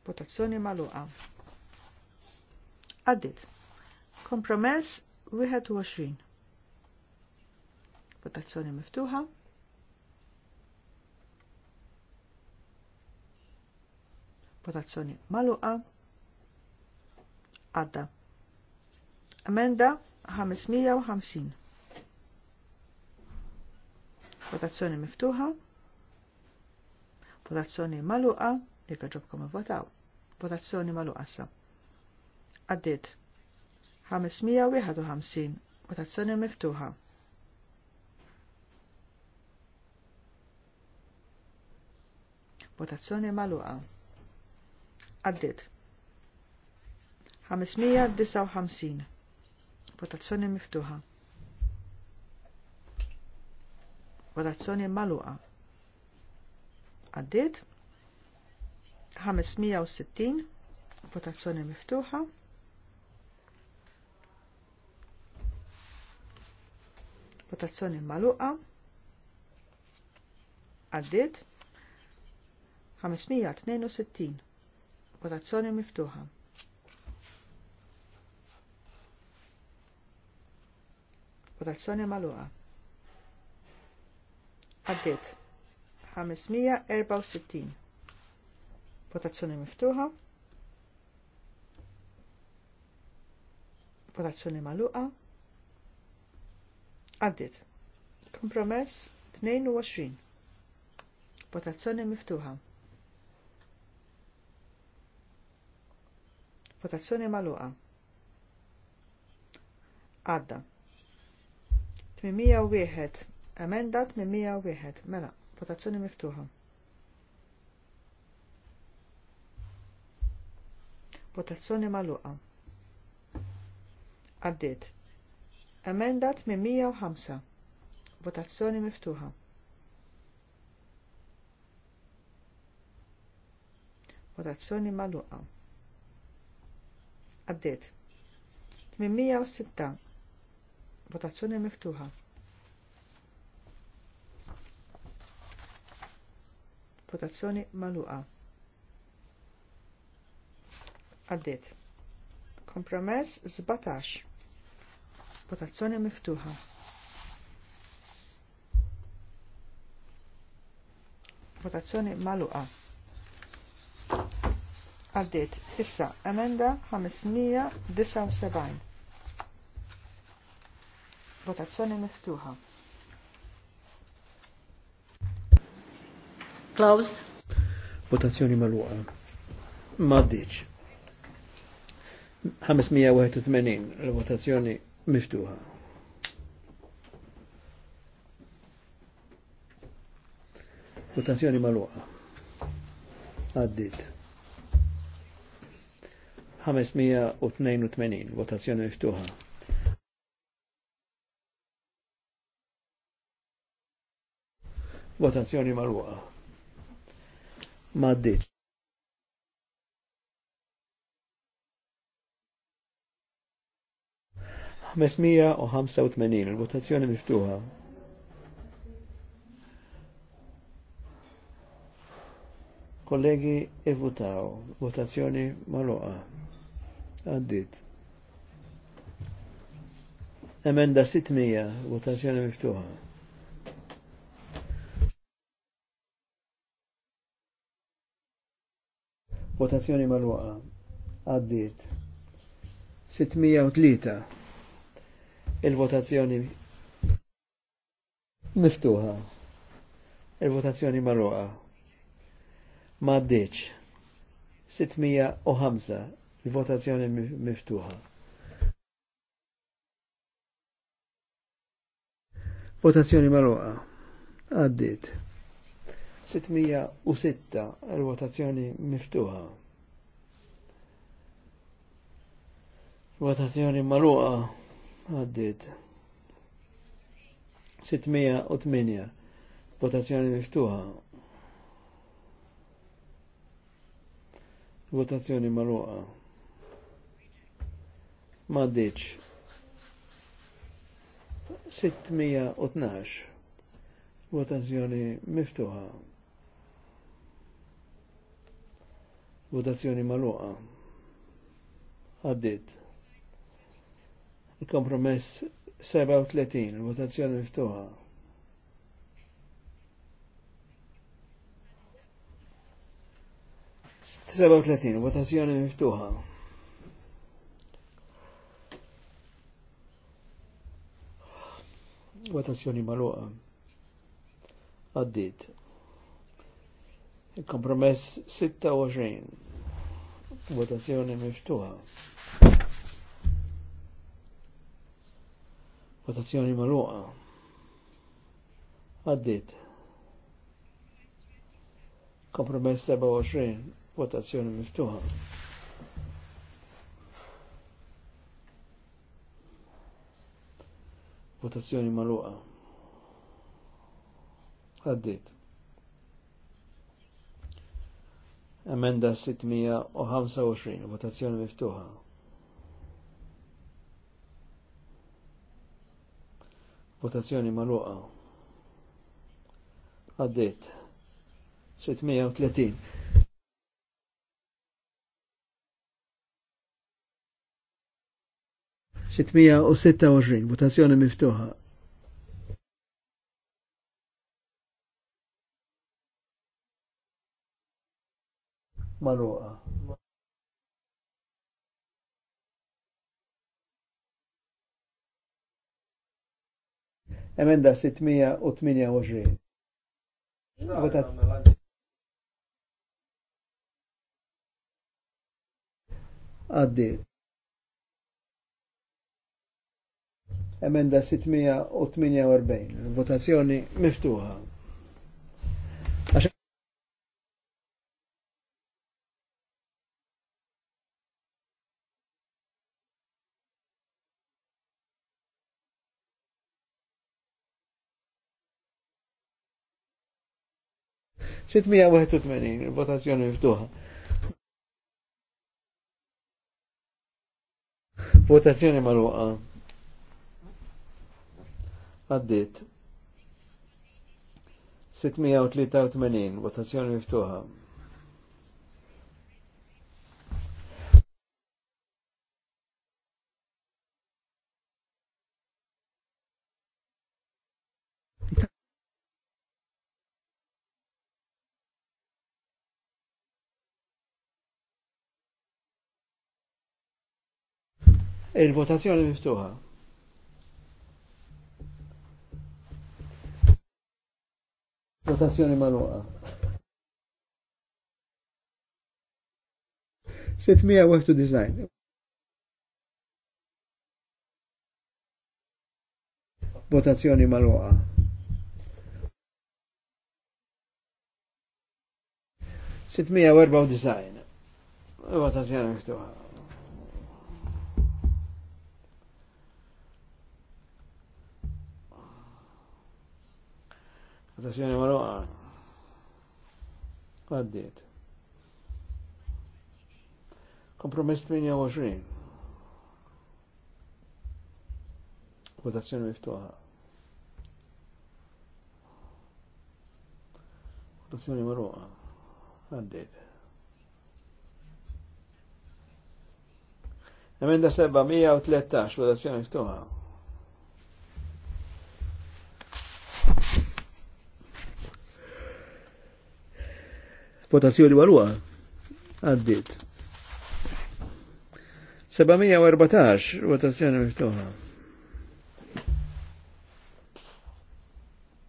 Votazzjoni maluqa. Addit. Kompromess 21. Votazzjoni miftuħa. votazzjoni maluqa għadda. Amenda 550. Votazzjoni miftuħa. Votazzjoni maluqa. Jekk ġobkom votaw. Votazzjoni maluqa sa. Għaddit. 551. Votazzjoni miftuħa. Votazzjoni maluqa. Għaddit. 559. Votazzjoni miftuħa. Votazzjoni maluqa. Għaddit. 560. Votazzjoni miftuħa. votazzjoni maluqa għaddit 562 votazzjoni miftuħa votazzjoni maluqa għaddit 564 votazzjoni miftuħa votazzjoni maluqa għaddit kompromess 22 votazzjoni miftuħa votazzjoni maluqa għadda 801 Emenda 801. Mela, votazzjoni miftuħa. Votazzjoni maluqa. Għaddiet. Emenda 805. Votazzjoni miftuħa. Votazzjoni maluqa. Għaddiet. 806. Votazzjoni miftuħa. votazzjoni maluqa. Għaddit. Kompromess 17. Votazzjoni miftuħa. Votazzjoni maluqa. Għaddit. Issa, emenda 579. Votazzjoni miftuħa. Closed. Votazzjoni maluqa. Maddiċ. 581 l-votazzjoni miftuħa. Votazzjoni maluqa. Għaddit. 582 votazzjoni miftuħa. Votazzjoni maluqa u tmenin il-votazzjoni miftuħa. Kollegi ivvutaw, votazzjoni maluqa. Għaddit. Emenda 600, votazzjoni miftuħa. Votazzjoni mal-waqa. Għaddiet. 603. Il-votazzjoni miftuħa. Il-votazzjoni mal-waqa. Ma għaddiċ. 605. Il-votazzjoni miftuħa. Votazzjoni mal-waqa. Għaddiet. 606 il-votazzjoni miftuħa. Votazzjoni maluqa għaddit. 608 votazzjoni miftuħa. votazzjoni maluqa. Maddiċ. 612. Votazzjoni miftuħa. Votazzjoni maluqa. Għaddit. Il-kompromess 37, votazzjoni miftuħa. Seba tletin, votazzjoni miftuħa. Votazzjoni maluqa. Għaddit. Il-kompromess 26. Votazzjoni miftuħa. Votazzjoni maluqa. Għaddit. Kompromess 27. Votazzjoni miftuħa. Votazzjoni maluqa. Għaddit. Emenda 625, votazzjoni miftuħa. Votazzjoni maluqa. Għaddit. 630. Sittmija u sitta votazzjoni miftuħa. maluqa. Emenda 628. Għaddit. Emenda 648. Votazzjoni miftuħa. 681, il votazzjoni miftuħa. Votazzjoni marruqa. Għaddit. 683, votazzjoni miftuħa. Il-votazzjoni miftuħa. Votazzjoni manuqa. 691. Votazzjoni manuqa. Sittmija erba' u design. Votazzjoni miftuħa. Votazzjoni marruqa. Għaddiet. Kompromess 28. Votazzjoni miftuħa. Votazzjoni marruqa. Għaddiet. Emenda 713, votazzjoni miftuħa. votazzjoni walwa għaddit. 714 votazzjoni miftuħa.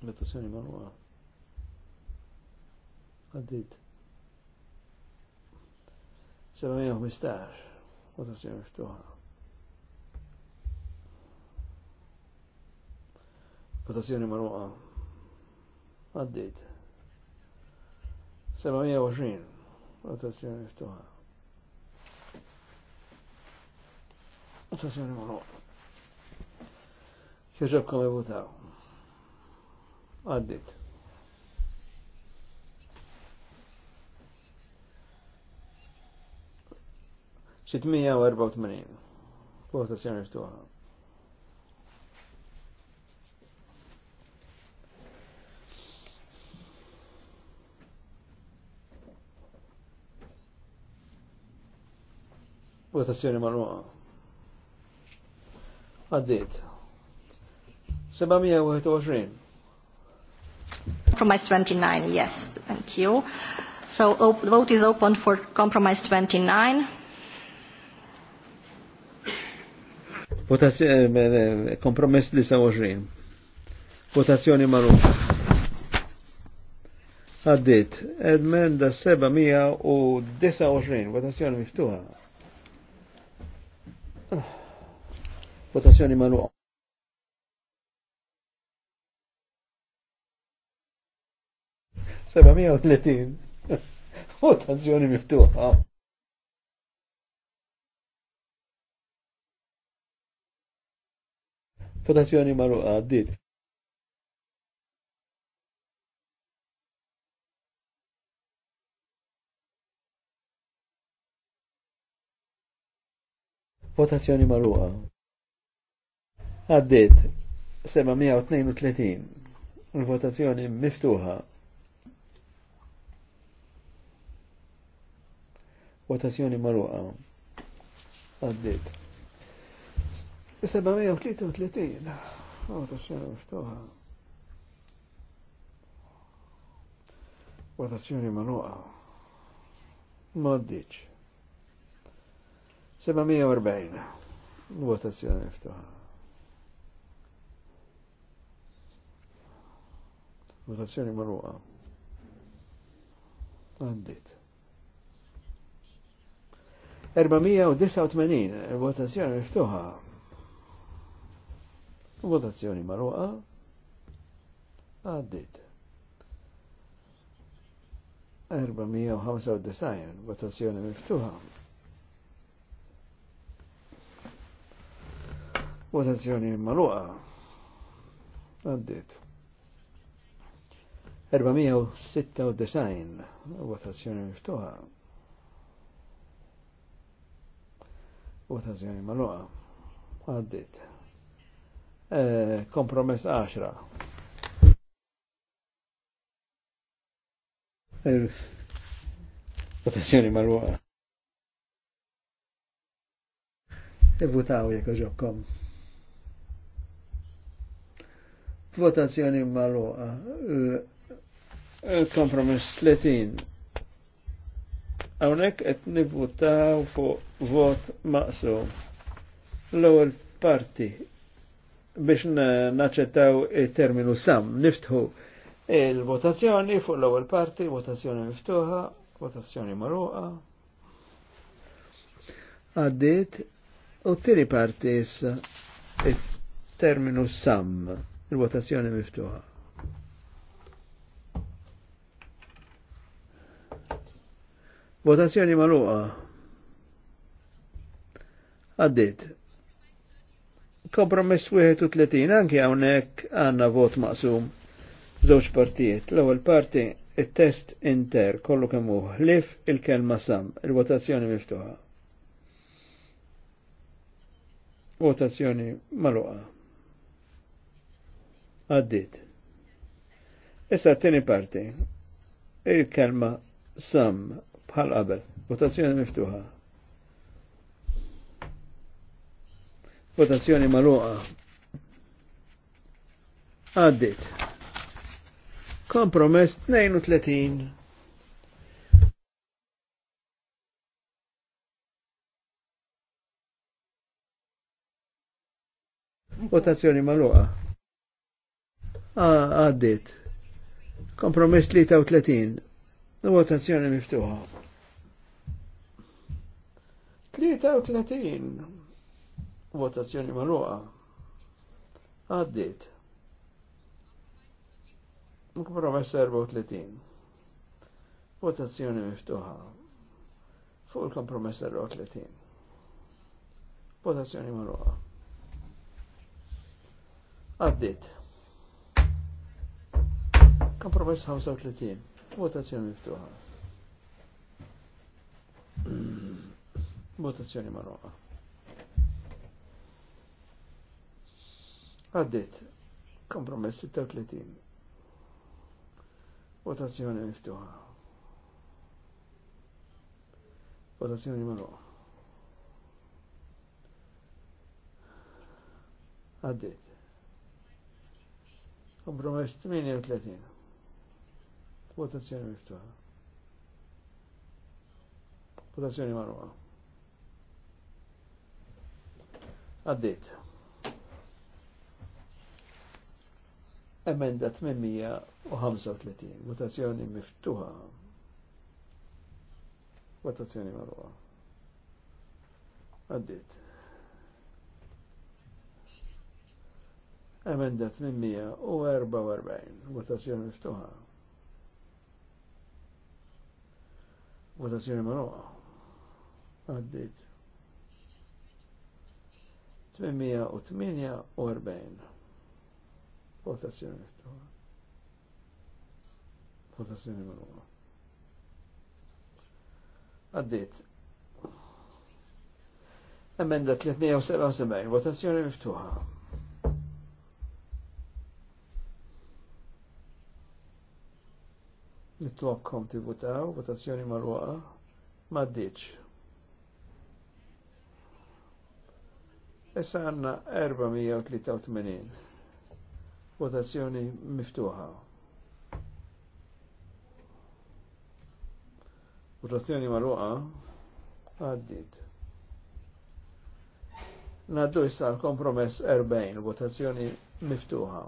Votazzjoni marwa. Għaddit. 715 votazzjoni miftuħa. Votazzjoni marwa. Għaddit. 715 720 votazzjoni ftuħa. Votazzjoni magħluqa. Kieġobkom e votaw. Għaddit. Sittmija u votazzjoni ftuħa. Votazzjoni marruqa. Għaddit. 721. Compromise 29, yes, thank you. So op the vote is open for compromise 29. Votazzjoni, kompromess 29. Votazzjoni marruqa. Għaddit, edmenda 729, votazzjoni miftuħa. Votazzjoni ma' luqa. Seba' mija u tletin. <laughs> Votazzjoni miftuħa. Votazzjoni maluqa għaddit. Votazzjoni marruqa. Għaddit 732. Il-votazzjoni miftuħa. Votazzjoni marruqa. Għaddit. 733. Votazzjoni miftuħa. Votazzjoni marruqa. Maddiċ. 740. E votazzjoni miftuħa. Votazzjoni marruqa. għandit 489. Votazzjoni miftuħa. Votazzjoni marruqa. għandit 495 votazzjoni miftuħa. Votazzjoni maluqa. Għaddit. 496 votazzjoni miftuħa. Votazzjoni maluqa. Għaddit. Eh, kompromess 10. Er- votazzjoni marruqa. E votaw jek oġobkom. Votazzjoni maluqa. Eh, kompromiss 30. Hawnhekk et nivvutaw fuq vot maqsum. L-ewwel parti biex naċċettaw il-terminu sam, niftħu il-votazzjoni fuq l-ewwel parti, votazzjoni miftuħa, votazzjoni maluqa. Għaddit u t tiri parti jissa il-terminu sam. Il-votazzjoni miftuħa. Votazzjoni maluqa. Għaddit. Kompromess 31, anki hawnhekk għandna vot maqsum żewġ partijiet. L-ewwel parti it-test inter kollu kemm hu ħlif il-kelma sam, il-votazzjoni miftuħa. Votazzjoni maluqa għaddit. Issa t-tini parti, il-kelma sam bħal qabel, votazzjoni miftuħa. Votazzjoni maluqa. Għaddit. Kompromess 32. Votazzjoni maluqa. Ah, għaddit. Kompromess 33. Votazzjoni miftuħa. 33. Votazzjoni marruqa. Għaddit. Kompromess 34. Votazzjoni miftuħa. Fuq il-kompromess 34. Votazzjoni marruqa. Għaddit. Kompromess 35. <clears throat> Votazzjoni miftuħa. Votazzjoni marroqa. Għaddit. Kompromess 36. Votazzjoni miftuħa. Votazzjoni marroqa. Għaddit. Kompromess 38. Votazzjoni miftuħa. Votazzjoni marwa. Għaddit. Emenda 835. Votazzjoni miftuħa. Votazzjoni marwa. Għaddit. Emenda 844. Votazzjoni miftuħa. sir maluqa. Għaddit. 848. Votazzjoni miftuħa. Votazzjoni maluqa. Għaddit. Emenda 377. Votazzjoni miftuħa. nitlobkom tivvutaw, votazzjoni marwaqa, maddiċ. Issa għanna 483. Votazzjoni miftuħa. Votazzjoni marruqa għaddit. Naddu issa l-kompromess 40, votazzjoni miftuħa.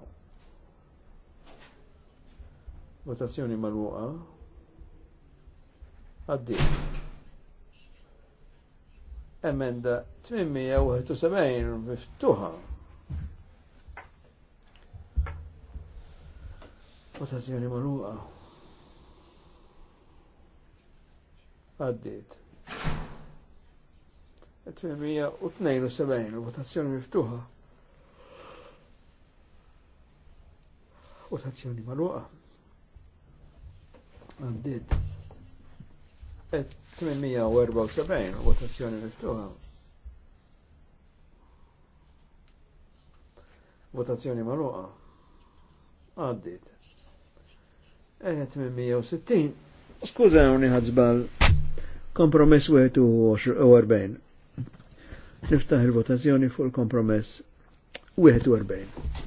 Votazzjoni mal Għaddi. Emenda 371 miftuħa. Votazzjoni mal-wuqa. Għaddit. 872 votazzjoni miftuħa. Votazzjoni mal Għaddit. 874 votazzjoni miftuħa. Votazzjoni maluqa. Għaddit. 860. Skuza għuni ħadżbal. Kompromess 41. Niftaħ il-votazzjoni fuq il-kompromess 41.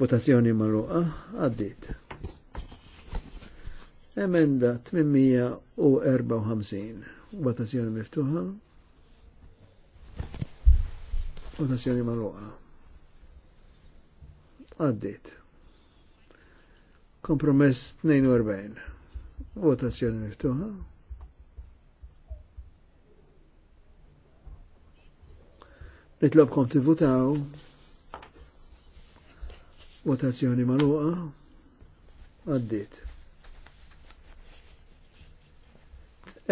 Votazzjoni marruqa għaddit. Emenda 854. Votazzjoni miftuħa. Votazzjoni marruqa. Għaddit. Kompromess 42. Votazzjoni miftuħa. Nitlobkom tivvutaw. votaw Votazzjoni maluqa. Għaddit.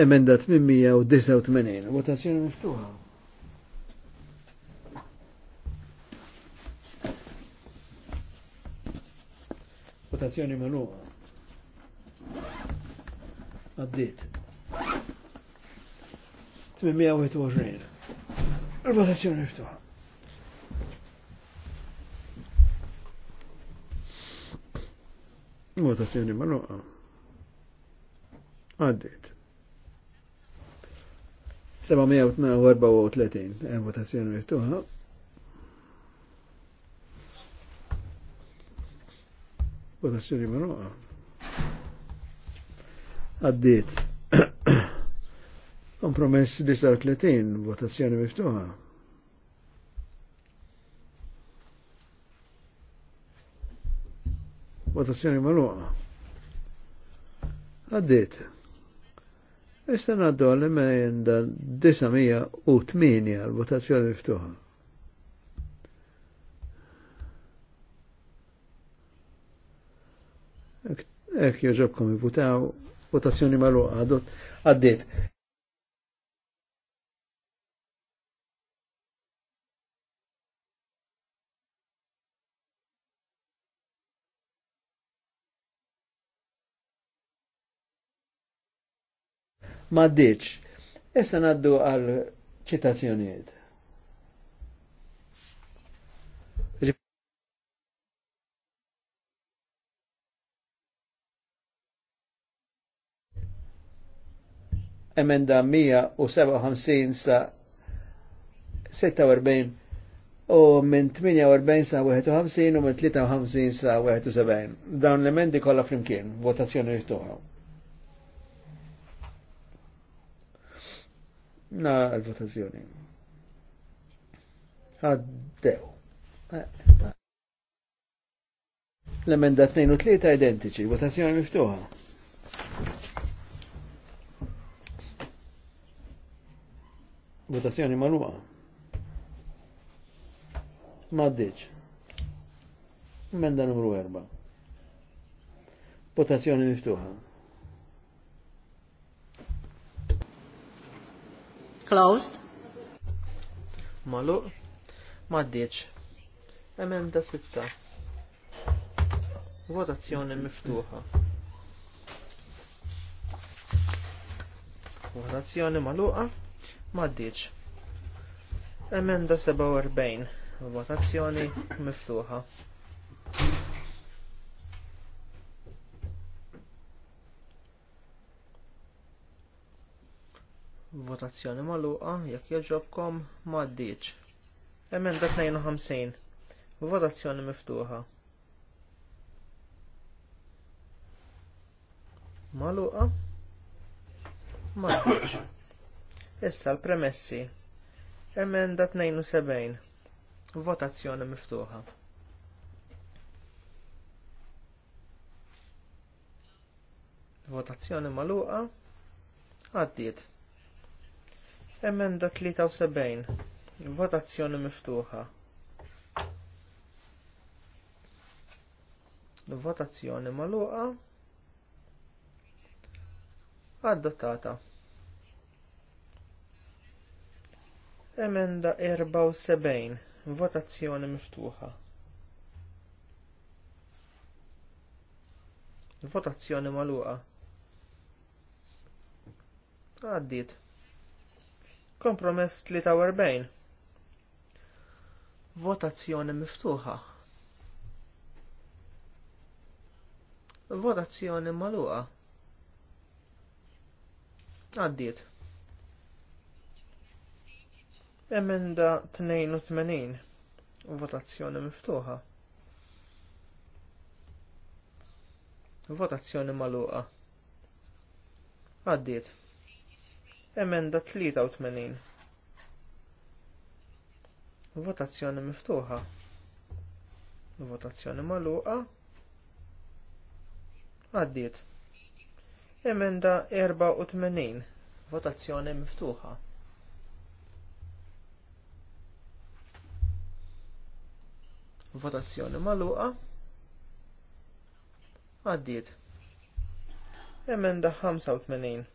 Emenda 889. Votazzjoni miftuħa. Votazzjoni maluqa. Għaddit. 821. Votazzjoni miftuħa. Votazzjoni marroqa. Għaddit. 734 votazzjoni miftuħa. Votazzjoni marroqa. Għaddit. <coughs> Kompromess 39, votazzjoni miftuħa. Votazzjoni maluqa. Għaddit. Issa naddu għalli ma jenda 908 votazzjoni miftuħa. Ek joġobkom jivutaw votazzjoni maluqa għaddit. maddiċ. Issa naddu għal ċitazzjoniet. emenda 157 sa 46 u minn 48 sa 51 u minn 53 sa 71. Dawn l-emendi kollha flimkien, votazzjoni riftuħa. Na l-votazzjoni. Għaddew. Eh, eh, eh. L-emenda 2 u 3 identiċi, votazzjoni miftuħa. Votazzjoni maluqa. Maddiċ. Emenda numru 4. Votazzjoni miftuħa. Closed. Malu. Maddiċ. Emenda sitta. Votazzjoni miftuħa. Votazzjoni maluqa. Maddiċ. Emenda 47. Votazzjoni miftuħa. Votazzjoni magħluqa jekk jogħġobkom m'għaddiċ. Emenda 52. Votazzjoni miftuħa. Magħluqa m'għaddiċ. Issa l-premessi. Emenda 72. Votazzjoni miftuħa. Votazzjoni magħluqa għaddiet. Emenda 73. Votazzjoni miftuħa. Votazzjoni maluqa. Adottata. Emenda 74. Votazzjoni miftuħa. Votazzjoni maluqa. Għaddit. Kompromess 43. Votazzjoni miftuħa. Votazzjoni maluqa. Għaddiet. Emenda 82. Votazzjoni miftuħa. Votazzjoni maluqa. Għaddiet. Emenda 83. Votazzjoni miftuħa. Votazzjoni magħluqa. Għaddiet. Emenda 84. Votazzjoni miftuħa. Votazzjoni magħluqa. Għaddiet. Emenda 85.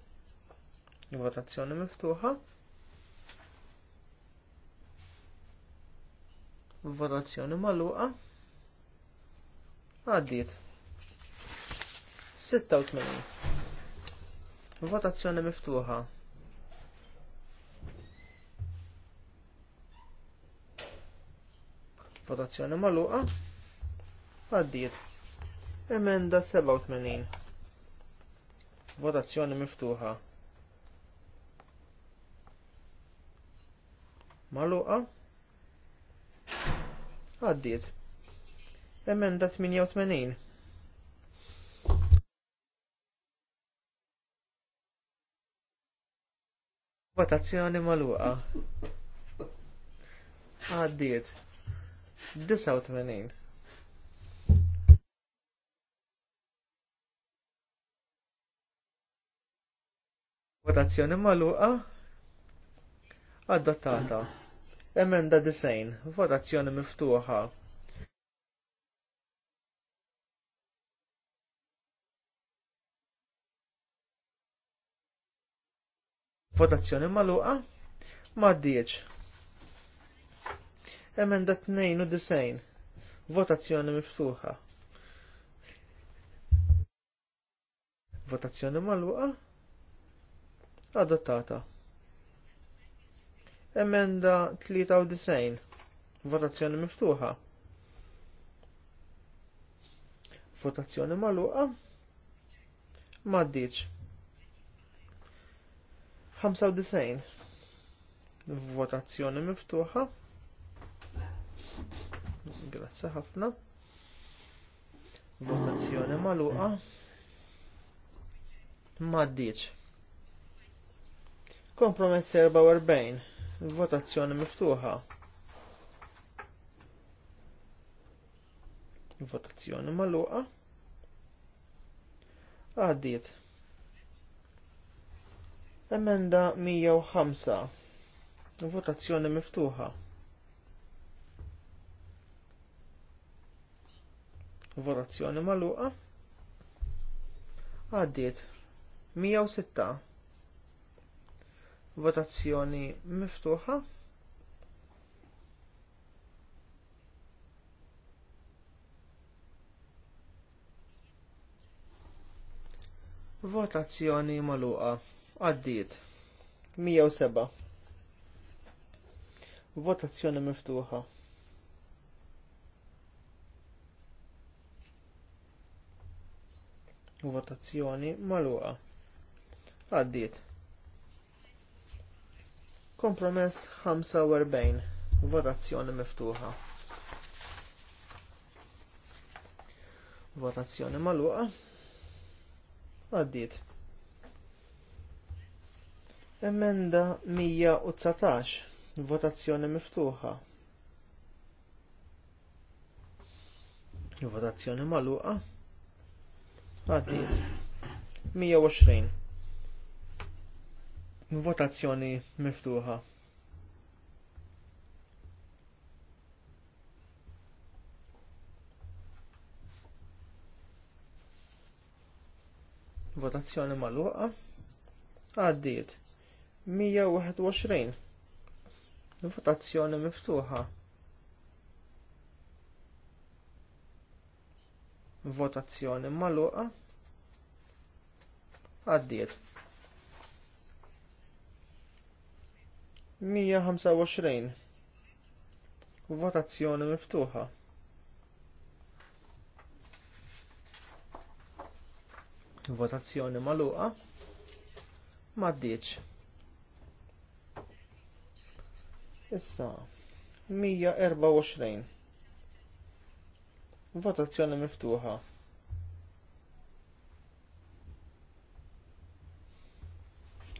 Il-votazzjoni miftuħa. Votazzjoni maluqa. Għaddiet. 86. Votazzjoni miftuħa. Votazzjoni maluqa. Għaddiet. Emenda 87. Votazzjoni miftuħa. Maluqa? Għaddiet. Emenda 88. Votazzjoni maluqa. Għaddiet. 89. Votazzjoni maluqa. Adottata. Emenda disejn, votazzjoni miftuħa. Votazzjoni maluqa? Ma d-dieċ. Emenda 92. Votazzjoni miftuħa. Votazzjoni maluqa? Adottata. Emenda 93. Votazzjoni miftuħa. Votazzjoni maluqa. Maddiċ. 95. Votazzjoni miftuħa. Grazzi ħafna. Votazzjoni maluqa. Maddiċ. Kompromess 44 Votazzjoni miftuħa. Votazzjoni maluqa. Għaddiet. Emenda 105. Votazzjoni miftuħa. Votazzjoni maluqa. Għaddit. 106. Votazzjoni miftuħa. Votazzjoni maluqa. Għaddiet. 107. Votazzjoni miftuħa. Votazzjoni maluqa. Għaddiet. Kompromess 45. Votazzjoni miftuħa. Votazzjoni maluqa. Għaddit. Emenda 119. Votazzjoni miftuħa. Votazzjoni maluqa. Għaddit. 120. Votazzjoni miftuħa. Votazzjoni maluqa. Għaddiet. 121. Votazzjoni miftuħa. Votazzjoni maluqa. Għaddiet. 125. Votazzjoni miftuħa. Votazzjoni maluqa. Maddiċ. Issa, 124. Votazzjoni miftuħa.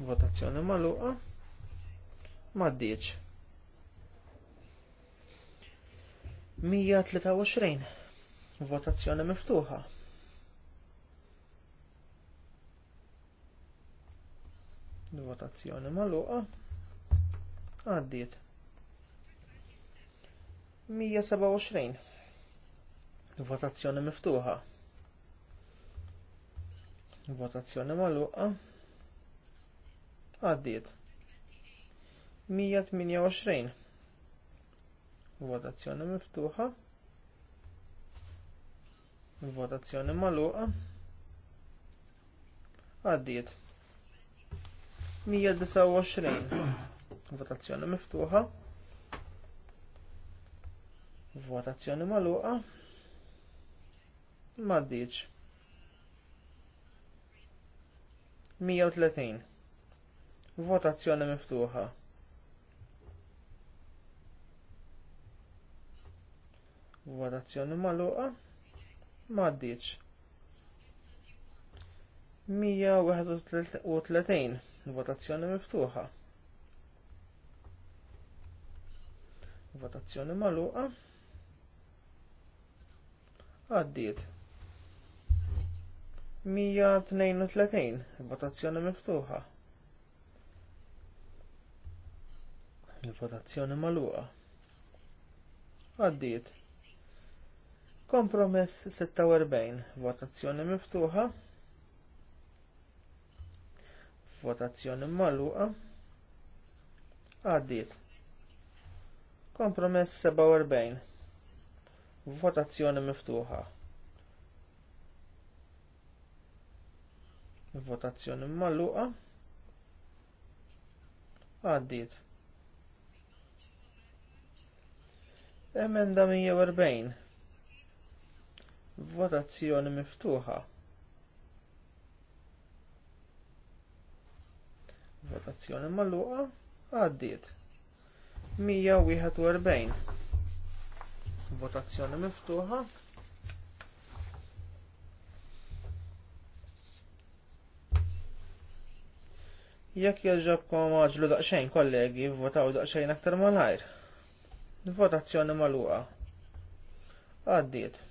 Votazzjoni maluqa maddiċ. 123. Votazzjoni miftuħa. Votazzjoni maluqa. Għaddiet. 127. Votazzjoni miftuħa. Votazzjoni maluqa. Għaddiet. 128 votazzjoni miftuħa votazzjoni magħluqa għaddiet 129 votazzjoni miftuħa votazzjoni magħluqa maddiċ 130 votazzjoni miftuħa Votazzjoni maluqa. Maddiċ. 131. Votazzjoni miftuħa. Votazzjoni maluqa. Għaddiet. 132. Votazzjoni miftuħa. Il-votazzjoni maluqa. Għaddiet. Kompromess 46, votazzjoni miftuħa. Votazzjoni malluqa. għaddit. Kompromess 47. Votazzjoni miftuħa. Votazzjoni malluqa. għaddit. Emenda 140 Votazzjoni miftuħa. Votazzjoni magħluqa għaddiet. 141. Votazzjoni miftuħa. Jekk jaġġabkom għagġlu daqsxejn kollegi, votaw daqsxejn aktar malajr. Votazzjoni magħluqa. Għaddiet.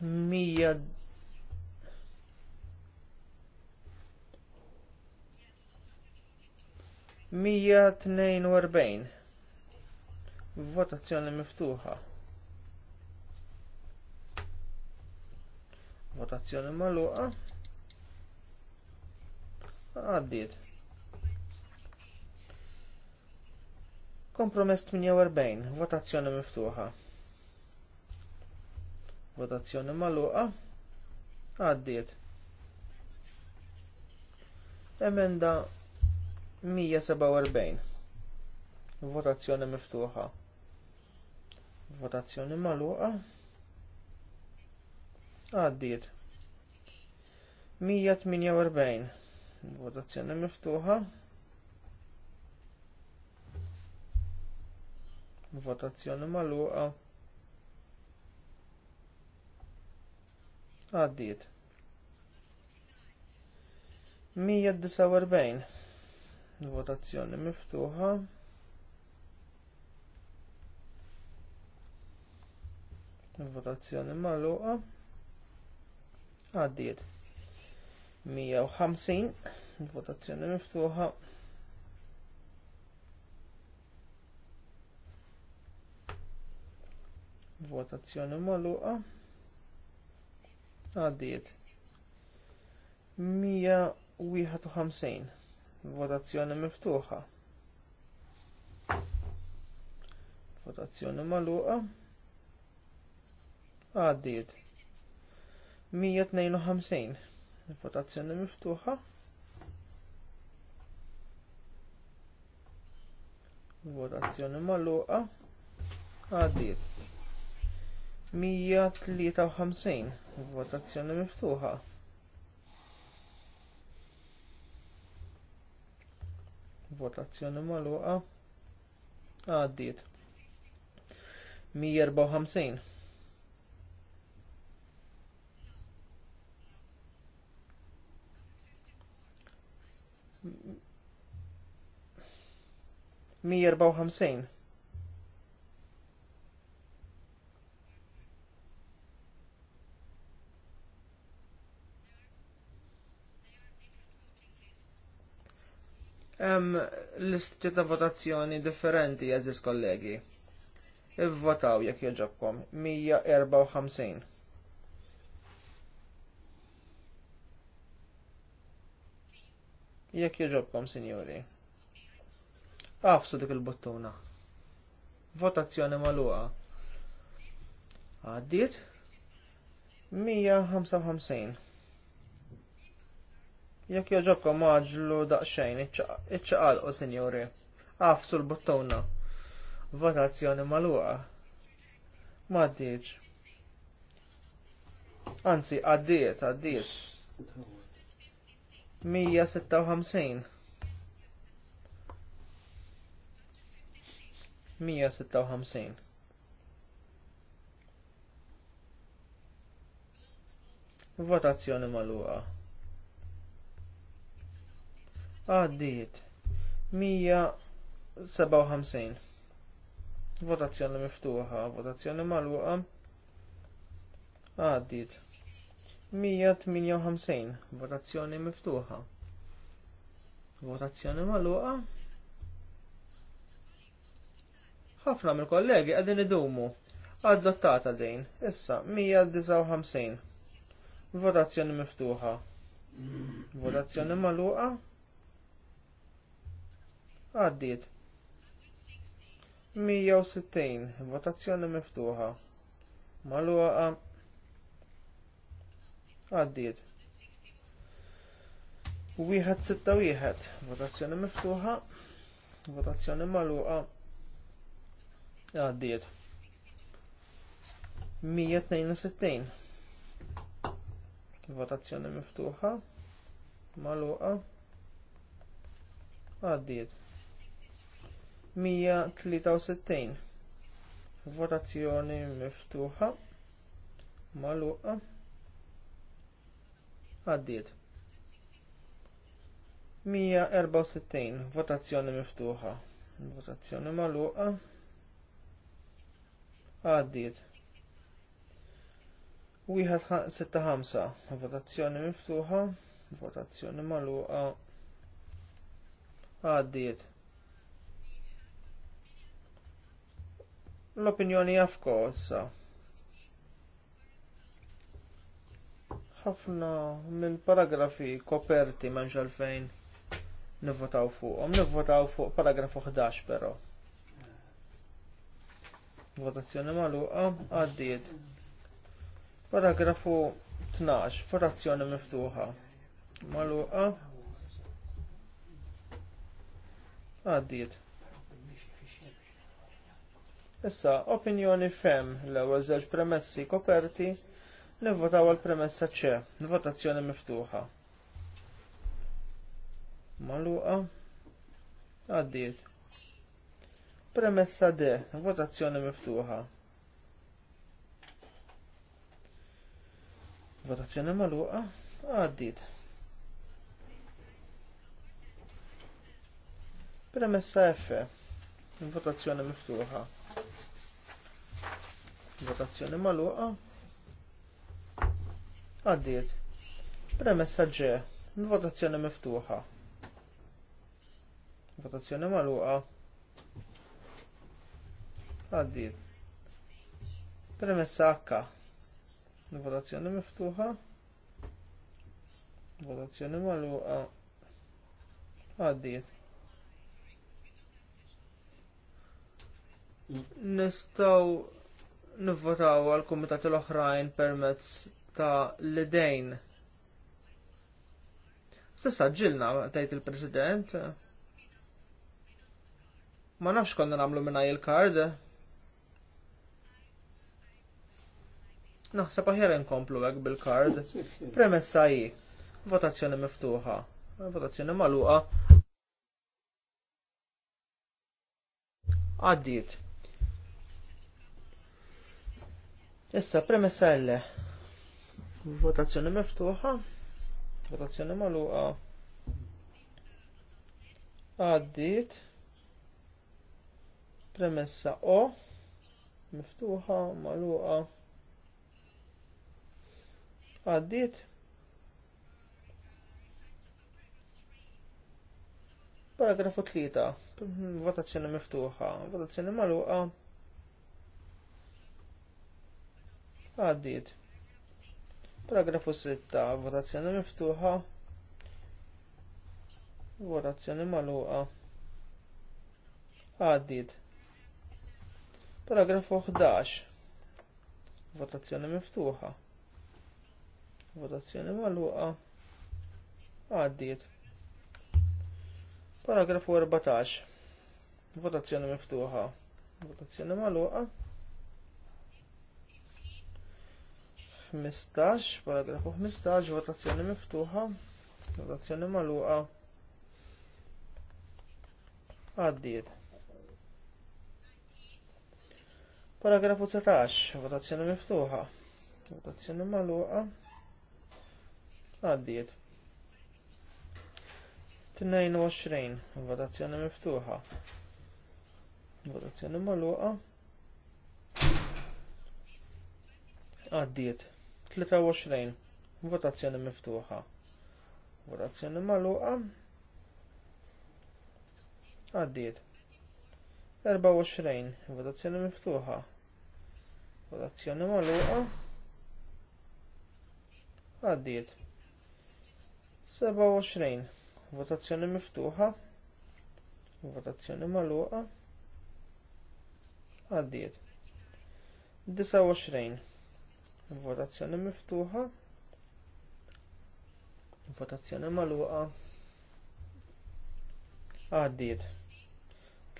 Mija Mija tnejn u erbejn. Votazzjoni miftuħa. Votazzjoni maluqa. għaddit Kompromess 48. Votazzjoni miftuħa. Votazzjoni magħluqa. Għaddiet. Emenda 147. Votazzjoni miftuħa. Votazzjoni magħluqa. Għaddiet. 148. Votazzjoni miftuħa. Votazzjoni maluqa. għaddiet. 149 votazzjoni miftuħa votazzjoni maluqa għaddiet 150 votazzjoni miftuħa votazzjoni maluqa Għaddiet. 151. Votazzjoni miftuħa. Votazzjoni maluqa Għaddiet. 152. Votazzjoni miftuħa. Votazzjoni maluqa Għaddiet. 153 votazzjoni miftuħa. Votazzjoni maluqa Għaddiet. 154. Mija erba' u Hemm l-istituti ta' votazzjoni differenti jeżis kollegi. Ivvotaw jekk joġobkom 154. Jekk jogħġobkom, sinjuri. Għafsu dik il-buttuna. Votazzjoni magħluqa. Għaddiet? 155. Jekk joġobkom maġlu daqsxejn, iċċaqalqu sinjuri. Għafsu l-buttuna. Votazzjoni magħluqa. Maddiġ. Anzi, għaddiet, għaddiet. 156. 156. Votazzjoni magħluqa. Għaddiet. 157. Votazzjoni miftuħa, votazzjoni magħluqa. Għaddiet. 158. Votazzjoni miftuħa. Votazzjoni magħluqa. Ħafna mill-kollegi qegħdin idumu. Adottata dejn. Issa 159. Votazzjoni miftuħa. Votazzjoni magħluqa. Għaddiet. 160 votazzjoni miftuħa. Maluqa. Għaddiet. Wieħed sitta wieħed. Votazzjoni miftuħa. Votazzjoni maluqa. Għaddiet. 162. Votazzjoni miftuħa. Maluqa. Għaddiet. 163. Votazzjoni miftuħa. Maluqa. Għaddiet. 164. Votazzjoni miftuħa. Votazzjoni maluqa. Għaddiet. 165. Votazzjoni miftuħa. Votazzjoni maluqa. Għaddiet. L-opinjoni għafkosa. ħafna mill-paragrafi koperti menx għalfejn nivvotaw fuqhom, nivvotaw fuq paragrafu 11 però. Votazzjoni magħluqa għaddiet. Paragrafu 12, frazzjoni miftuħa. Maluqa għaddiet. Issa, opinjoni fem l-ewwel żewġ premessi koperti nivvotaw għal premessa ċe, votazzjoni miftuħa. Maluqa, għaddit. Premessa D, votazzjoni miftuħa. Votazzjoni maluqa, għaddit. Premessa F, votazzjoni miftuħa. Votazzjoni maluqa. Għaddiet. Premessa ġe. Votazzjoni miftuħa. Votazzjoni maluqa. Għaddiet. Premessa H. Votazzjoni miftuħa. Votazzjoni maluqa. Għaddiet. Nistaw nivvotaw għal kumitati l-oħrajn permezz ta' l-idejn. Stessa ġilna, tajt il-President. Ma nafx konna namlu minnaj il-kard. Naħseb aħjar nkomplu għek bil-kard. Premessa i. Votazzjoni miftuħa. Votazzjoni maluqa. Għaddit. Issa premessa L. Votazzjoni miftuħa. Votazzjoni magħluqa. Għaddit. Premessa O. Miftuħa, magħluqa. Għaddit. Paragrafu 3. Votazzjoni miftuħa. Votazzjoni maluqa. għaddit. Paragrafu 6. Votazzjoni miftuħa. Votazzjoni maluqa. Għaddit. Paragrafu 11. Votazzjoni miftuħa. Votazzjoni maluqa. Għaddit. Paragrafu 14. Votazzjoni miftuħa. Votazzjoni maluqa. 15, paragrafu 15, votazzjoni miftuħa, votazzjoni maluqa. Għaddiet. Paragrafu 16 votazzjoni miftuħa, votazzjoni maluqa. Għaddiet. 22, votazzjoni miftuħa, votazzjoni maluqa. Għaddiet. 23. Votazzjoni miftuħa. Votazzjoni maluqa Għaddiet. 24. Votazzjoni miftuħa. Votazzjoni maluqa Għaddiet. 27. Votazzjoni miftuħa. Votazzjoni maluqa Għaddiet. 29. Votazzjoni miftuħa. Votazzjoni maluqa. Għaddiet.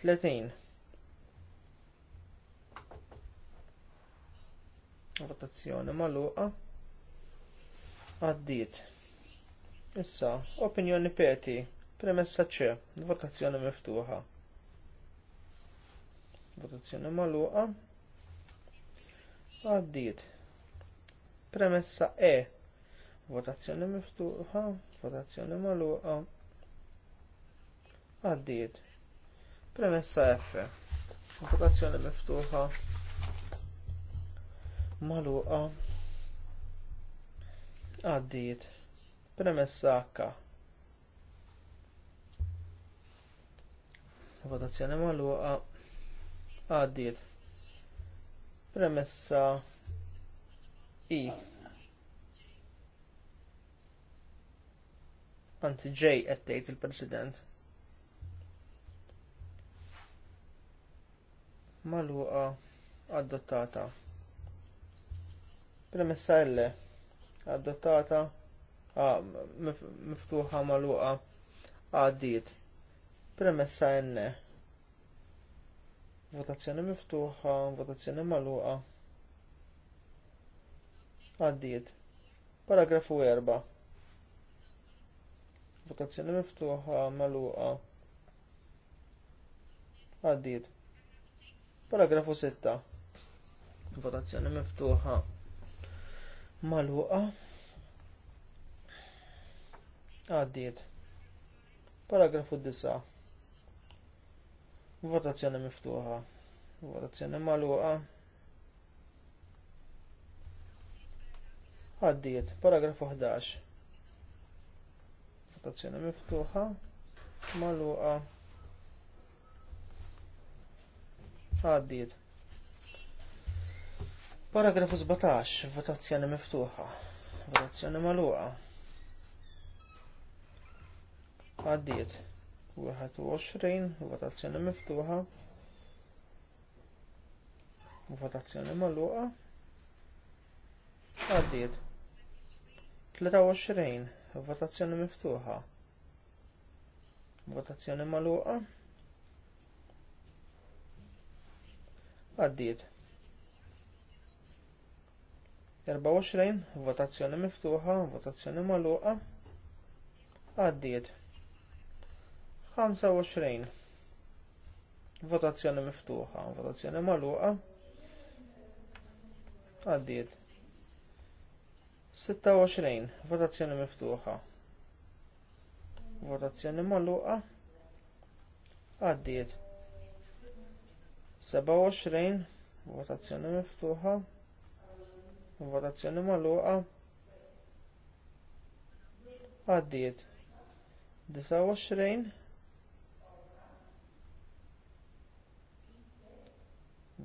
30. Votazzjoni maluqa. Għaddiet. Issa, opinjoni peti, premessa ċe, votazzjoni miftuħa. Votazzjoni maluqa. Għaddiet. Premessa E. Votazzjoni miftuħa, votazzjoni magħluqa. Għaddiet. Premessa F. Votazzjoni miftuħa. Magħluqa. Għaddiet. Premessa H. Votazzjoni magħluqa. Għaddiet. Premessa negattiv. Anzi ġej qed tgħid il-President. Maluqa adottata. Premessa L adottata miftuħa maluqa għaddiet. Premessa N votazzjoni miftuħa, votazzjoni maluqa. Għaddiet. Paragrafu 4. vokazzjoni miftuħa maluqa. Għaddiet. Paragrafu 6. Votazzjoni miftuħa maluqa. Għaddiet. Paragrafu 9. Votazzjoni miftuħa. Votazzjoni maluqa. Għaddiet, Paragraf 11. Votazzjoni miftuħa, maluqa. Għaddiet. Paragraf 17, votazzjoni miftuħa, votazzjoni maluqa. Għaddiet. 21, votazzjoni miftuħa, votazzjoni maluqa. Għaddiet. 23. Votazzjoni miftuħa. Votazzjoni maluqa. Għaddiet. 24. Votazzjoni miftuħa. Votazzjoni maluqa. Għaddiet. 25. Votazzjoni miftuħa. Votazzjoni maluqa. Għaddiet. 26, votazzjoni miftuħa. Votazzjoni magħluqa. Għaddiet. 27, votazzjoni miftuħa. Votazzjoni magħluqa. Għaddiet. 29,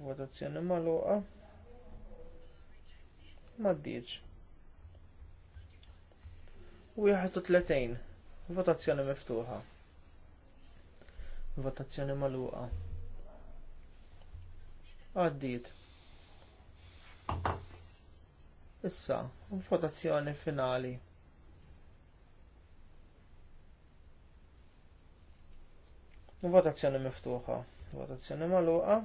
votazzjoni magħluqa. Ma' diċ. 31. Votazzjoni miftuħa. Votazzjoni maluqa. Għaddit. Issa, votazzjoni finali. Votazzjoni miftuħa. Votazzjoni maluqa.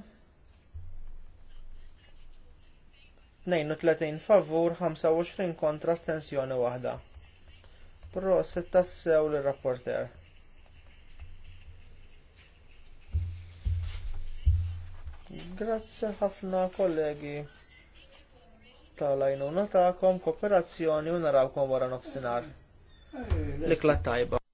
32 favur, 25 kontra, stensjoni waħda se tassew l-rapporter. Grazzi ħafna kollegi tal-għajnuna ta'kom, kooperazzjoni u narawkom wara nofsinar. Likla tajba.